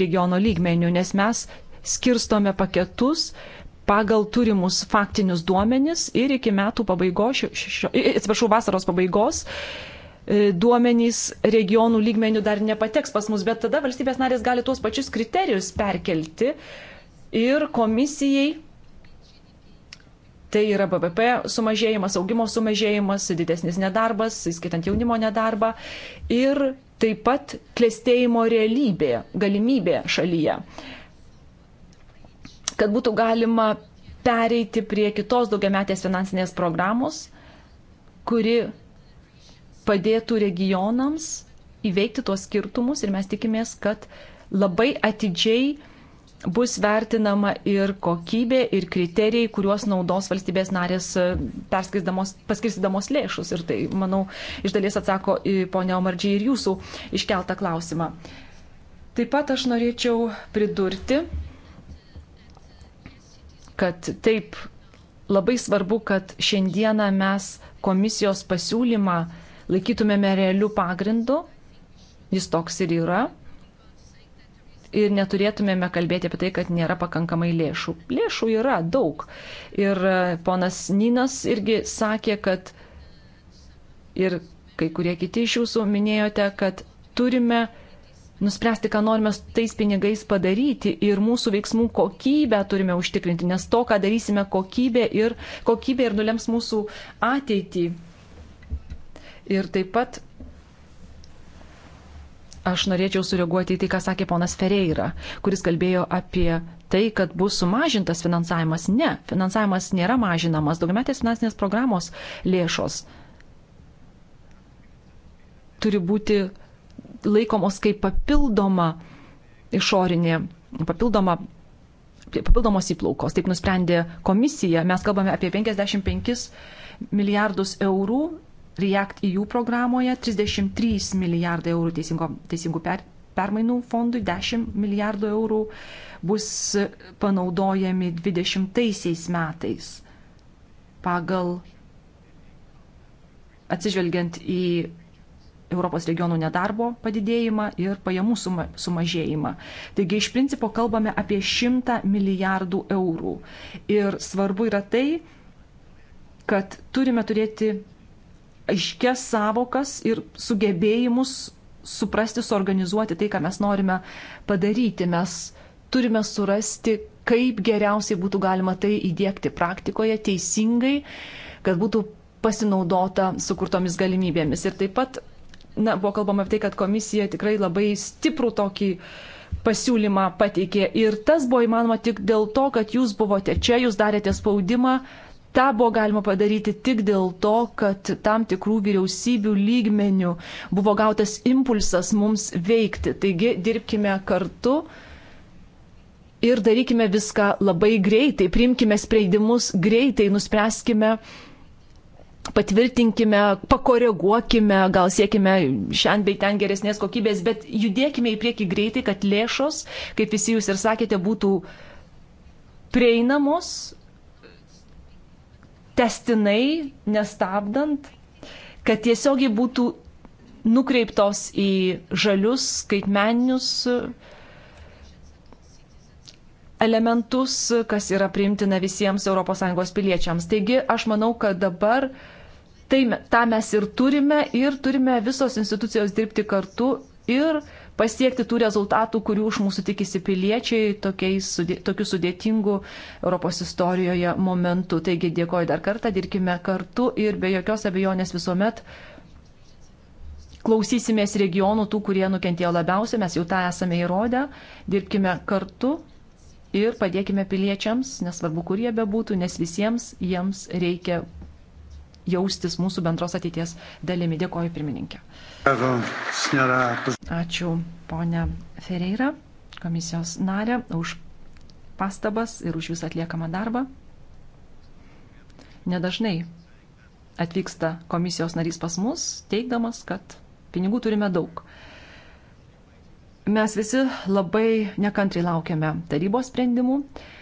regiono lygmenių, nes mes skirstome paketus, uh, pagal turimus faktinius duomenis ir iki metų pabaigos, atsiprašau, vasaros pabaigos e, duomenys regionų lygmenių dar nepateks pas mus, bet tada valstybės narės gali tuos pačius kriterijus perkelti ir komisijai Tai yra BVP sumažėjimas, augimo sumažėjimas, didesnis nedarbas, įskaitant jaunimo nedarbą ir taip pat klėstėjimo realybė, galimybė šalyje kad būtų galima pereiti prie kitos daugiametės finansinės programos, kuri padėtų regionams įveikti tuos skirtumus ir mes tikimės, kad labai atidžiai bus vertinama ir kokybė, ir kriterijai, kuriuos naudos valstybės narės e, paskirstydamos lėšus. Ir tai, manau, iš dalies atsako į ponio Omardžiai ir jūsų iškeltą klausimą. Taip pat aš norėčiau pridurti, kad taip labai svarbu, kad šiandieną mes komisijos pasiūlymą laikytumėme realių pagrindų, jis toks ir yra, ir neturėtumėme kalbėti apie tai, kad nėra pakankamai lėšų. Lėšų yra daug. Ir e, ponas Ninas irgi sakė, kad ir kai kurie kiti iš jūsų minėjote, kad turime nuspręsti, ką norime su tais pinigais padaryti ir mūsų veiksmų kokybę turime užtikrinti, nes to, ką darysime kokybė ir, kokybė ir nulems mūsų ateitį. Ir taip pat aš norėčiau sureaguoti į tai, ką sakė ponas Ferreira, kuris kalbėjo apie tai, kad bus sumažintas finansavimas. Ne, finansavimas nėra mažinamas, daugiametės finansinės programos lėšos turi būti laikomos kaip papildoma išorinė, papildoma, papildomos įplaukos. Taip nusprendė komisija. Mes kalbame apie 55 milijardus eurų React EU programoje, 33 milijardai eurų teisingo, teisingų per, permainų fondui, 10 milijardų eurų bus panaudojami 20 metais pagal atsižvelgiant į Europos regionų nedarbo padidėjimą ir pajamų suma, sumažėjimą. Taigi iš principo kalbame apie 100 milijardų eurų. Ir svarbu yra tai, kad turime turėti aiškias savokas ir sugebėjimus suprasti, suorganizuoti tai, ką mes norime padaryti. Mes turime surasti, kaip geriausiai būtų galima tai įdėkti praktikoje teisingai, kad būtų pasinaudota sukurtomis galimybėmis. Ir taip pat na, buvo kalbama apie tai, kad komisija tikrai labai stiprų tokį pasiūlymą pateikė. Ir tas buvo įmanoma tik dėl to, kad jūs buvote čia, jūs darėte spaudimą. Ta buvo galima padaryti tik dėl to, kad tam tikrų vyriausybių lygmenių buvo gautas impulsas mums veikti. Taigi dirbkime kartu ir darykime viską labai greitai, priimkime sprendimus greitai, nuspręskime uh, patvirtinkime, pakoreguokime, gal siekime šiandien bei ten geresnės kokybės, bet judėkime į priekį greitai, kad lėšos, kaip visi jūs ir sakėte, būtų prieinamos, testinai, nestabdant, kad tiesiogiai būtų nukreiptos į žalius skaitmeninius elementus, kas yra priimtina visiems ES piliečiams. Taigi aš manau, kad dabar uh, Tai tą mes ir turime ir turime visos institucijos dirbti kartu ir pasiekti tų rezultatų, kurių iš mūsų tikisi piliečiai tokiais, tokiu sudėtingu Europos istorijoje momentu. Taigi dėkoju dar kartą, dirbkime kartu ir be jokios abejonės visuomet klausysimės regionų, tų, kurie nukentėjo labiausiai, mes jau tą esame įrodę, dirbkime kartu ir padėkime piliečiams, nesvarbu, kurie bebūtų, nes visiems jiems reikia jaustis mūsų bendros ateities dalimi. Dėkoju, pirmininkė. Ačiū, ponia Ferreira, komisijos narė, už pastabas ir už visą atliekamą darbą. Nedažnai atvyksta komisijos narys pas mus, teikdamas, kad pinigų turime daug. Mes visi labai nekantriai laukiame tarybos sprendimų.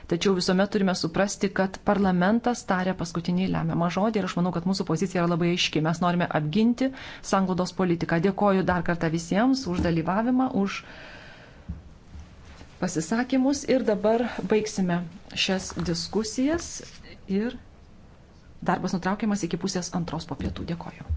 Tačiau visuomet turime suprasti, kad parlamentas tarė paskutinį lemiamą žodį ir aš manau, kad mūsų pozicija yra labai aiški. Mes norime apginti sanglaudos politiką. Dėkoju dar kartą visiems už dalyvavimą, už pasisakymus ir dabar baigsime šias diskusijas ir darbas nutraukiamas iki pusės antros po pietų. Dėkoju.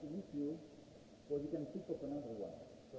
with you, or you can pick up another one. So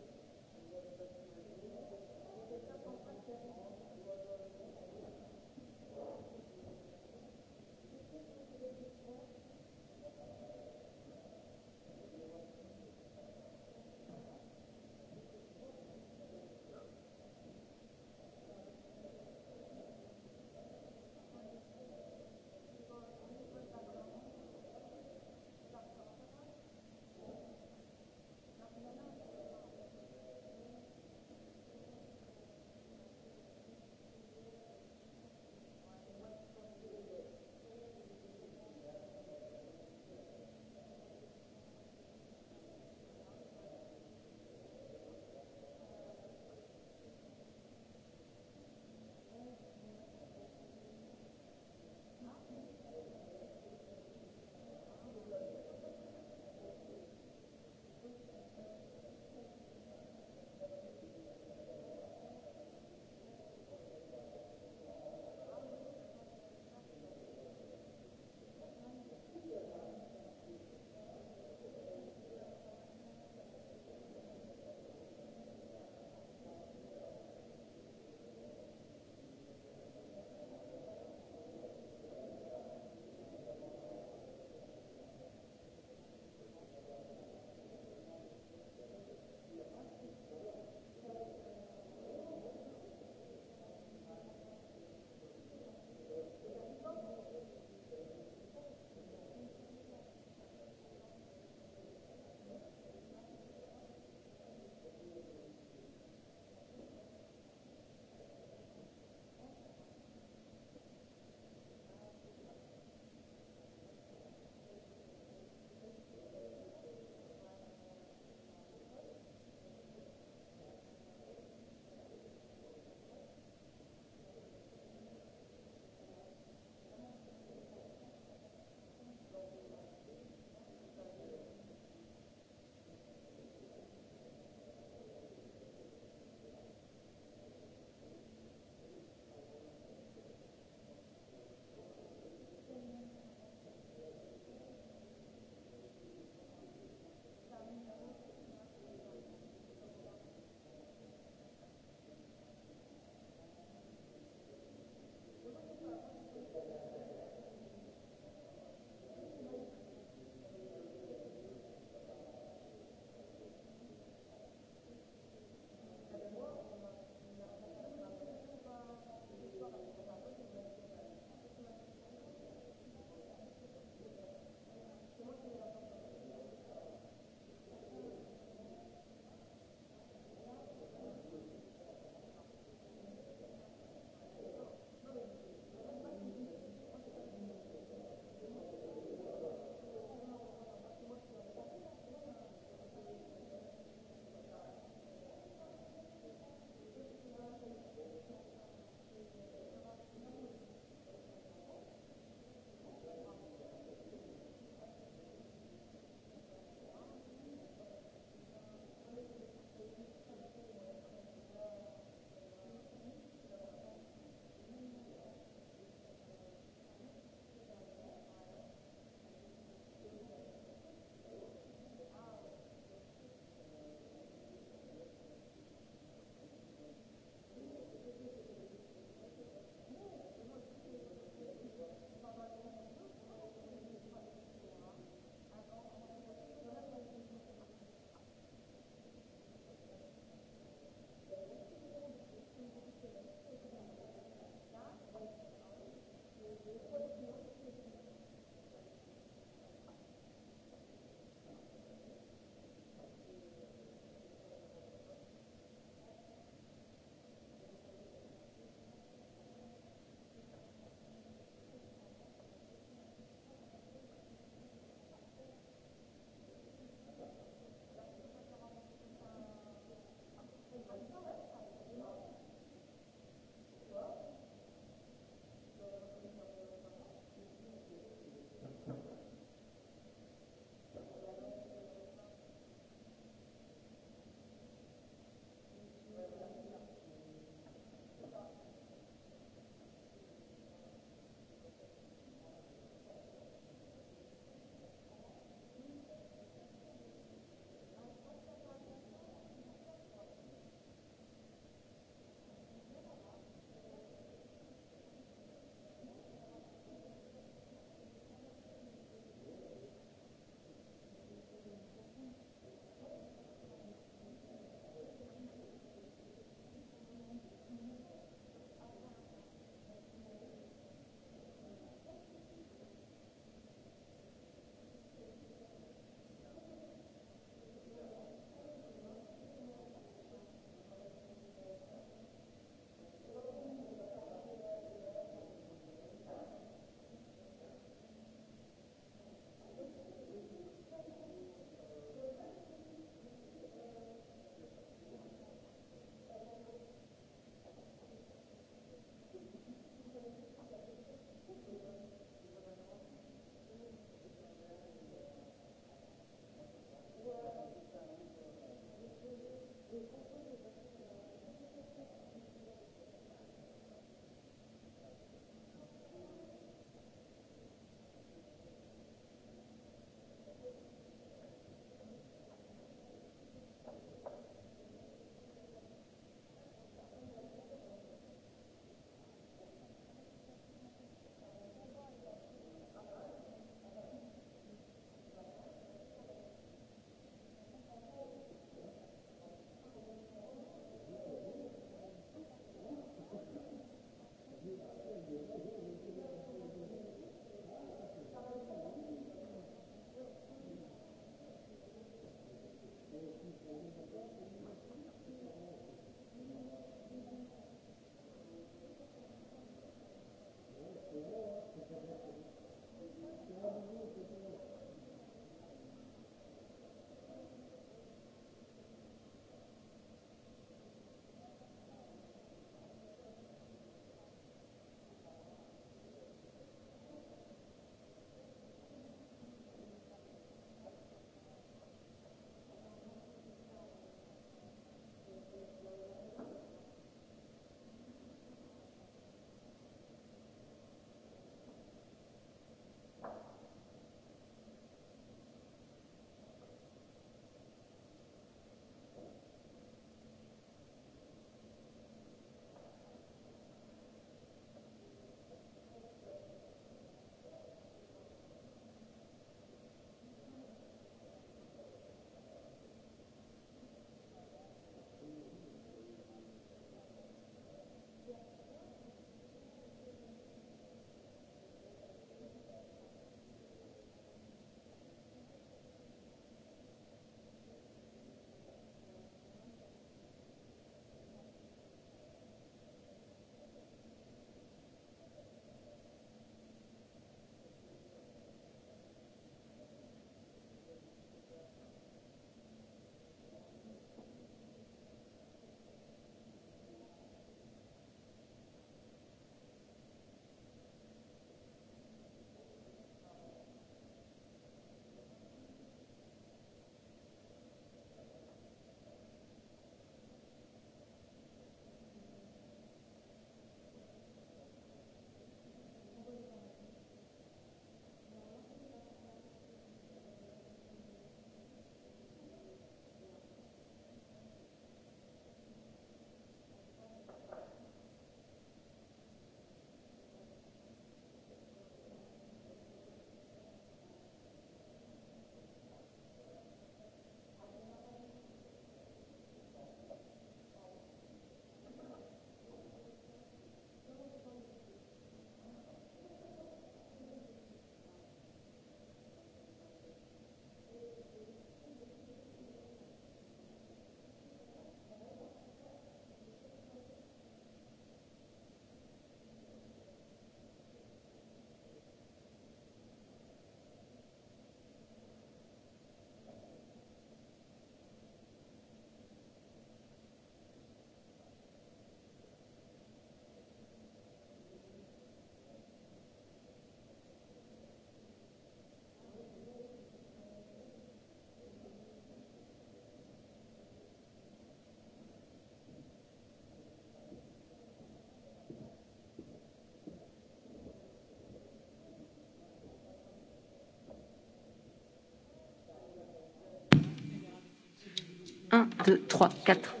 1, 2, 3, 4.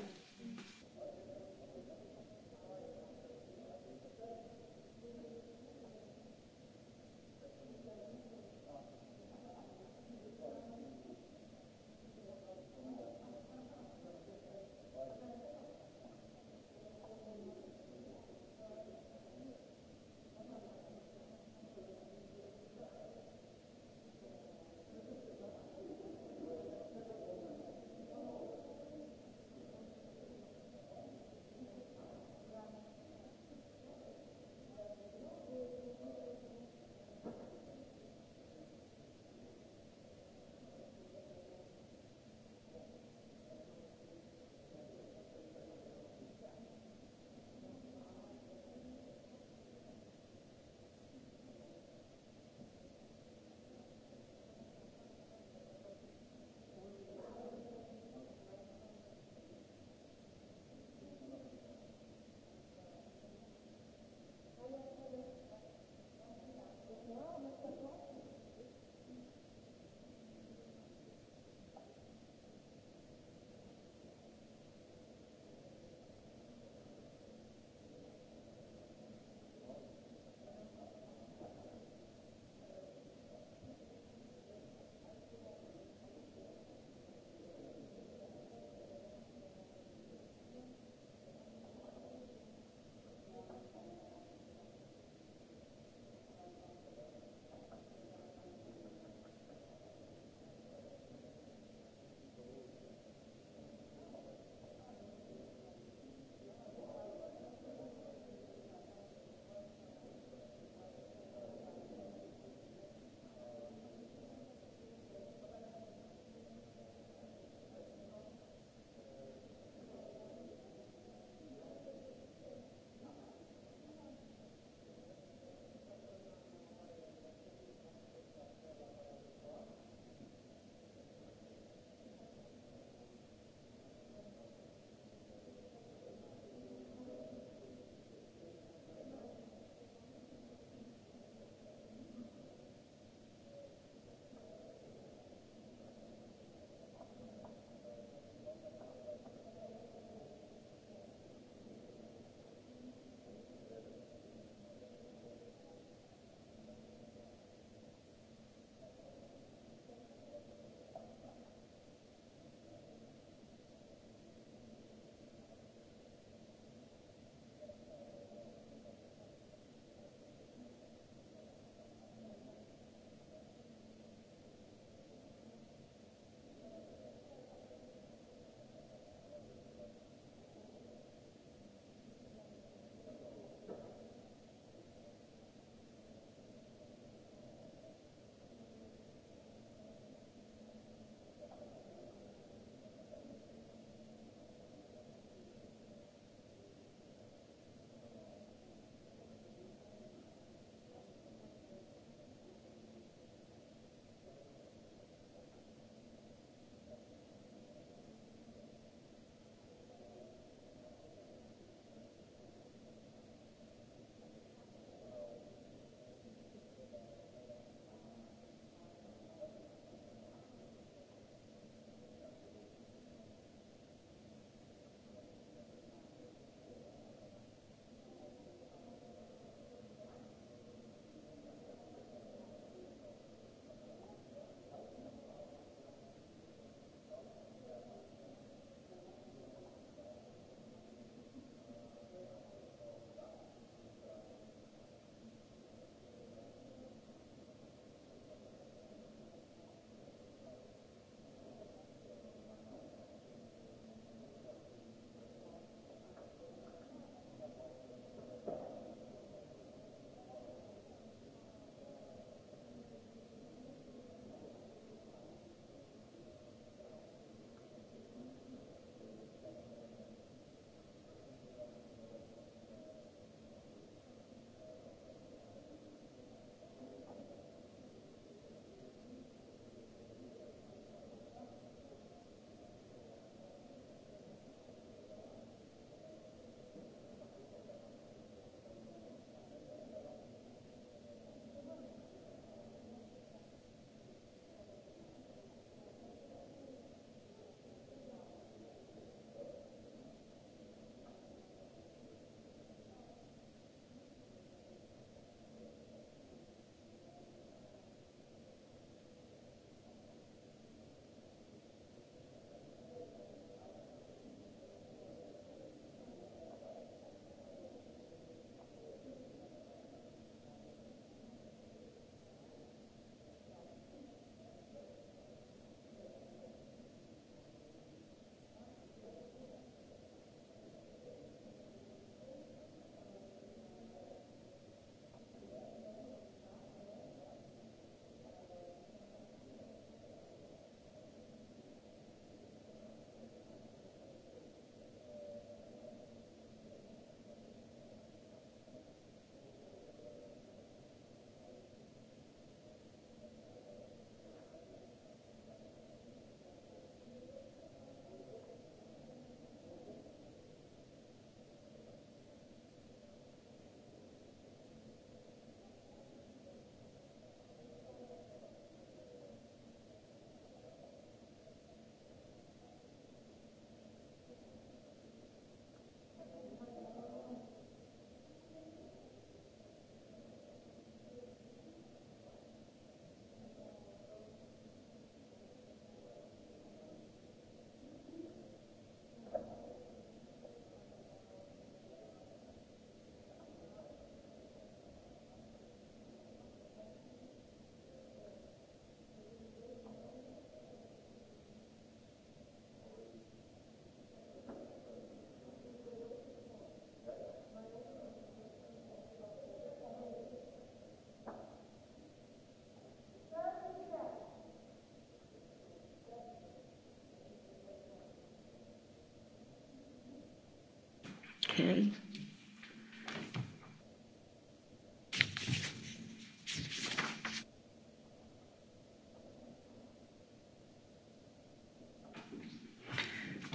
carried.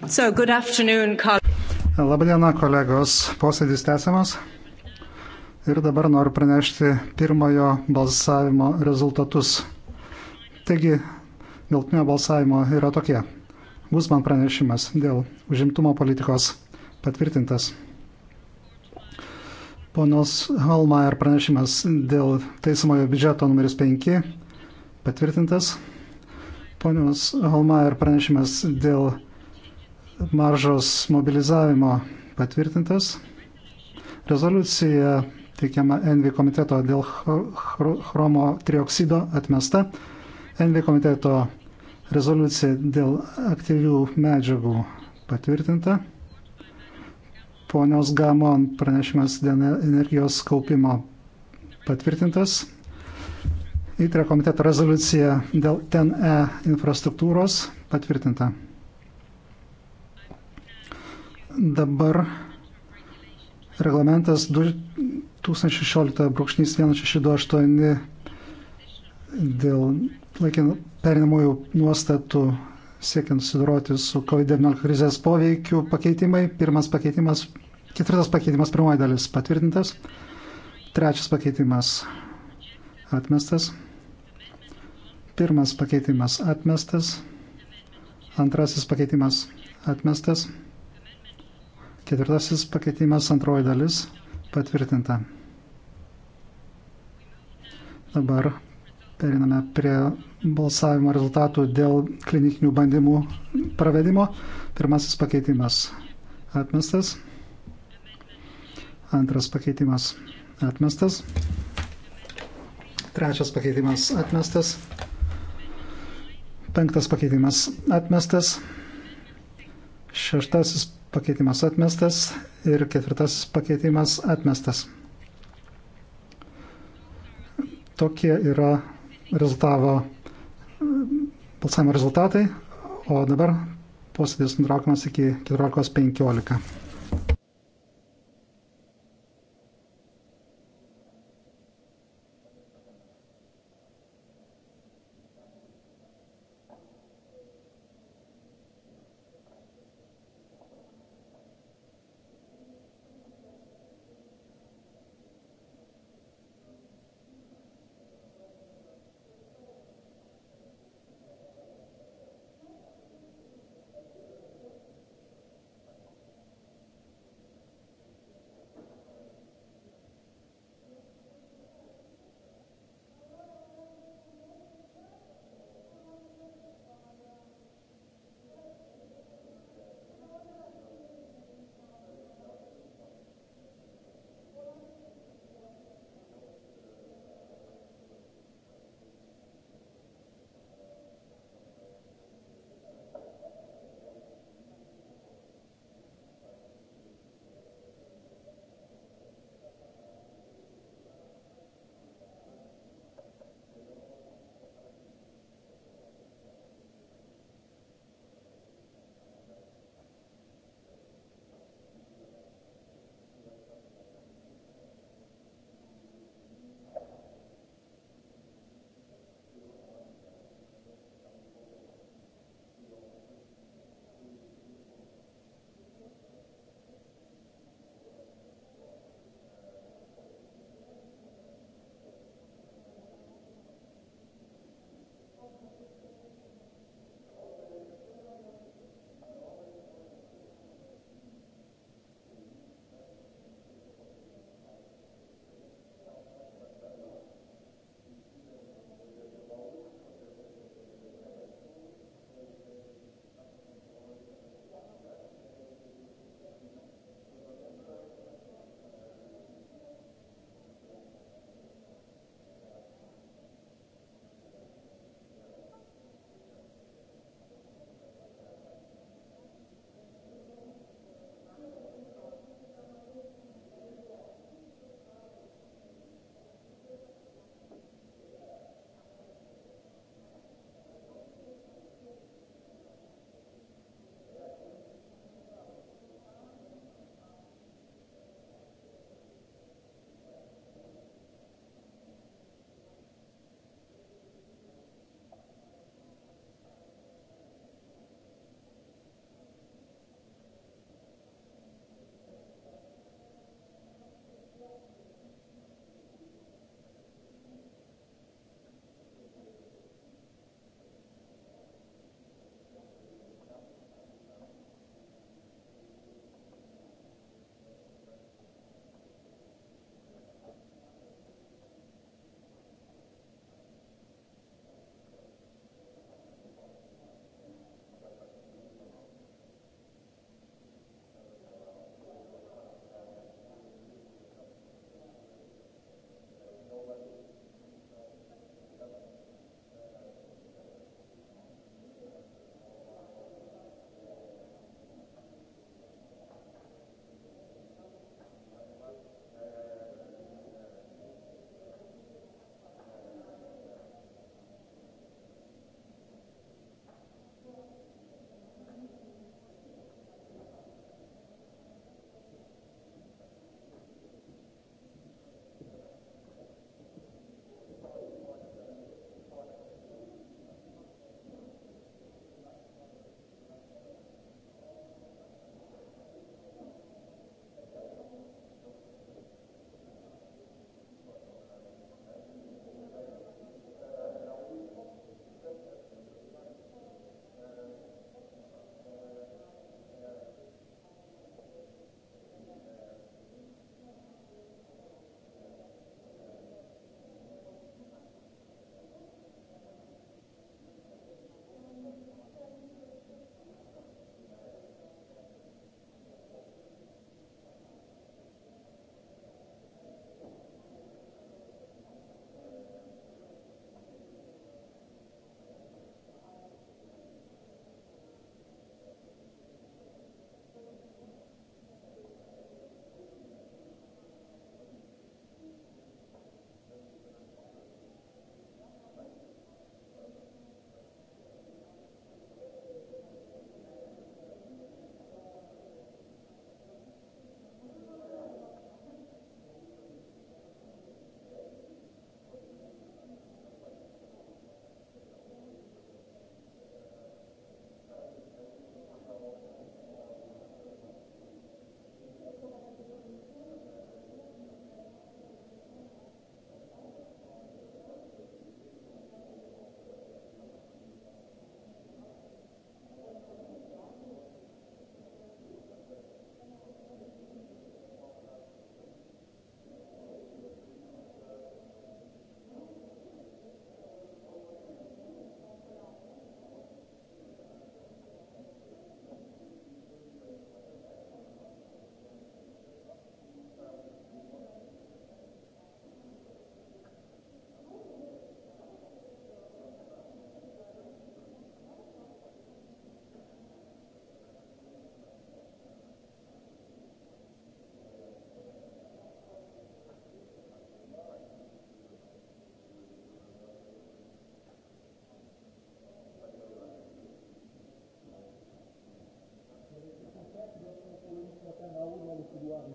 So, good afternoon, Labadiena, kolegos. Posėdis tęsiamas. Ir dabar noriu pranešti pirmojo balsavimo rezultatus. Taigi, galtinio balsavimo yra tokie. Guzman pranešimas dėl užimtumo politikos patvirtintas. Ponos Halmaier pranešimas dėl teismojo biudžeto numeris 5 patvirtintas. Ponios Halmaier pranešimas dėl maržos mobilizavimo patvirtintas. Rezoliucija teikiama Envi komiteto dėl chromo trioksido atmesta. Envi komiteto rezoliucija dėl aktyvių medžiagų patvirtinta. Ponios Gamon pranešimas dėl energijos kaupimo patvirtintas. Įtrio komiteto rezoliucija dėl TNE infrastruktūros patvirtinta. Dabar reglamentas 2016-1628 dėl laikinų perinamųjų nuostatų siekiant sudaroti su COVID-19 krizės poveikiu pakeitimai. Pirmas pakeitimas, ketvirtas pakeitimas, pirmoji dalis patvirtintas. Trečias pakeitimas atmestas. Pirmas pakeitimas atmestas. Antrasis pakeitimas atmestas. Ketvirtasis pakeitimas antroji dalis patvirtinta. Dabar Periname prie balsavimo rezultatų dėl klinikinių bandymų pravedimo. Pirmasis pakeitimas atmestas. Antras pakeitimas atmestas. Trečias pakeitimas atmestas. Penktas pakeitimas atmestas. Šeštasis pakeitimas atmestas. Ir ketvirtasis pakeitimas atmestas. Tokie yra rezultavo balsavimo rezultatai, o dabar posėdis nutraukiamas iki 14.15.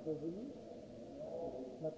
Maintenant,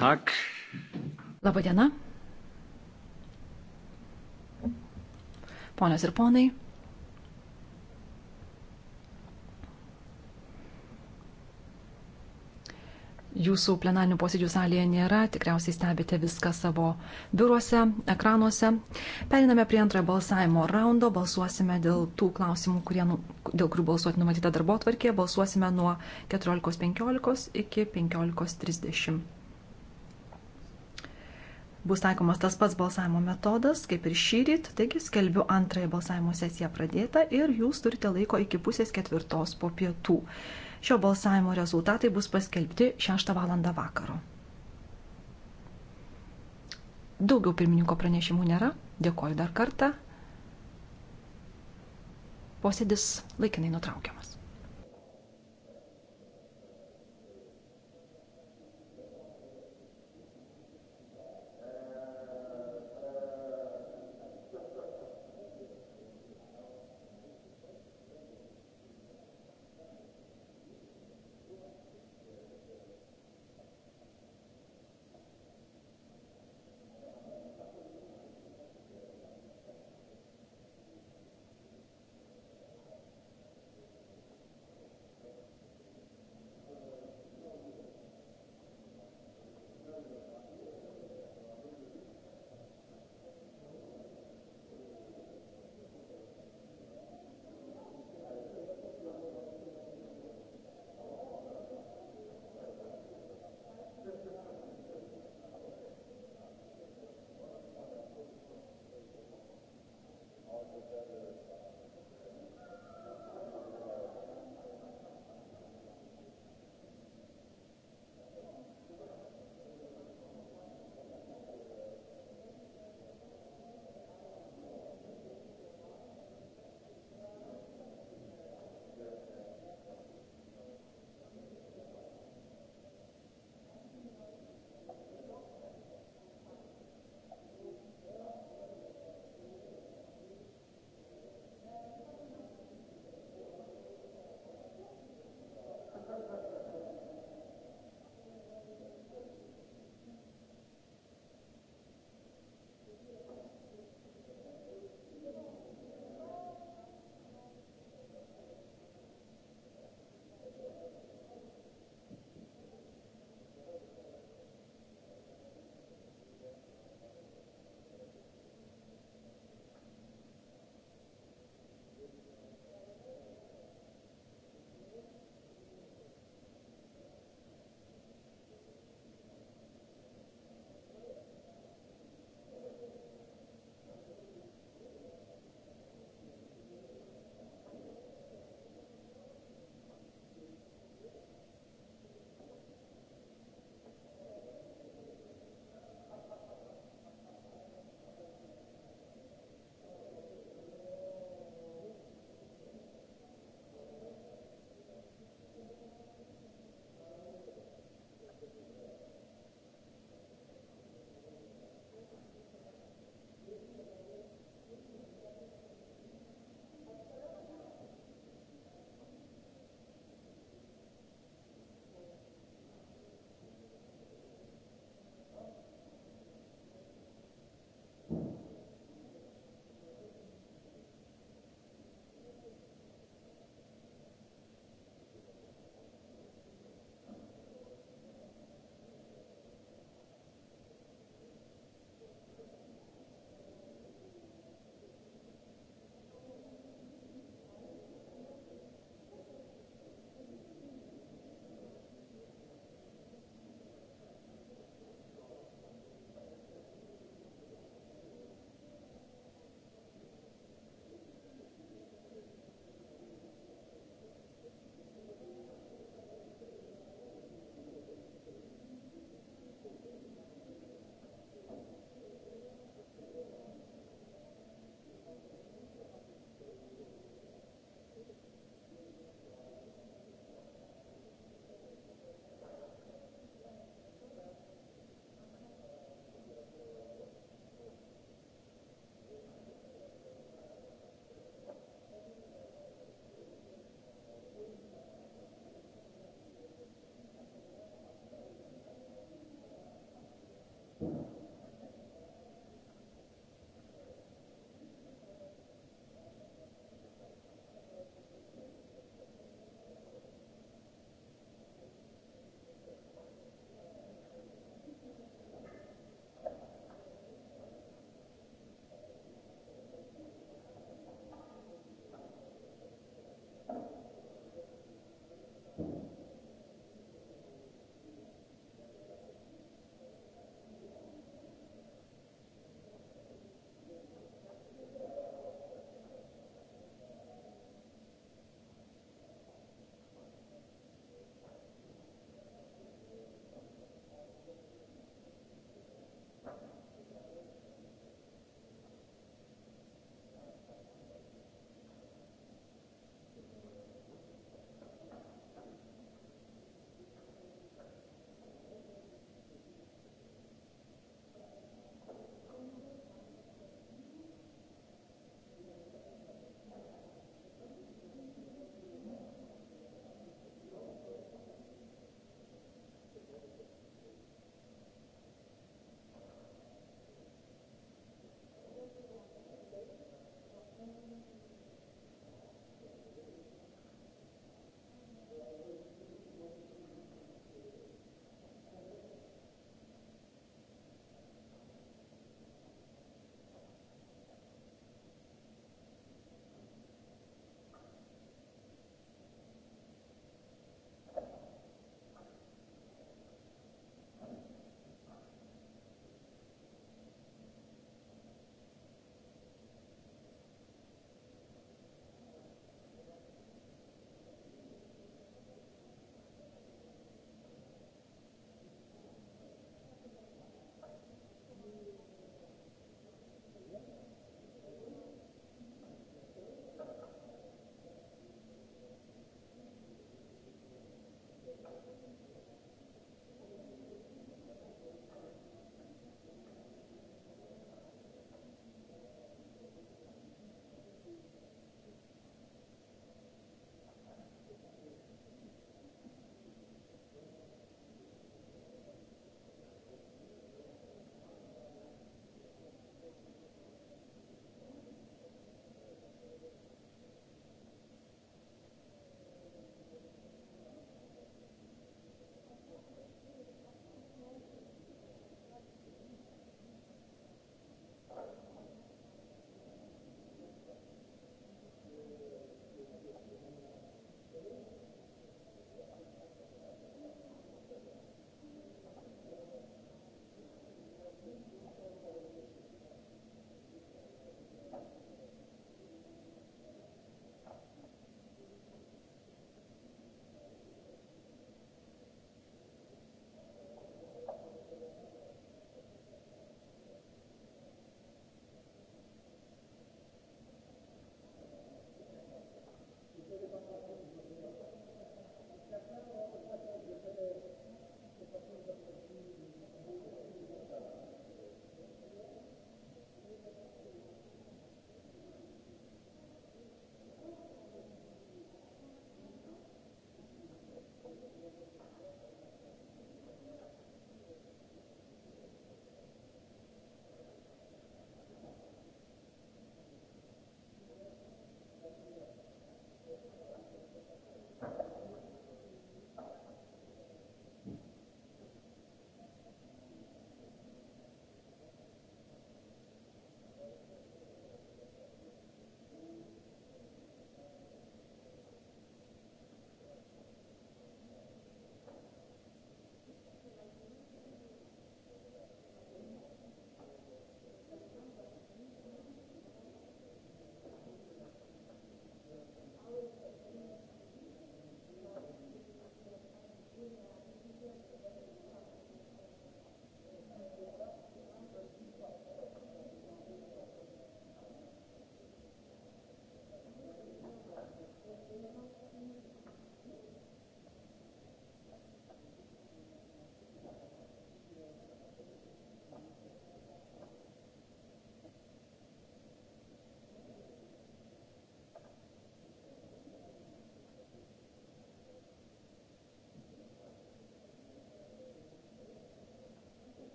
Tag. Labą dieną. Ponios ir ponai. Jūsų plenarnių posėdžių salėje nėra, tikriausiai stebite viską savo biuruose, ekranuose. Periname prie antrojo balsavimo raundo, balsuosime dėl tų klausimų, kurie, nu, dėl kurių balsuoti numatyta darbo tvarkė, balsuosime nuo 14.15 iki 15.30 bus taikomas tas pats balsavimo metodas, kaip ir šyryt, taigi skelbiu antrąją balsavimo sesiją pradėtą ir jūs turite laiko iki pusės ketvirtos po pietų. Šio balsavimo rezultatai bus paskelbti 6 val. vakaro. Daugiau pirmininko pranešimų nėra. Dėkoju dar kartą. Posėdis laikinai nutraukiam.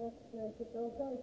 bet šitoj gal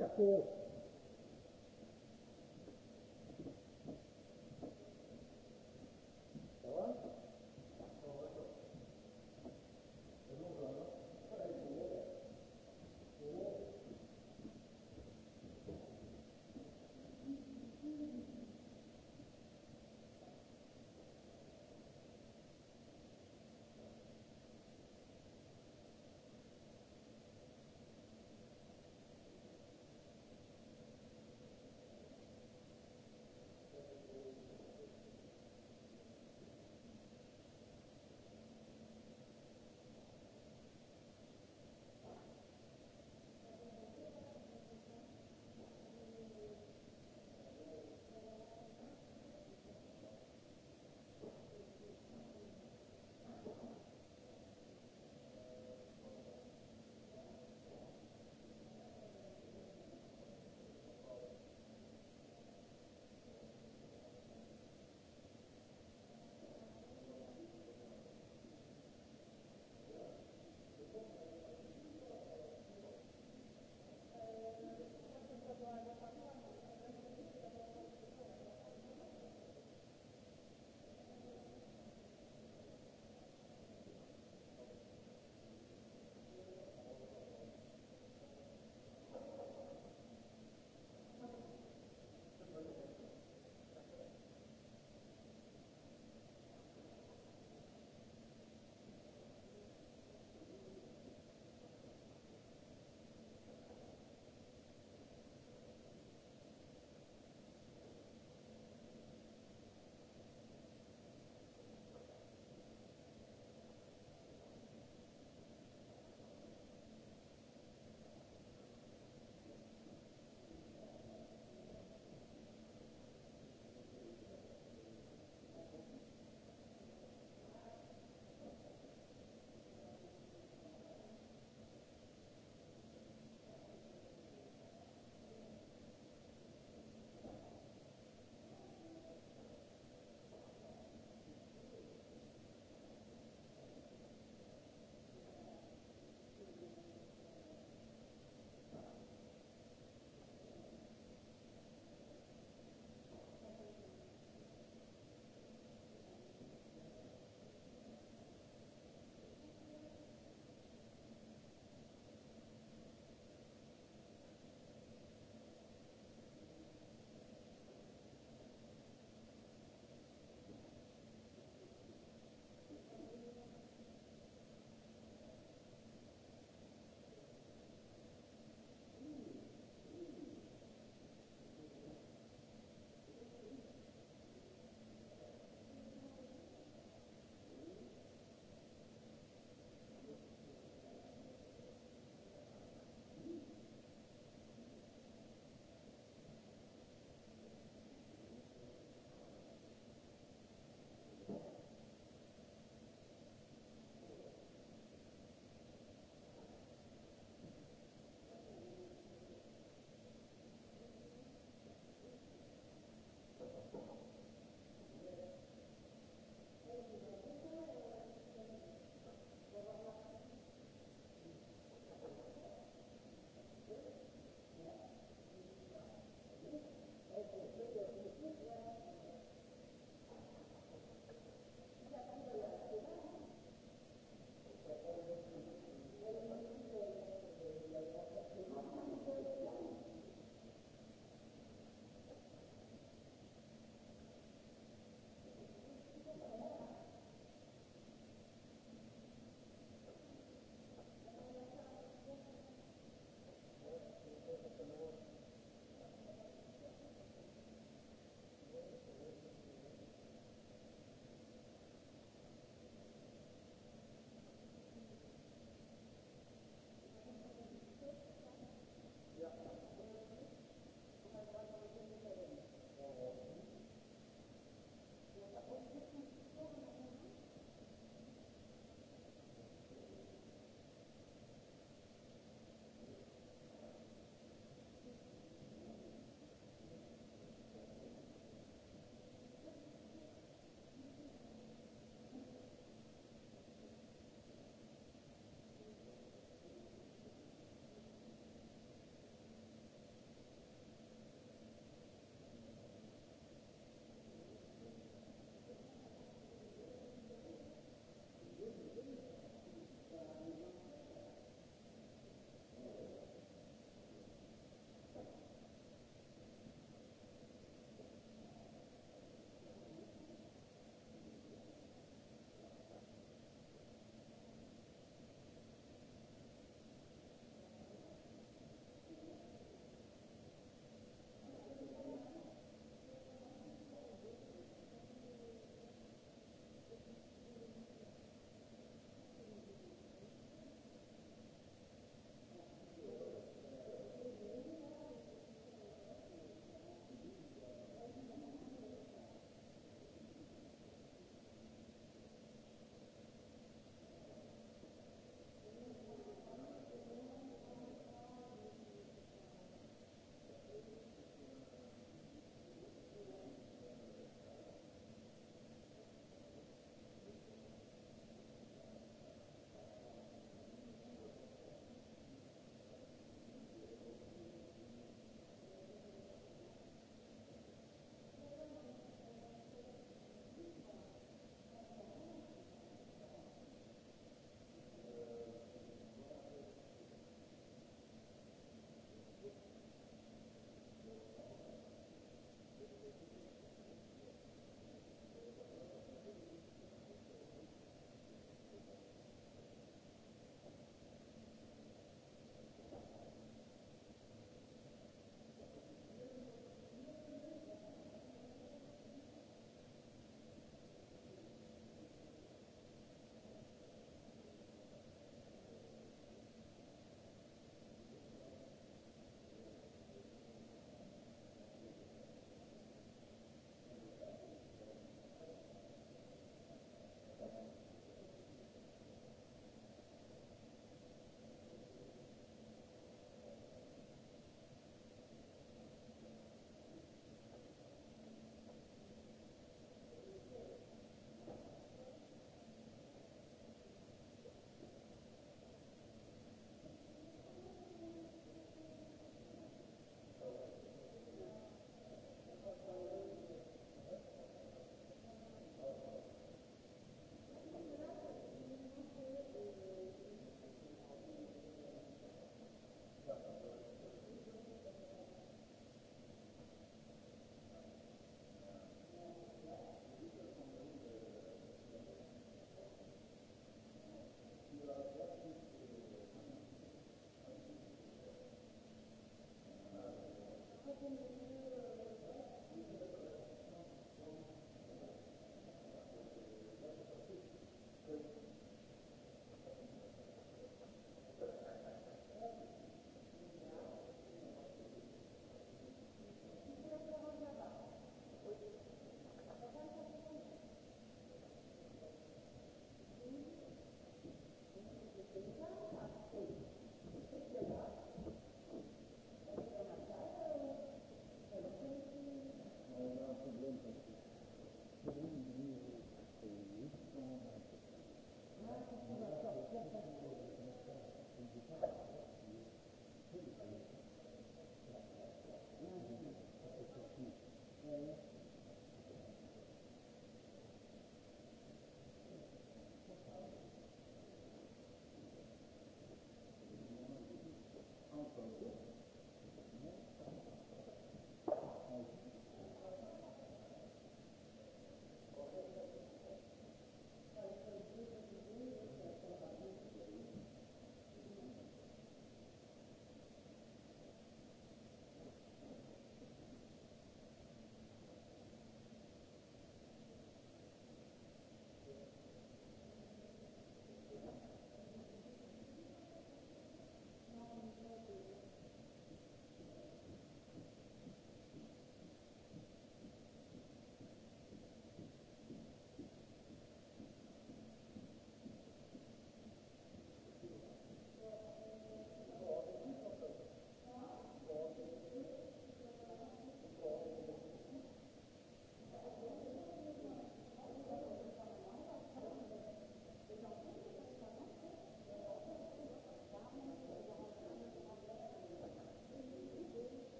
จะโก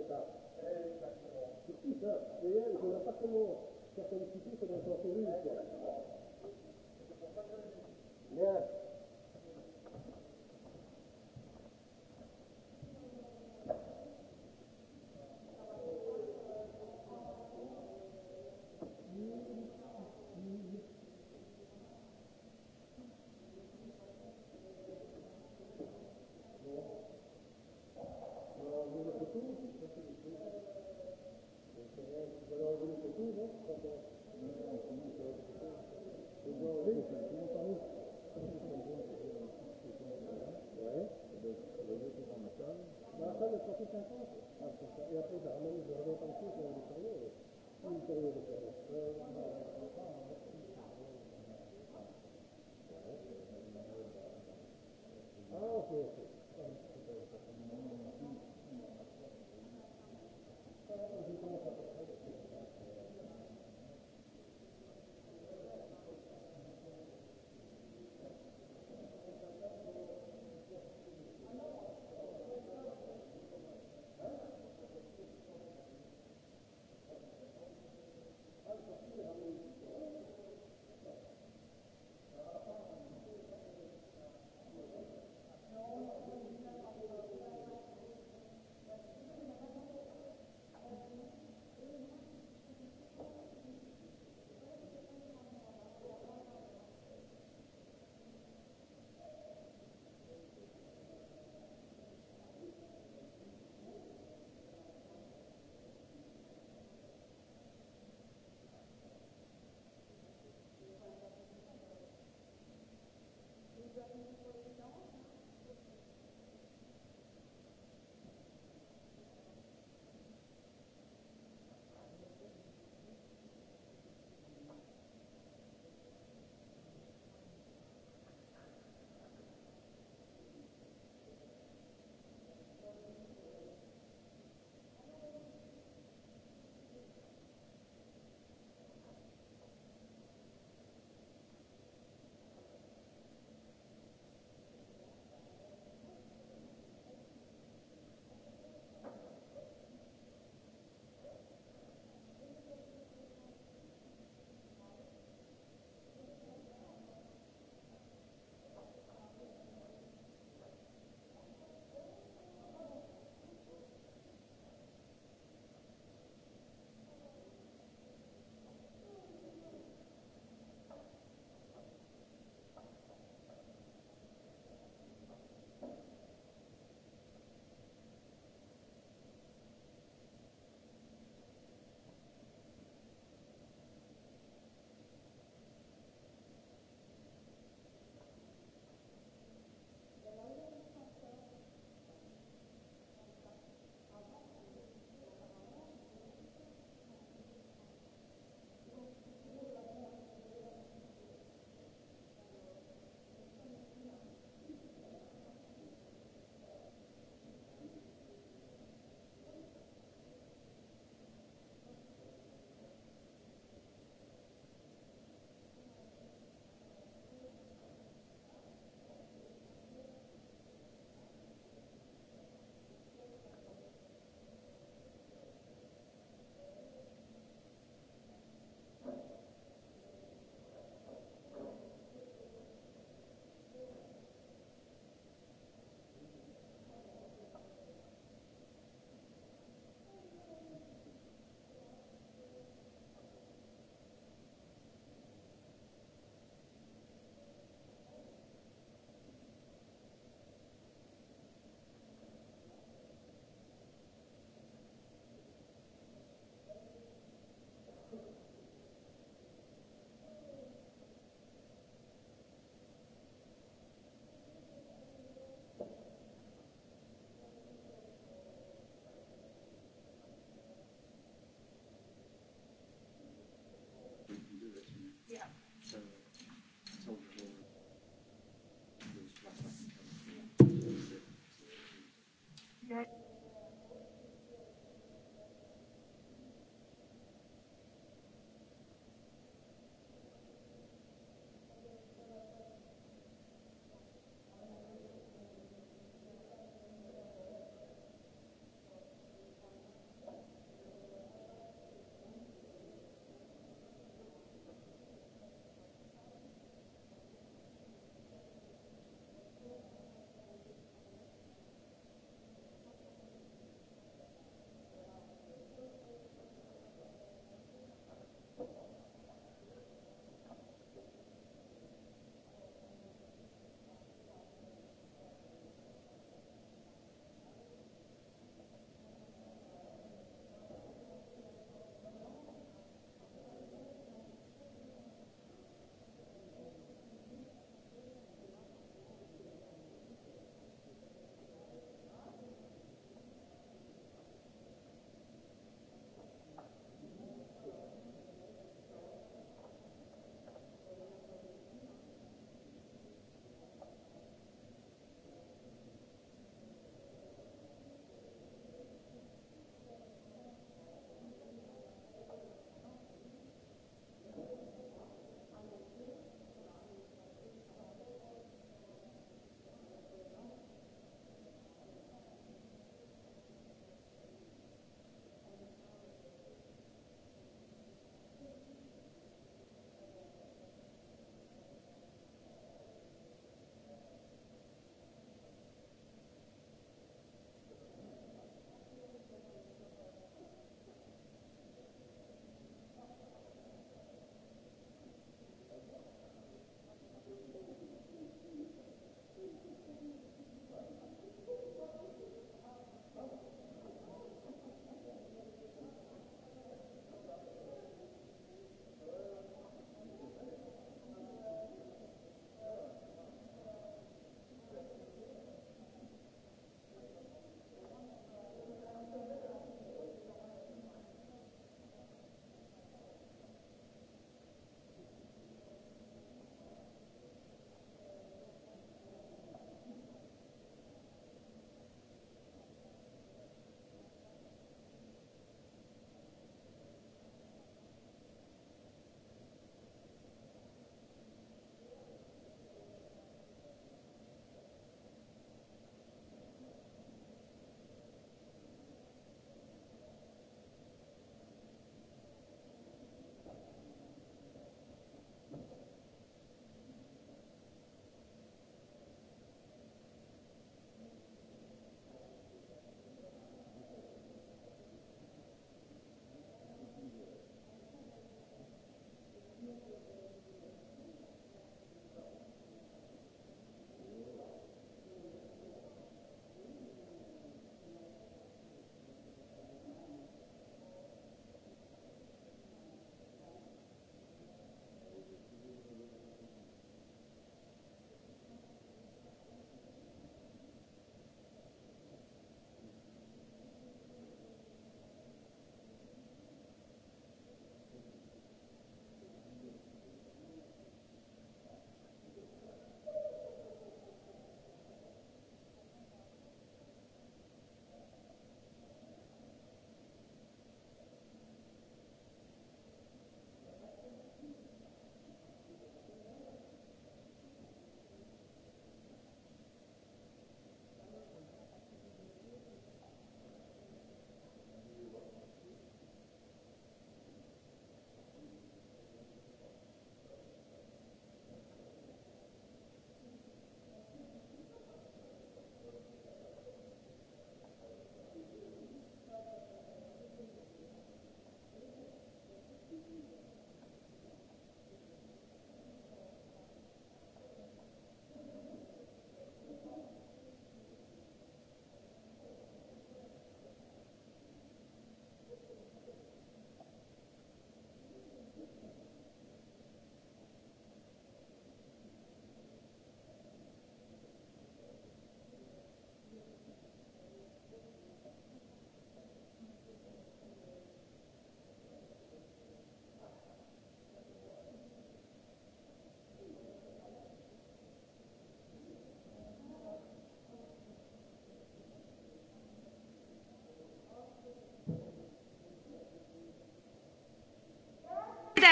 rezultatų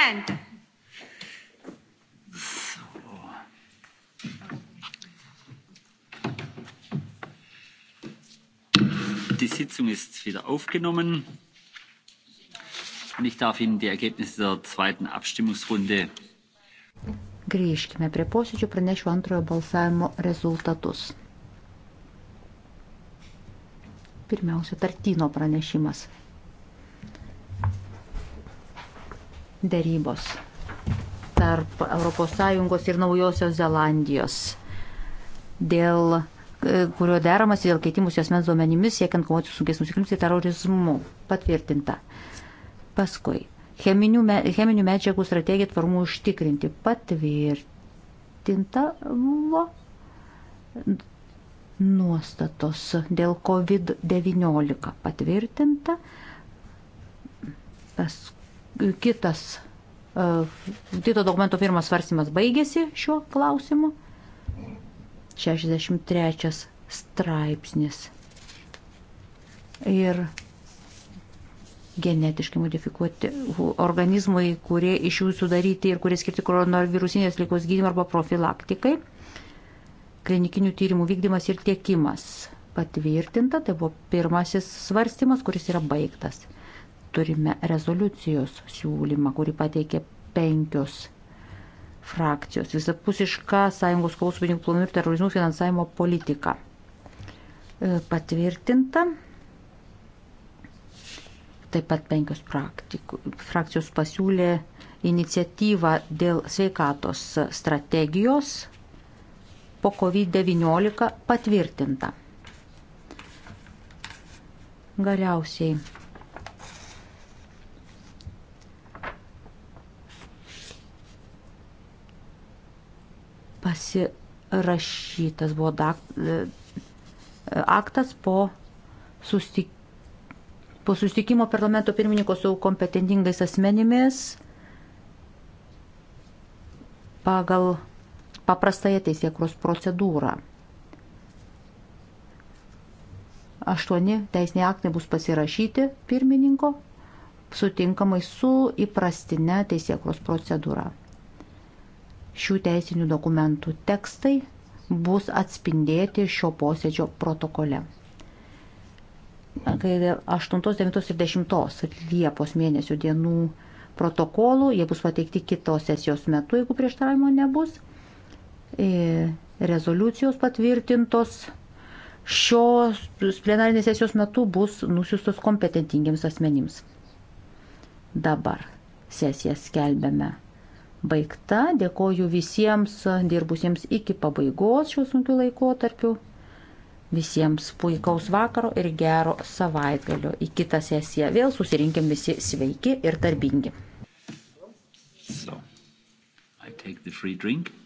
Presidente. So. Die Sitzung ist wieder aufgenommen. Und ich darf Ihnen die Ergebnisse der zweiten Abstimmungsrunde. Grįžkime prie posėdžių, pranešiu antrojo balsavimo rezultatus. Pirmiausia, Tartino pranešimas. dėrybos tarp ES ir Naujosios Zelandijos, dėl, e, kurio deramas dėl keitimus asmens duomenimis siekiant kovoti su sunkiais nusikaltimais ir terorizmu. Patvirtinta. Paskui. Cheminių, me, cheminių medžiagų strategiją tvarumų užtikrinti. Patvirtinta buvo nuostatos dėl COVID-19 patvirtinta. Paskui Kitas, e, kito dokumento pirmas svarstymas baigėsi šiuo klausimu. 63 straipsnis. Ir genetiškai modifikuoti organizmai, kurie iš jų sudaryti ir kurie skirti koronavirusinės lygos gydymą arba profilaktikai. Klinikinių tyrimų vykdymas ir tiekimas patvirtinta, tai buvo pirmasis svarstymas, kuris yra baigtas turime rezoliucijos siūlymą, kurį pateikė penkios frakcijos. Visapusiška sąjungos kovos pinigų planų ir terorizmų finansavimo politika. E, patvirtinta. Taip pat penkios praktikų. frakcijos pasiūlė iniciatyvą dėl sveikatos strategijos po COVID-19 patvirtinta. Galiausiai pasirašytas buvo dak, aktas po, sustik, po sustikimo parlamento pirmininko su kompetentingais asmenimis pagal paprastąją teisėkros procedūrą. Aštuoni teisiniai aktai bus pasirašyti pirmininko sutinkamai su įprastinė teisėkros procedūra šių teisinių dokumentų tekstai bus atspindėti šio posėdžio protokole. 8, 9 ir 10 Liepos mėnesių dienų protokolų, jie bus pateikti kitos sesijos metu, jeigu prieštaravimo nebus. E, rezoliucijos patvirtintos šios plenarinės sesijos metu bus nusiustos kompetentingiams asmenims. Dabar sesiją skelbėme baigta. Dėkoju visiems dirbusiems iki pabaigos šiuo sunkiu laikotarpiu. Visiems puikaus vakaro ir gero savaitgalio. Į kitą sesiją vėl susirinkim visi sveiki ir darbingi. So, I take the free drink.